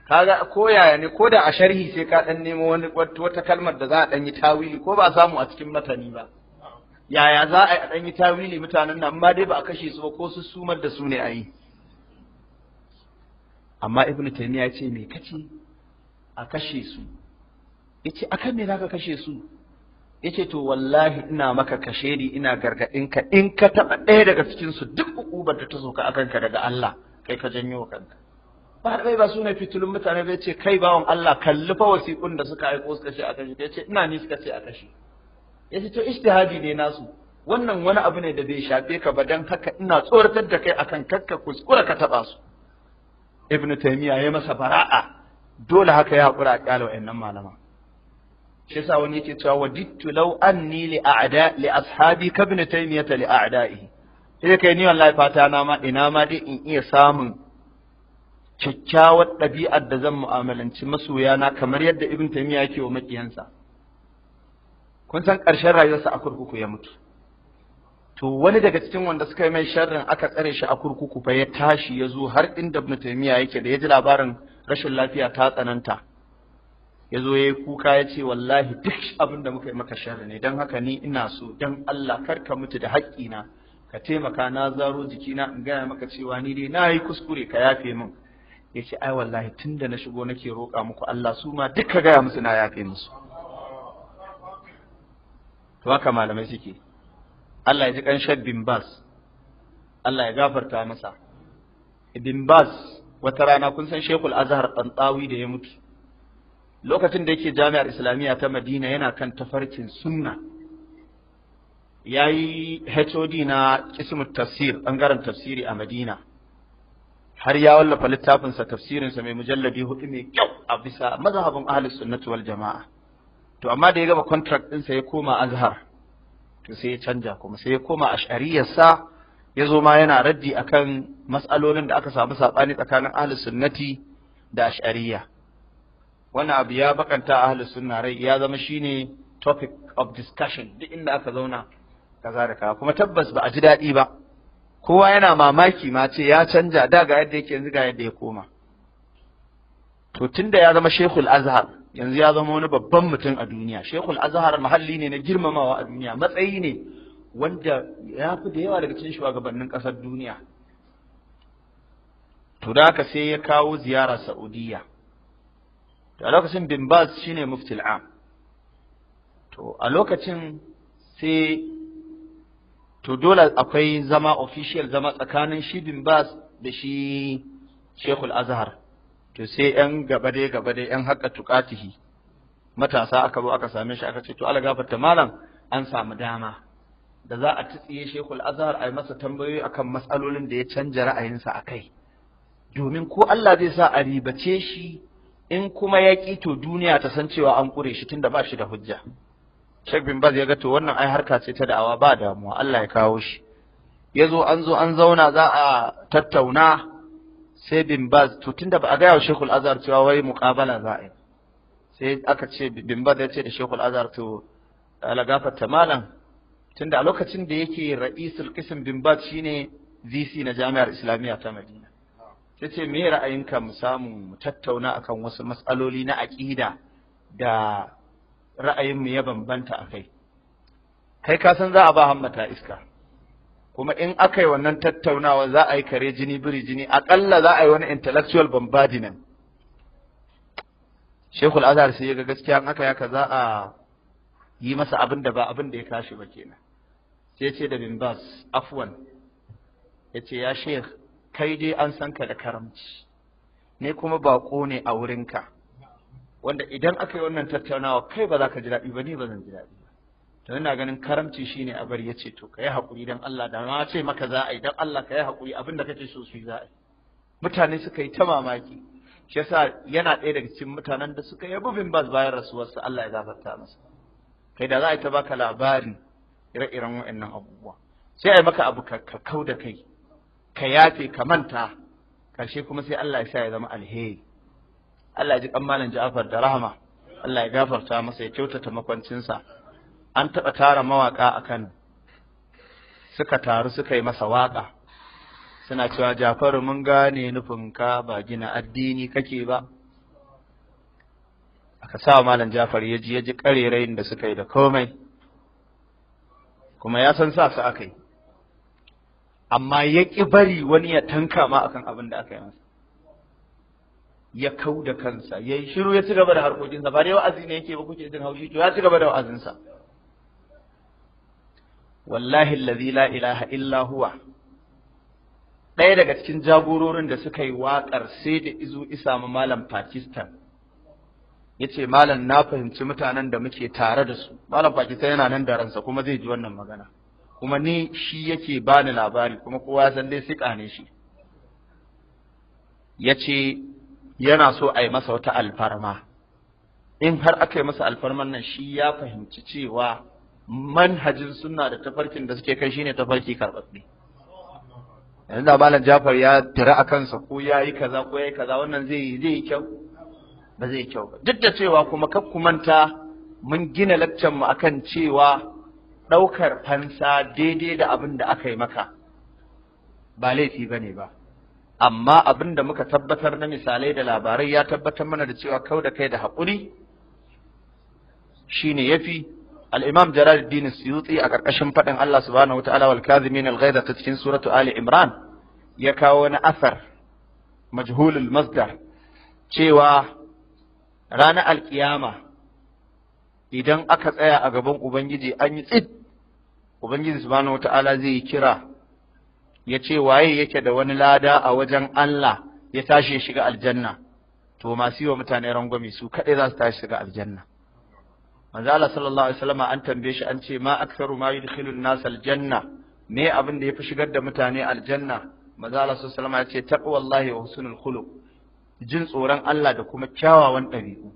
kaga ko yaya ne ko da a sharhi sai ka dan nemo wani wata kalmar da za a dan yi tawili ko ba samu a cikin matani ba yaya za a dan yi tawili mutanen nan amma dai ba a kashe su ba ko su sumar da su ne a yi amma ibnu taymiya ya ce me kace a kashe su yace akan me zaka kashe su yace to wallahi ina maka kashe ni, ina gargadin ka in ka taba ɗaya daga cikin su duk ukubar da ta ka akan ka daga Allah kai ka janyo kanka Sahabbai ba su ne fitilun mutane bai ce kai bawan Allah kalli fa wasiƙun da suka aiko suka ce a kashi ya ce ina ni suka ce a kashi ya ce to ijtihadi ne nasu wannan wani abu ne da bai shafe ka ba dan haka ina tsoratar da kai akan kakka kuskura ka taba su Ibn Taymiya ya masa bara'a dole haka ya hakura a kyalo wayannan malama shi yasa wani yake cewa wadittu law anni li a'da li ashabi ka ibn taymiyata li a'da'i sai kai ni wallahi fata na ma ina ma dai in iya samun kyakkyawar ɗabi'ar da zan mu'amalanci masoyana kamar yadda ibn taymiya yake wa maƙiyansa, kun san ƙarshen rayuwarsa a kurkuku ya mutu to wani daga cikin wanda suka yi mai sharrin aka tsare shi a kurkuku fa ya tashi ya zo har inda ibn taymiya yake da ya ji labarin rashin lafiya ta tsananta ya zo ya yi kuka ya ce wallahi duk abin da muka yi maka sharri ne don haka ni ina so don Allah kar ka mutu da haƙƙina ka taimaka na zaro jikina in gaya maka cewa ni dai na yi kuskure ka yafe min ya ce ai wallahi tun da na shigo nake roƙa muku Allah su ma duka gaya musu na yafe musu to haka malamai suke Allah ya ji ƙanshin bin bas Allah ya gafarta masa bin bas wata rana kun san shekul azhar tsantsawi da ya mutu lokacin da yake jami'ar islamiyya ta madina yana kan tafarkin sunna ya yi hod na kismin tafsir ɓangaren tafsiri a madina har ya wallafa littafinsa tafsirinsa mai mujalladi hudu mai kyau a bisa mazhabin ahlus sunnati wal jama'a to amma da ya gaba contract ɗinsa ya koma azhar to sai ya canja kuma sai ya koma sa ya zo ma yana raddi akan matsalolin da aka samu saɓani tsakanin ahlus sunnati da ash'ariya wannan abu ya bakanta ahlus sunna rai ya zama shine topic of discussion duk inda aka zauna kaza da kaza kuma tabbas ba a ji daɗi ba kowa yana mamaki ma ce ya canja da ga yadda yake yanzu ga yadda ya koma to tunda ya zama shekul azhar yanzu ya zama wani babban mutum a duniya shekul azhar muhalli ne na girmamawa a duniya matsayi ne wanda ya fi da yawa daga cikin shugabannin ƙasar duniya to da haka sai ya kawo ziyara saudiya a lokacin bin baz shine muftil am to a lokacin sai to dole akwai zama official zama tsakanin shi bin bas da shi shekul azhar to sai yan gaba dai gaba dai yan haƙa tuƙatihi matasa aka zo aka same shi aka ce to ala gafarta malam an samu dama da za a tsiye shekul azhar a yi masa tambayoyi akan matsalolin da ya canja ra'ayinsa a kai domin ko Allah zai sa a ribace shi in kuma ya ƙi to duniya ta san cewa an ƙure shi tunda ba shi da hujja Sheikh bin Baz ya ga to wannan ai harka ce ta da'awa ba damuwa Allah ya kawo shi ya zo an zo an zauna za a tattauna sai bin Baz to tunda ba a gaya wa Sheikhul Azhar cewa wai muqabala za a yi sai aka ce bin Baz ya ce da Sheikhul Azhar to ala ta malam tunda a lokacin da yake ra'isul qism bin Baz shine VC na Jami'ar Islamiyya ta Madina sai ce me ra'ayinka mu samu mu tattauna akan wasu matsaloli na aƙida da ra'ayinmu ya bambanta a kai kai ka san za a ba hammata iska kuma in aka yi wannan tattaunawa za a yi kare jini biri jini aƙalla za a yi wani intellectual nan. shekul azhar sai ga gaskiya in aka yaka za a yi masa abin da ba abin da ya kashi ba kenan sai ce da Bimbas, afwan ya ce ya kai dai an san ka da karamci ne kuma baƙo ne a wurinka wanda idan aka yi wannan tattaunawa kai ba za ka ji daɗi ba ni ba zan ji daɗi ba to ina ganin karamci shine a bari yace to kai hakuri dan Allah da ma ce maka za a yi dan Allah kai hakuri abinda kake so su yi za a mutane suka yi ta mamaki shi yasa yana ɗaya daga cikin mutanen da suka yabi bin bas bayan rasuwarsa Allah ya gafarta masa kai da za a yi ta baka labari ire-iren waɗannan abubuwa sai a yi maka abu ka kau da kai ka yafe ka manta ƙarshe kuma sai Allah ya sa ya zama alheri Allah Ya ji kammalin Ja'far da rahama Allah ya gafarta masa ya kyautata makwancinsa an taɓa tara mawaƙa a Kano suka taru suka yi masa waƙa suna cewa Jafaru mun gane ka ba gina addini kake ba aka sa malam Jafar ya ji ya ji ƙarerayin da suka yi da komai kuma ya san sa su aka yi amma ya ƙi bari wani ya tanka ma akan abin da aka yi masa ya kau da kansa ya yi shiru ya ci gaba da harkokinsa ba dai wa'azi ne yake ba kuke jin haushi to ya ci gaba da wa'azinsa wallahi allazi la ilaha illa huwa ɗaya daga cikin jagororin da suka yi waƙar sai da izu isa ma malam pakistan ya ce malam na fahimci mutanen da muke tare da su malam pakistan yana nan da ransa kuma zai ji wannan magana kuma ni shi yake bani labari kuma kowa san dai siƙa ne shi ya ce yana so a yi masa wata alfarma in har aka yi masa alfarman nan shi ya fahimci cewa manhajin suna da tafarkin da suke kai shine tafarki karɓaɓɓe yanzu da malam jafar ya tira a kansa ko ya yi kaza ko ya yi kaza wannan zai yi zai yi kyau ba zai yi kyau ba duk da cewa kuma kar ku manta mun gina laccan mu akan cewa ɗaukar fansa daidai da abin da aka yi maka ba laifi bane ba amma abin da muka tabbatar na misalai da labarai ya tabbatar mana da cewa kau da kai da haƙuri shine yafi al-imam jalaluddin suyutsi a ƙarƙashin faɗin Allah subhanahu wataala wal kazimin al-ghaiza ta cikin suratu ali imran ya kawo wani asar majhulul masdar cewa ranar alkiyama idan aka tsaya a gaban ubangiji an yi tsid ubangiji subhanahu ta'ala zai yi kira ya ce waye yake da wani lada a wajen Allah ya tashi ya shiga aljanna to masu yi wa mutane rangwami su kaɗai za su tashi shiga aljanna manzo Allah sallallahu alaihi wasallam an tambaye shi an ce ma aktharu ma yudkhilu an-nas aljanna me abin da yafi shigar da mutane aljanna manzo Allah sallallahu alaihi wasallam ya ce taqwallahi wa husnul khuluq jin tsoron Allah da kuma kyawawan ɗabi'u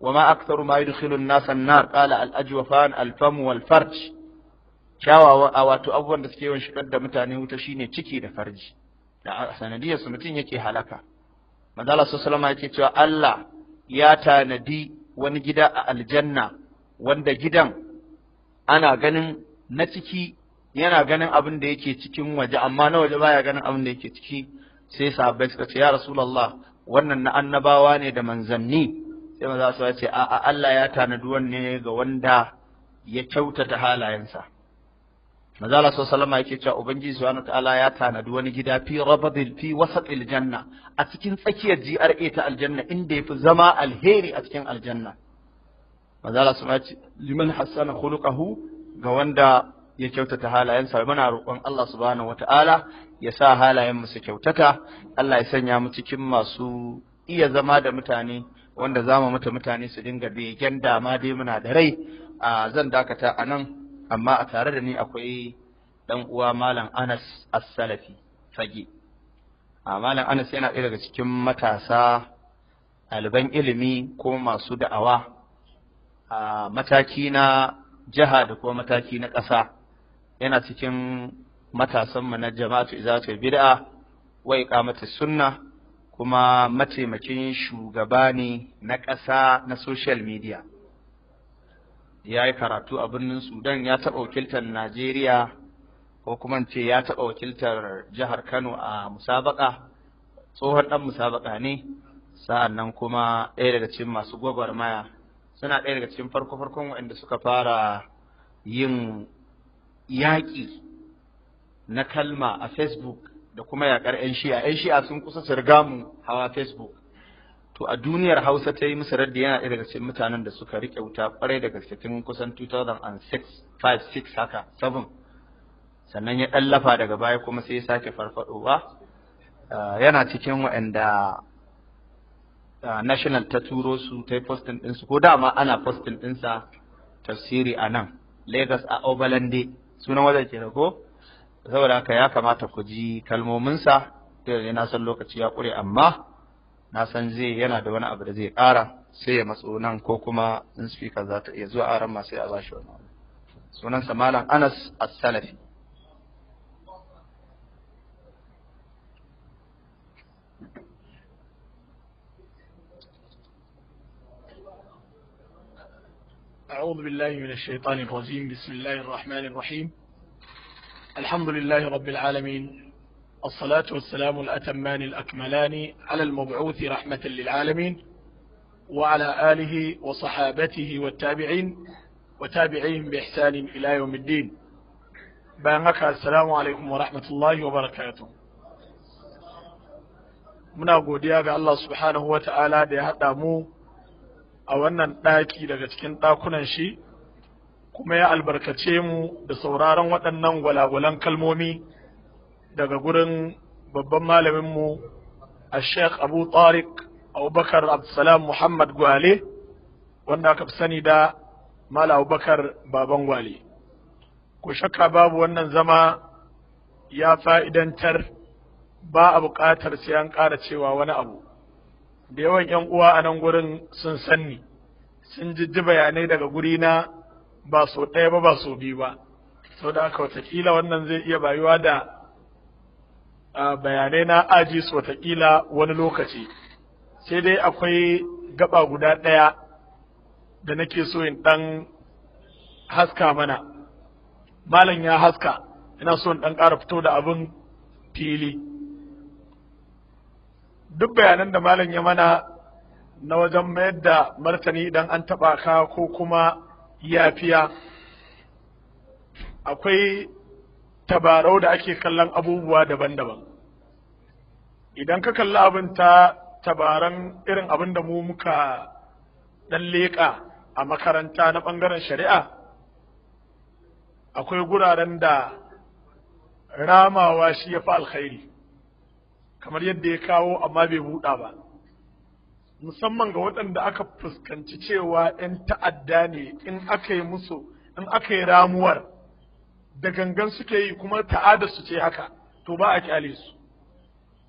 wa ma aktharu ma yudkhilu an-nas an-nar qala al-ajwafan al-fam wal-farj kyawawan a wato abubuwan da suke yawan shigar da mutane wuta shine ciki da farji da sanadiyar su mutum yake halaka manzala sallallahu yake cewa Allah ya tanadi wani gida a aljanna wanda gidan ana ganin na ciki yana ganin abin da yake cikin waje amma na waje baya ganin abin da yake ciki sai sahabbai suka ce ya rasulullah wannan na annabawa ne da manzanni sai maza su ce a'a Allah ya tanadi wannan ga wanda ya kyautata halayensa manzo Allah sallallahu yake cewa ubangiji subhanahu ta'ala ya tanadi wani gida fi rabadil fi wasatil janna a cikin tsakiyar GRA ta aljanna inda yafi zama alheri a cikin aljanna manzo Allah subhanahu liman hasana khuluquhu ga wanda ya kyautata halayensa muna roƙon Allah subhanahu wata'ala ya sa halayen mu su kyautata Allah ya sanya mu cikin masu iya zama da mutane wanda za mu mutane su dinga begen dama dai muna da rai a zan dakata a nan amma a tare da ni akwai ɗan uwa malam Anas As-Salafi fage a malam Anas yana ɗaya daga cikin matasa ɗaliban ilimi ko masu da'awa a mataki na jiha da kuma mataki na ƙasa yana cikin matasanmu na jama'atu ta bid'a wai kamata sunna kuma mataimakin shugaba ne na ƙasa na social media ya yi karatu a birnin Sudan ya taɓa wakiltar Najeriya ko kuma ce ya taɓa wakiltar jihar Kano a musabaka tsohon ɗan musabaka ne sa'an nan kuma ɗaya daga cikin masu gwagwarmaya suna ɗaya daga cikin farko-farkon waɗanda suka fara yin yaƙi na kalma a Facebook da kuma yaƙar 'yan shi'a 'yan shi'a sun kusa su mu hawa Facebook to a duniyar Hausa ta yi musu raddi yana daga cikin mutanen da suka riƙe wuta ƙwarai da gaske tun kusan 2006 5 6 haka 7 sannan ya ɗallafa daga baya kuma sai ya sake farfadowa. Ah, yana cikin waɗanda ah, national ta turo su ta yi postin ɗinsu ko dama ana fostin ɗinsa tafsiri a nan Lagos a Obalande sunan wajen ke da ko saboda haka ya kamata ku ji kalmominsa da na san lokaci ya ƙure amma na san zai yana da wani abu da zai ƙara sai ya matso nan ko kuma in speaker za ta iya zuwa aran ma sai a ba shi wani abu sunansa malam Anas As-Salafi أعوذ بالله من الشيطان الرجيم بسم الله الرحمن الرحيم الحمد لله رب العالمين الصلاة والسلام الأتمان الأكملان على المبعوث رحمة للعالمين وعلى آله وصحابته والتابعين وتابعيهم بإحسان إلى يوم الدين بانك السلام عليكم ورحمة الله وبركاته من أقول يا الله سبحانه وتعالى دي da ya haɗa mu a wannan ɗaki daga cikin ɗakunan shi kuma ya albarkace mu da sauraron waɗannan daga gurin babban malaminmu a sheikh abu tariq abubakar abdulsalam muhammad gwale wanda aka fi sani da mala abubakar baban gwale ko shakka babu wannan zama ya fa'idantar ba a buƙatar sai an ƙara cewa wani abu da yawan 'yan uwa a nan gurin sun sanni sun jijji bayanai daga guri na ba sau ɗaya ba ba sau biyu ba sau da aka watakila wannan zai iya bayuwa da A bayanai na su watakila wani lokaci sai dai akwai gaba guda ɗaya da nake so in ɗan haska mana malam ya haska ina so in ɗan ƙara fito da abin fili duk bayanan da malam ya mana na wajen mayar da martani idan an taɓa ka ko kuma yafiya akwai tabarau da ake kallon abubuwa daban-daban idan ka kalli abin ta tabaran irin abin da mu muka ɗan leƙa a makaranta na ɓangaren shari'a akwai guraren da ramawa shi ya fi alkhairi kamar yadda ya kawo amma bai buɗa ba musamman ga waɗanda aka fuskanci cewa 'yan ta'adda ne in aka yi musu in aka yi ramuwar da gangan suke yi kuma ta'ada su ce haka to ba a kyale su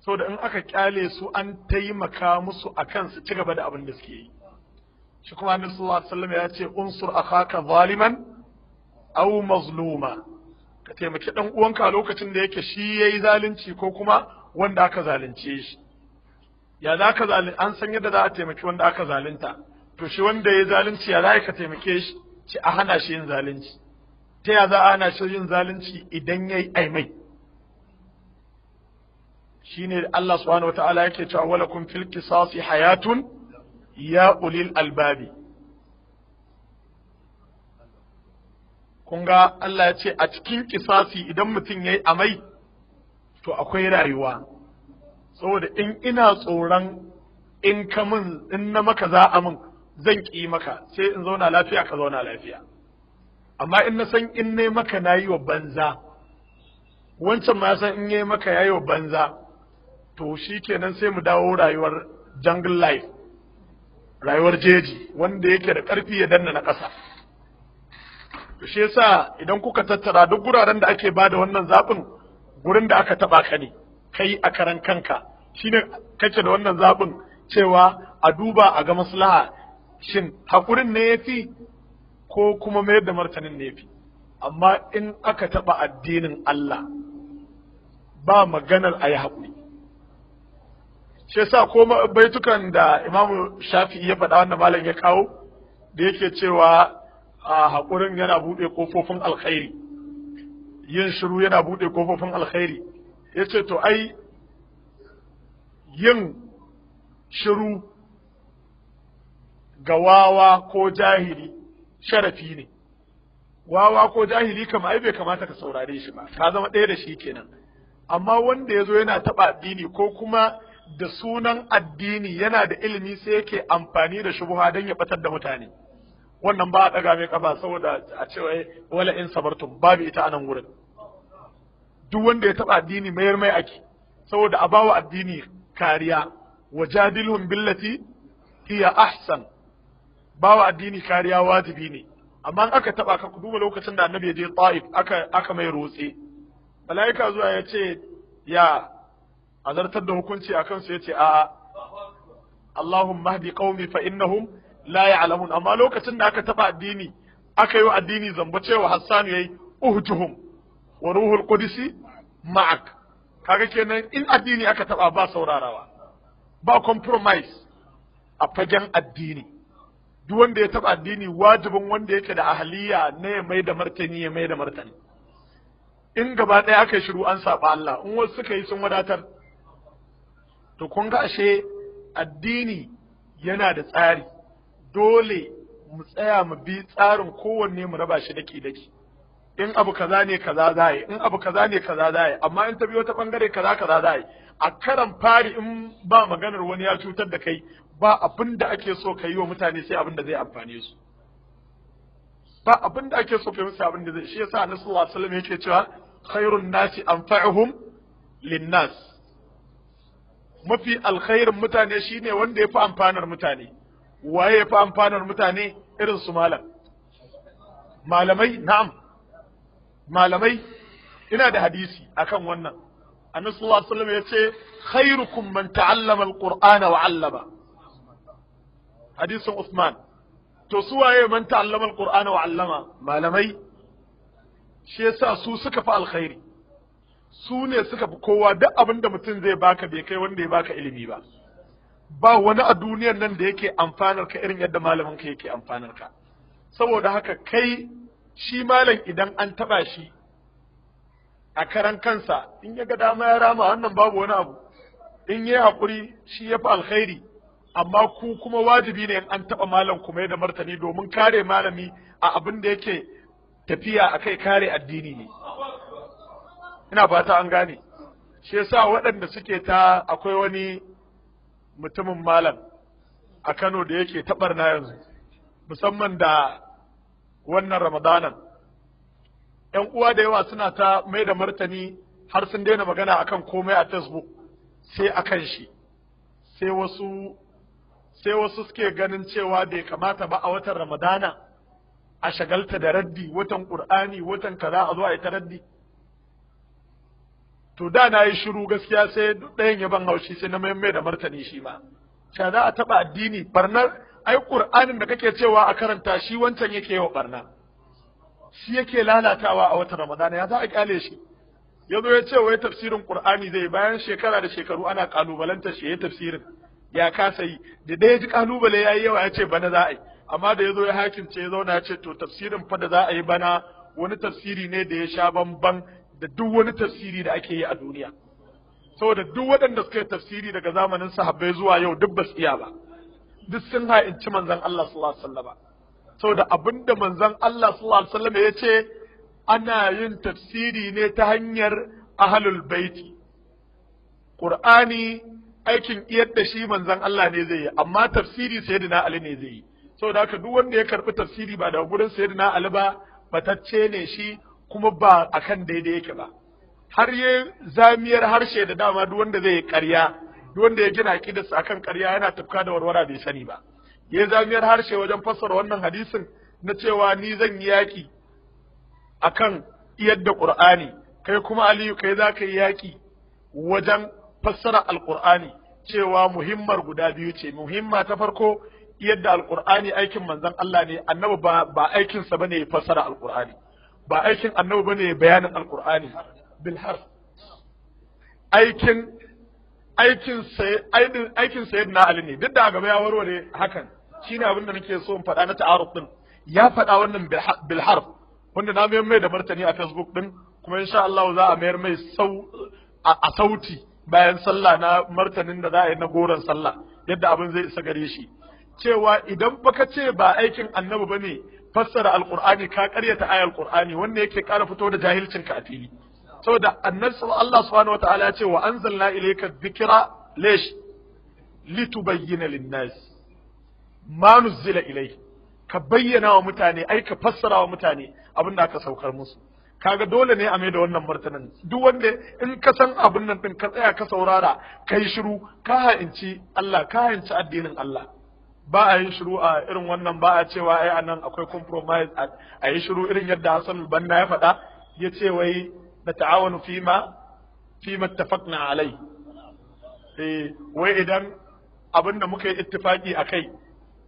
saboda in aka kyale su an taimaka musu akan su ci gaba da abin da suke yi shi kuma annabi sallallahu alaihi wasallam ya ce unsur akhaka zaliman aw mazluma ka taimaki dan uwanka lokacin da yake shi yayi zalunci ko kuma wanda aka zalunce shi ya za ka zalunci an san yadda za a taimaki wanda aka zalunta to shi wanda ya zalunci ya za ka taimake shi ci a hana shi yin zalunci ta ya za a hana shi yin zalunci idan yi aimai shi shine Allah subhanahu wataala yake cewa walakun fil qisasi hayatun ya ulil albabi kun ga Allah ya ce a cikin kisasi idan mutum ya yi amai to akwai rayuwa saboda in ina tsoron in ka in na maka za a min zan ƙi maka sai in zauna lafiya ka zauna lafiya amma in na san in ne maka na yi wa banza wancan ma san in ne maka ya yi wa banza to shi kenan sai mu dawo rayuwar jungle life rayuwar jeji wanda yake da ƙarfi ya danna na ƙasa shi yasa idan kuka tattara duk guraren da ake bada wannan zaɓin gurin da aka taɓa ka ne kai a karan kanka shine kake da wannan zaɓin cewa a duba a ga maslaha shin hakurin ne ya fi ko kuma mayar da martanin ne fi amma in aka taɓa addinin Allah ba maganar a yi haƙuri shi yasa ko baitukan da imamu shafi'i ya faɗa wanda malam ya kawo da yake cewa a haƙurin yana buɗe ƙofofin alkhairi yin shiru yana buɗe ƙofofin alkhairi ya ce to ai yin shiru ga wawa ko jahili sharafi ne wawa ko jahili kama ai bai kamata ka saurare shi ba ka zama ɗaya da shi kenan amma wanda ya zo yana taɓa addini ko kuma da sunan addini yana da ilimi sai yake amfani da shubuha don ya batar da mutane wannan ba a ɗaga mai ƙafa saboda a cewa wala in sabartum babu ita a nan wurin duk wanda ya taɓa addini mayar mai ake saboda a bawa addini kariya wajadilhum billati hiya ahsan bawa addini kariya wajibi ne amma in aka taba ka duba lokacin da annabi ya je Taif aka aka mai rotse malaika zuwa ya ce ya azartar da hukunci akan su ya ce a'a Allahumma hadi qaumi fa innahum la ya'lamun amma lokacin da aka taba addini aka yi addini zamba cewa Hassan yayi uhjuhum wa ruhul qudsi ma'ak kaga kenan in addini aka taba ba saurarawa ba compromise a fagen addini duk wanda ya taba addini wajibin wanda yake da ahaliya ne ya mai da martani ya mai da martani in gaba ɗaya aka shiru an saba Allah in wasu suka yi sun wadatar to kun ga ashe addini yana da tsari dole mu tsaya mu bi tsarin kowanne mu raba shi daki daki in abu kaza ne kaza za yi in abu kaza ne kaza za yi amma in ta biyo ta bangare kaza kaza za yi a karan fari in ba maganar wani ya cutar da kai ba abin da ake so ka yi wa mutane sai abin da zai amfane su ba abin da ake so ka yi musu abin da zai shi yasa annabi sallallahu alaihi wasallam yake cewa khairun nasi anfa'uhum linnas mafi alkhairin mutane shine wanda ya fi amfanar mutane waye ya fi amfanar mutane irin su malam malamai na'am malamai ina da hadisi akan wannan annabi sallallahu alaihi wasallam yace khairukum man ta'allama alqur'ana wa 'allama hadisin Usman to su waye man ta'allama alqur'ana wa 'allama malamai shi yasa su suka fi alkhairi su ne suka fi kowa duk abin da mutum zai baka bai kai wanda ya baka ilimi ba ba wani a duniyar nan da yake amfanar ka irin yadda malamin ka yake amfanar ka saboda haka kai shi malam idan an taba shi a karan kansa in ya ga dama ya rama wannan babu wani abu in ya hakuri shi ya fi alkhairi amma ku kuma wajibi ne in an taɓa malam kuma da martani domin kare malami a abin da yake tafiya a kai kare addini ne ina fata an gane shi yasa waɗanda suke ta akwai wani mutumin malam a Kano da yake na yanzu musamman da wannan ramadanan ‘yan uwa da yawa suna ta mai da martani har sun daina magana akan komai a facebook sai akan shi sai wasu sai wasu suke ganin cewa bai kamata ba a watan ramadana a shagalta da raddi watan ƙur'ani watan kaza a zuwa ita raddi to da na yi shiru gaskiya sai ɗayan ya ban haushi sai na mai da martani shi ma sha za a taɓa addini barnar ai ƙur'anin da kake cewa a karanta shi wancan yake yawa barna shi yake lalatawa a watan ramadana ya za a kyale shi yazo ya ce wai tafsirin ƙur'ani zai bayan shekara da shekaru ana ƙalubalantar shi ya tafsirin ya kasa yi da dai ji kalubale yayi yawa ya ce bana za a yi amma da yazo ya hakimce ya zauna ya ce to tafsirin fa da za a yi bana wani tafsiri ne da ya sha bamban da duk wani tafsiri da ake yi a duniya saboda duk waɗanda suka yi tafsiri daga zamanin sahabbai zuwa yau duk ba su iya ba duk sun ha'inci manzon Allah sallallahu alaihi wasallam saboda abinda manzon Allah sallallahu alaihi wasallam ya ce ana yin tafsiri ne ta hanyar ahlul baiti Qur'ani aikin iyar da shi manzon Allah ne zai yi amma tafsiri sayyidina Ali ne zai yi saboda haka duk wanda ya karbi tafsiri ba da gurin sayyidina Ali ba batacce ne shi kuma ba akan daidai yake ba har yi zamiyar harshe da dama duk wanda zai yi ƙarya duk wanda ya gina kidansa akan ƙarya yana tafka da warwara bai sani ba ya zamiyar harshe wajen fassara wannan hadisin na cewa ni zan yi yaƙi akan da Qur'ani kai kuma Aliyu kai za ka yi yaƙi wajen fassara alqur'ani cewa muhimmar guda biyu ce muhimma ta farko yadda alqur'ani aikin manzon Allah ne annabi ba ba aikin sa bane ya fassara alqur'ani ba aikin annabi bane bayanin alqur'ani bil harf aikin aikin sayyidin aikin sayyidina Ali ne duk da gaba ya warware hakan shine abin da nake so in faɗa na ta'aruf din ya faɗa wannan bil harf wanda na mayar mai da martani a Facebook din kuma insha Allah za a mayar mai sau a sauti bayan sallah na martanin da za a yi na goron sallah yadda abin zai isa gare shi cewa idan baka ce ba aikin annabi bane fassara alqur'ani ka karyata ayar alqur'ani wanda yake kara fito da jahilcin ka a fili saboda annabi Allah subhanahu wataala ya ce wa anzalna ilayka dhikra lish litubayyana lin-nas ma nuzila ilayka ka bayyana wa mutane ai ka fassara wa mutane abin da aka saukar musu kaga dole ne a mai da wannan martanin duk wanda in ka san abin nan din ka tsaya ka saurara kai shiru ka ha'inci Allah ka ha'inci addinin Allah ba a yin shiru a irin wannan ba a cewa ai anan akwai compromise a yi shiru irin yadda Hassan Banna ya faɗa ya ce wai na ta'awanu fima fima tafaqna alai eh wai idan abin da muka yi ittifaki a kai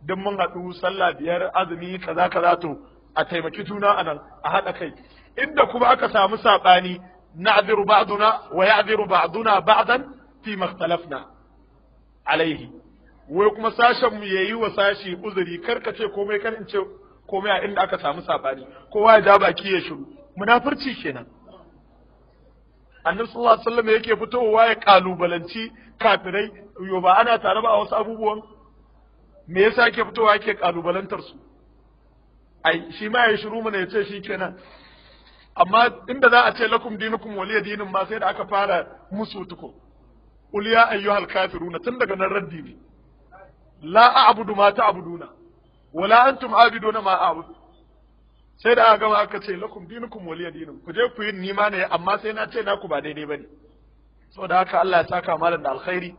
duk mun haɗu sallah biyar azumi kaza kaza to a taimaki juna anan a haɗa kai inda kuma aka samu saɓani na'ziru ba'duna wa ya'ziru ba'duna ba'dan fi makhtalafna alaihi wai kuma sashen mu yayi wa sashi uzuri karka ce komai kar in ce komai a inda aka samu saɓani kowa ya ja baki ya shiru munafurci kenan annabi sallallahu alaihi wasallam yake fitowa ya kalubalanci kafirai yo ba ana tare ba a wasu abubuwan me yasa yake fitowa yake kalubalantar su ai shi ma ya shiru mana ya shi kenan amma inda za a ce lakum dinukum waliya dinin ma sai da aka fara musu tuko uliya ya ayyuhal kafiruna tun daga nan raddi ne la a'budu ma ta'buduna wala antum abiduna ma a'budu sai da aka gama aka ce lakum dinukum waliya dinin ku je ku yi nima ne amma sai na ce naku ba daidai bane saboda haka Allah ya saka malam da alkhairi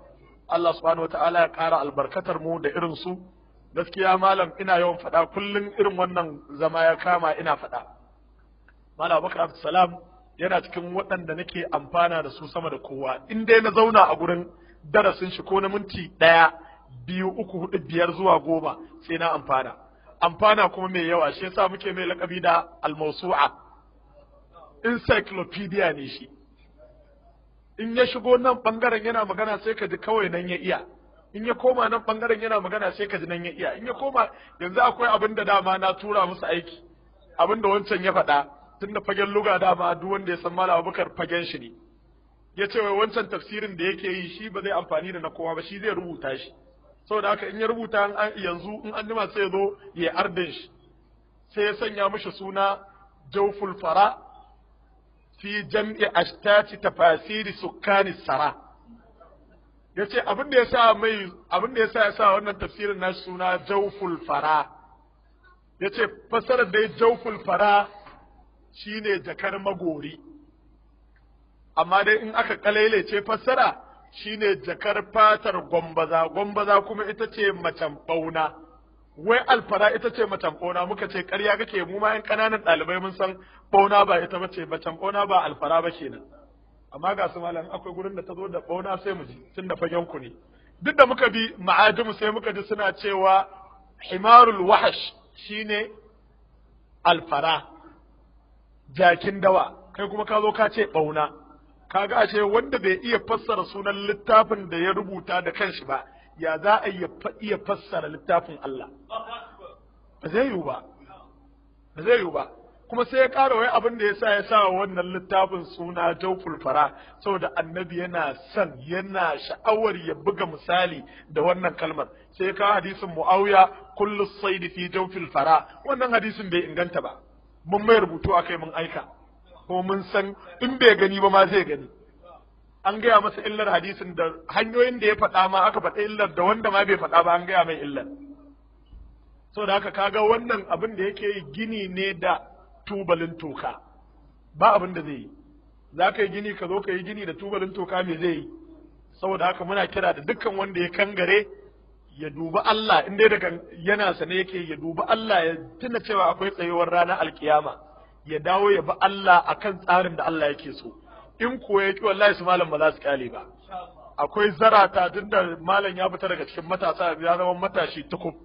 Allah subhanahu wataala ya kara albarkatar mu da irin su gaskiya malam ina yawan faɗa kullum irin wannan zama ya kama ina faɗa mala bakar salam yana cikin waɗanda nake amfana da su sama da kowa in dai na zauna a gurin darasin shi ko na minti ɗaya biyu uku hudu biyar zuwa goma sai na amfana amfana kuma mai yawa shi yasa muke mai lakabi da almausu'a encyclopedia ne shi in ya shigo nan bangaren yana magana sai ka ji kawai nan ya iya in ya koma nan bangaren yana magana sai ka ji nan ya iya in ya koma yanzu akwai abin da dama na tura musu aiki abin da wancan ya faɗa da fagen luga dama duk wanda ya san malam abubakar fagen shi ne ya ce wai wancan tafsirin da yake yi shi ba zai amfani da na kowa ba shi zai rubuta shi saboda haka in ya rubuta yanzu in an jima sai ya zo ya ardin shi sai ya sanya mishi suna jawful fara fi jam'i ashtati tafasiri sukkani sara yace abin da yasa mai abin da yasa yasa wannan tafsirin na suna jawful fara yace fasarar da jawful fara shine jakar magori amma dai in aka kalailace fassara shine jakar fatar gwambaza gwambaza kuma ita ce macen bauna wai alfara ita ce macen bauna muka ce ƙarya kake mu ma yan ƙananan ɗalibai mun san bauna ba ita bace macen bauna ba alfara ba kenan amma ga su malam akwai gurin da ta zo da bauna sai mu ji tun da fagen ku ne duk da muka bi ma'adimu sai muka ji suna cewa himarul wahash shine alfara jakin dawa kai kuma ka zo ka ce bauna kaga a ce wanda bai iya fassara sunan littafin da ya rubuta da kanshi ba ya za a iya fassara littafin Allah ba zai yiwu ba ba zai yiwu ba kuma sai ya ƙara wai abin da yasa ya sa wannan littafin suna jawful fara saboda annabi yana son yana sha'awar ya buga misali da wannan kalmar sai ya kawo hadisin mu'awiya kullu saidi fi jaufil fara wannan hadisin bai inganta ba mun mai rubutu akai mun aika ko mun san in bai gani ba ma zai gani an gaya masa illar hadisin da hanyoyin da ya faɗa ma aka faɗa illar da wanda ma bai faɗa ba an gaya mai illar so da haka kaga wannan abin da yake yi gini ne da tubalin toka ba abin da zai yi za ka yi gini ka zo ka yi gini da tubalin toka me zai yi saboda haka muna kira da dukkan wanda ya kangare ya dubi Allah inda dai daga yana sane yake ya dubi Allah ya tuna cewa akwai tsayuwar ranar alkiyama ya dawo ya bi Allah akan tsarin da Allah yake so in ko ya ki wallahi su malam ba za su kale ba akwai zarata tunda malam ya fita daga cikin matasa ya zama matashi tukuf.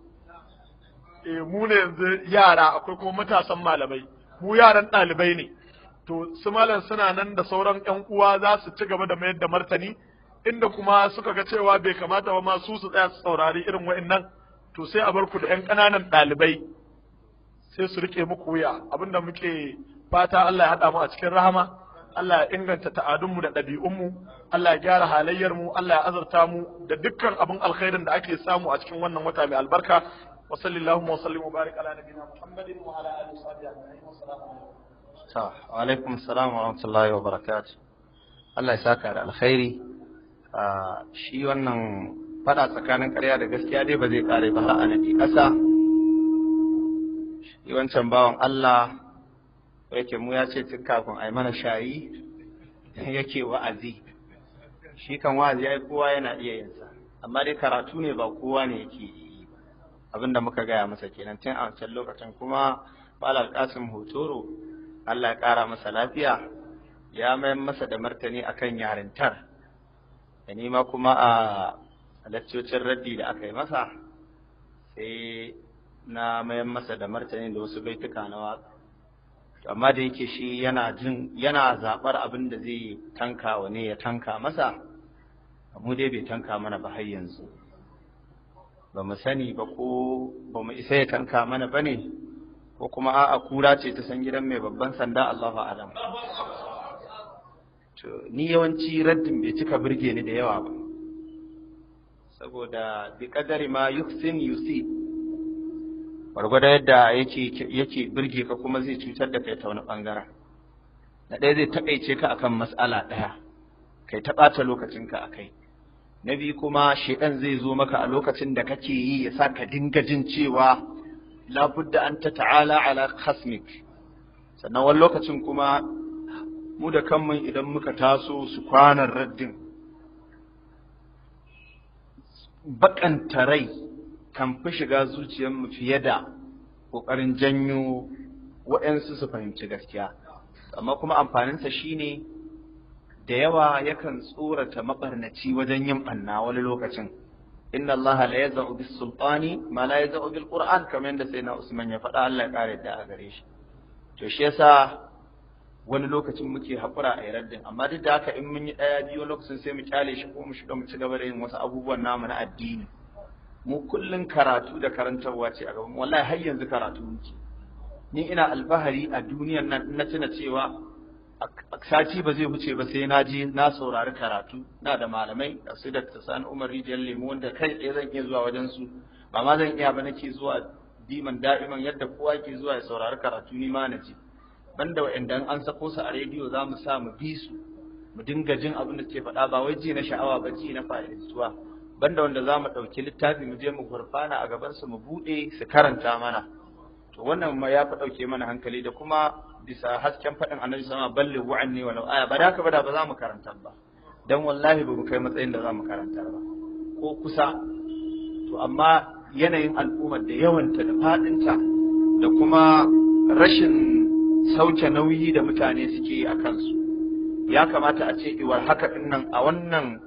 eh mu ne yanzu yara akwai kuma matasan malamai mu yaran ɗalibai ne to su malam suna nan da sauran ƴan uwa za su ci gaba da mayar da martani inda kuma suka ga cewa bai kamata ba masu su tsaya su saurari irin wa'annan to sai a bar ku da 'yan ƙananan ɗalibai sai su rike muku wuya abinda muke fata Allah ya haɗa mu a cikin rahama Allah ya inganta ta'adunmu da ɗabi'unmu Allah ya gyara halayyarmu Allah ya azurta mu da dukkan abin alkhairin da ake samu a cikin wannan wata mai albarka wa sallallahu wa sallim wa barik ala nabiyina Muhammadin wa ala alihi wa sahbihi ajma'in wa salamu alaikum wa rahmatullahi wa barakatuh Allah ya saka da alkhairi Ah, shi wannan fada tsakanin karya da gaskiya dai ba zai kare ba a nabi ƙasa shi wancan bawan Allah yake mu ya ce tun kafin a yi mana shayi yake wa'azi shi kan wa'azi ai kowa yana iya yin sa amma dai karatu ne ba kowa ne yake yi abinda muka gaya masa kenan tun a wancan lokacin kuma Malam Kasim Hotoro Allah ya ƙara masa lafiya ya mayar masa da martani akan yarintar da nema kuma a laccocin raddi da aka yi masa sai na mayan masa da martani da wasu baituka na waka amma da yake shi yana jin yana zaɓar abin da zai tanka wa ne ya tanka masa mu dai bai tanka mana ba har yanzu ba mu sani ba ko ba mu isa ya tanka mana ba ne ko kuma a'a kura ce ta san gidan mai babban sanda Allahu a'lam ni yawanci raddin bai cika birge ni da yawa ba saboda bi kadari ma yuksin yusi gwargwada yadda yake birge ka kuma zai cutar da kai ta wani bangara na ɗaya zai taƙaice ka akan matsala ɗaya kai ta ɓata lokacinka a kai na biyu kuma shaidan zai zo maka a lokacin da kake yi ya sa ka dinga jin cewa labudda an ta ta'ala ala khasmik sannan wani lokacin kuma mu da kanmu idan muka taso su kwanan raddin bakanta rai kan fi shiga zuciyarmu fiye da ƙoƙarin janyo waɗansu su fahimci gaskiya amma kuma amfaninsa shine da yawa yakan tsorata mabarnaci wajen yin ɓanna wani lokacin inna Allah la yaz'u bis sultani ma la yaz'u bil qur'an kamar yadda sayyidina Usman ya faɗa Allah ya kare da a gare shi to shi yasa wani lokacin muke haƙura a raddin amma duk da haka in mun yi ɗaya biyu lokacin sai mu kyale shi ko mu shiga mu ci gaba da yin wasu abubuwan namu na addini mu kullun karatu da karantarwa ce a gaban wallahi har yanzu karatu muke ni ina alfahari a duniyar nan na tuna cewa sati ba zai wuce ba sai na je na saurari karatu na da malamai da su da Sani Umar Rijiyar Lemu wanda kai tsaye zan iya zuwa wajen su ba ma zan iya ba nake zuwa diman da'iman yadda kowa ke zuwa ya saurari karatu ni ma na je banda wa'anda an sako su a rediyo za mu sa mu bi su mu dinga jin abin da suke faɗa ba wai ji na sha'awa ba ji na fa'idantuwa banda wanda za mu ɗauki littafi mu je mu gurfana a gaban su mu buɗe su karanta mana to wannan ma ya fi ɗauke mana hankali da kuma bisa hasken faɗin annabi sama balli ne walau aya ba da haka ba da ba za mu karanta ba dan wallahi ba mu kai matsayin da za mu karanta ba ko kusa to amma yanayin al'ummar da yawanta da faɗinta da kuma rashin sauke nauyi da mutane suke a kansu ya kamata a ce iwar haka nan a wannan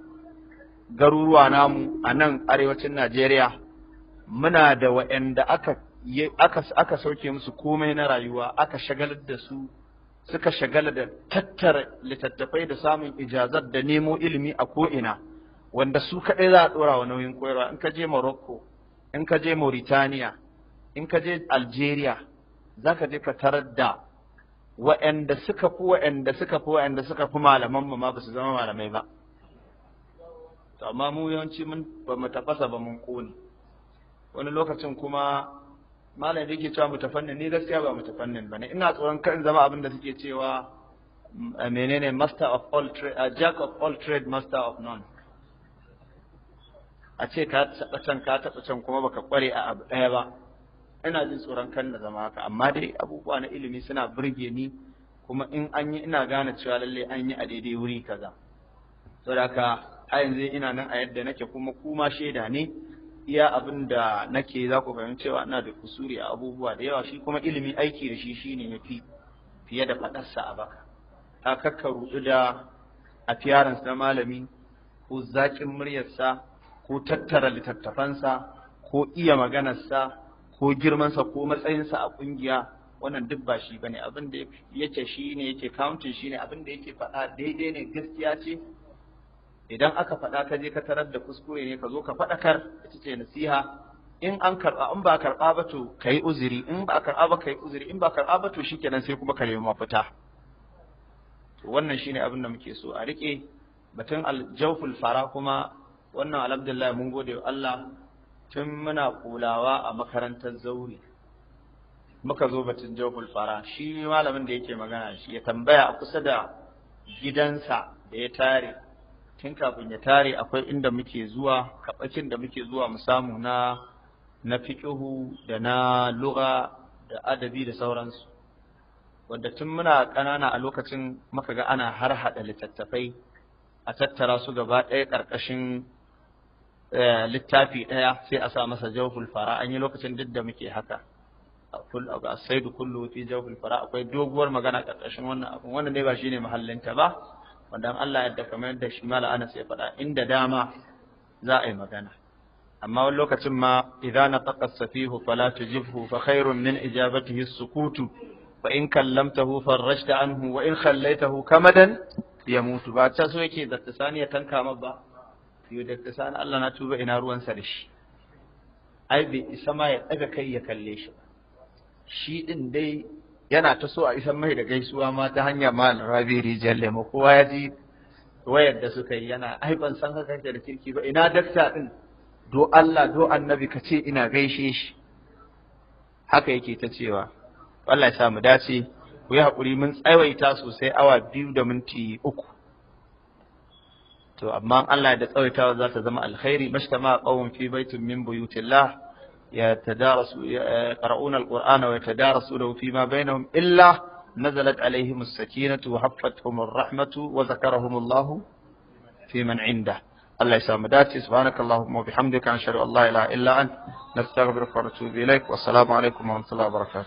garuruwa namu a nan arewacin Najeriya muna da wa'anda aka aka sauke musu komai na rayuwa aka shagalar da su suka shagala da tattara littattafai da samun ijazar da nemo ilimi a ko'ina wanda su kaɗai za a ɗora wa nauyin koyarwa in ka je Morocco in ka je Mauritania in ka je Algeria za ka je ka tarar da wa'anda suka fi wa'anda suka fi wa'anda suka fi malaman mu ma ba su zama malamai ba to amma mu yawanci mun ba mu tafasa ba mun kone wani lokacin kuma malam da yake cewa mu tafannin ni gaskiya ba mu tafannin ba ne ina tsoron kan zama abin da suke cewa mm, eh, menene master of all trade eh, jack of all trade master of none a ce ka taɓa can ka taɓa can kuma baka kware a abu ɗaya ba ina jin tsoron kan na zama haka amma dai abubuwa na ilimi suna burge ni kuma in an yi ina gane cewa lalle an yi a daidai wuri kaza da ka a yanzu ina nan a yadda nake kuma kuma shaida ne iya abin da nake za ku fahimci cewa ina da kusuri a abubuwa da yawa shi kuma ilimi aiki da shi shine yafi fiye da faɗarsa a baka ta kakka rudu da a fiyaransa na malami ko zaƙin muryarsa ko tattara littattafansa ko iya maganarsa ko girmansa ko matsayinsa a kungiya wannan duk ba shi bane abin da yake shi ne yake counting shi ne abin da yake faɗa daidai ne gaskiya ce idan aka faɗa ka je ka tarar da kuskure ne ka zo ka kar ita ce nasiha in an karɓa in ba karɓa ba to kai uzuri in ba karɓa ba kai uzuri in ba karɓa ba to shikenan sai kuma ka nemi mafita to wannan shine abin da muke so a rike batun aljawful fara kuma wannan alhamdulillah mun gode wa Allah tun muna kulawa a makarantar zaure muka zo batun jahul fara shi malamin da yake magana shi ya tambaya a kusa da gidansa da ya tare tun kafin ya tare akwai inda muke zuwa kaɓakin da muke zuwa mu samu na na fiƙihu da na lura da adabi da sauransu wanda tun muna ƙanana a lokacin muka ga ana har haɗa littattafai a tattara su gaba ɗaya ƙarƙashin Eh, littafi ɗaya sai a sa masa jawhul fara an yi lokacin duk da muke haka a saidu kullu fi jawhul fara akwai doguwar magana ƙarƙashin wannan abu wannan dai ba shine mahallinta ba wanda Allah ya kamar da shi mala ana sai faɗa inda dama za a yi magana amma wani lokacin ma na nataqa safihu fala tujibhu fa khairun min ijabatihi sukutu fa in kallamtahu farrajta anhu wa in khallaitahu kamadan yamutu ba ta so yake da tsaniya tanka ba yau da sani Allah na tuba ina ruwansa da shi ai bai isa ma ya ɗaga kai ya kalle shi shi ɗin dai yana ta so a isa mai da gaisuwa ma ta hanya ma rabi rijiyar lemo kowa ya ji wayar da suka yi yana ai ban san haka da kirki ba ina dakta ɗin do Allah do annabi ka ce ina gaishe shi haka yake ta cewa Allah ya sa mu dace ku yi haƙuri mun tsawaita sosai awa biyu da minti uku to amma Allah da tsawaitawa za ta zama alkhairi قوم في بيت من بيوت الله يتدارسوا يقرؤون القرآن ويتدارسونه فيما بينهم إلا نزلت عليهم السكينة وحفتهم الرحمة وذكرهم الله في من عنده الله يسلم داتي سبحانك اللهم وبحمدك أشهد أن لا إله إلا أنت نستغفرك ونتوب إليك والسلام عليكم ورحمة الله وبركاته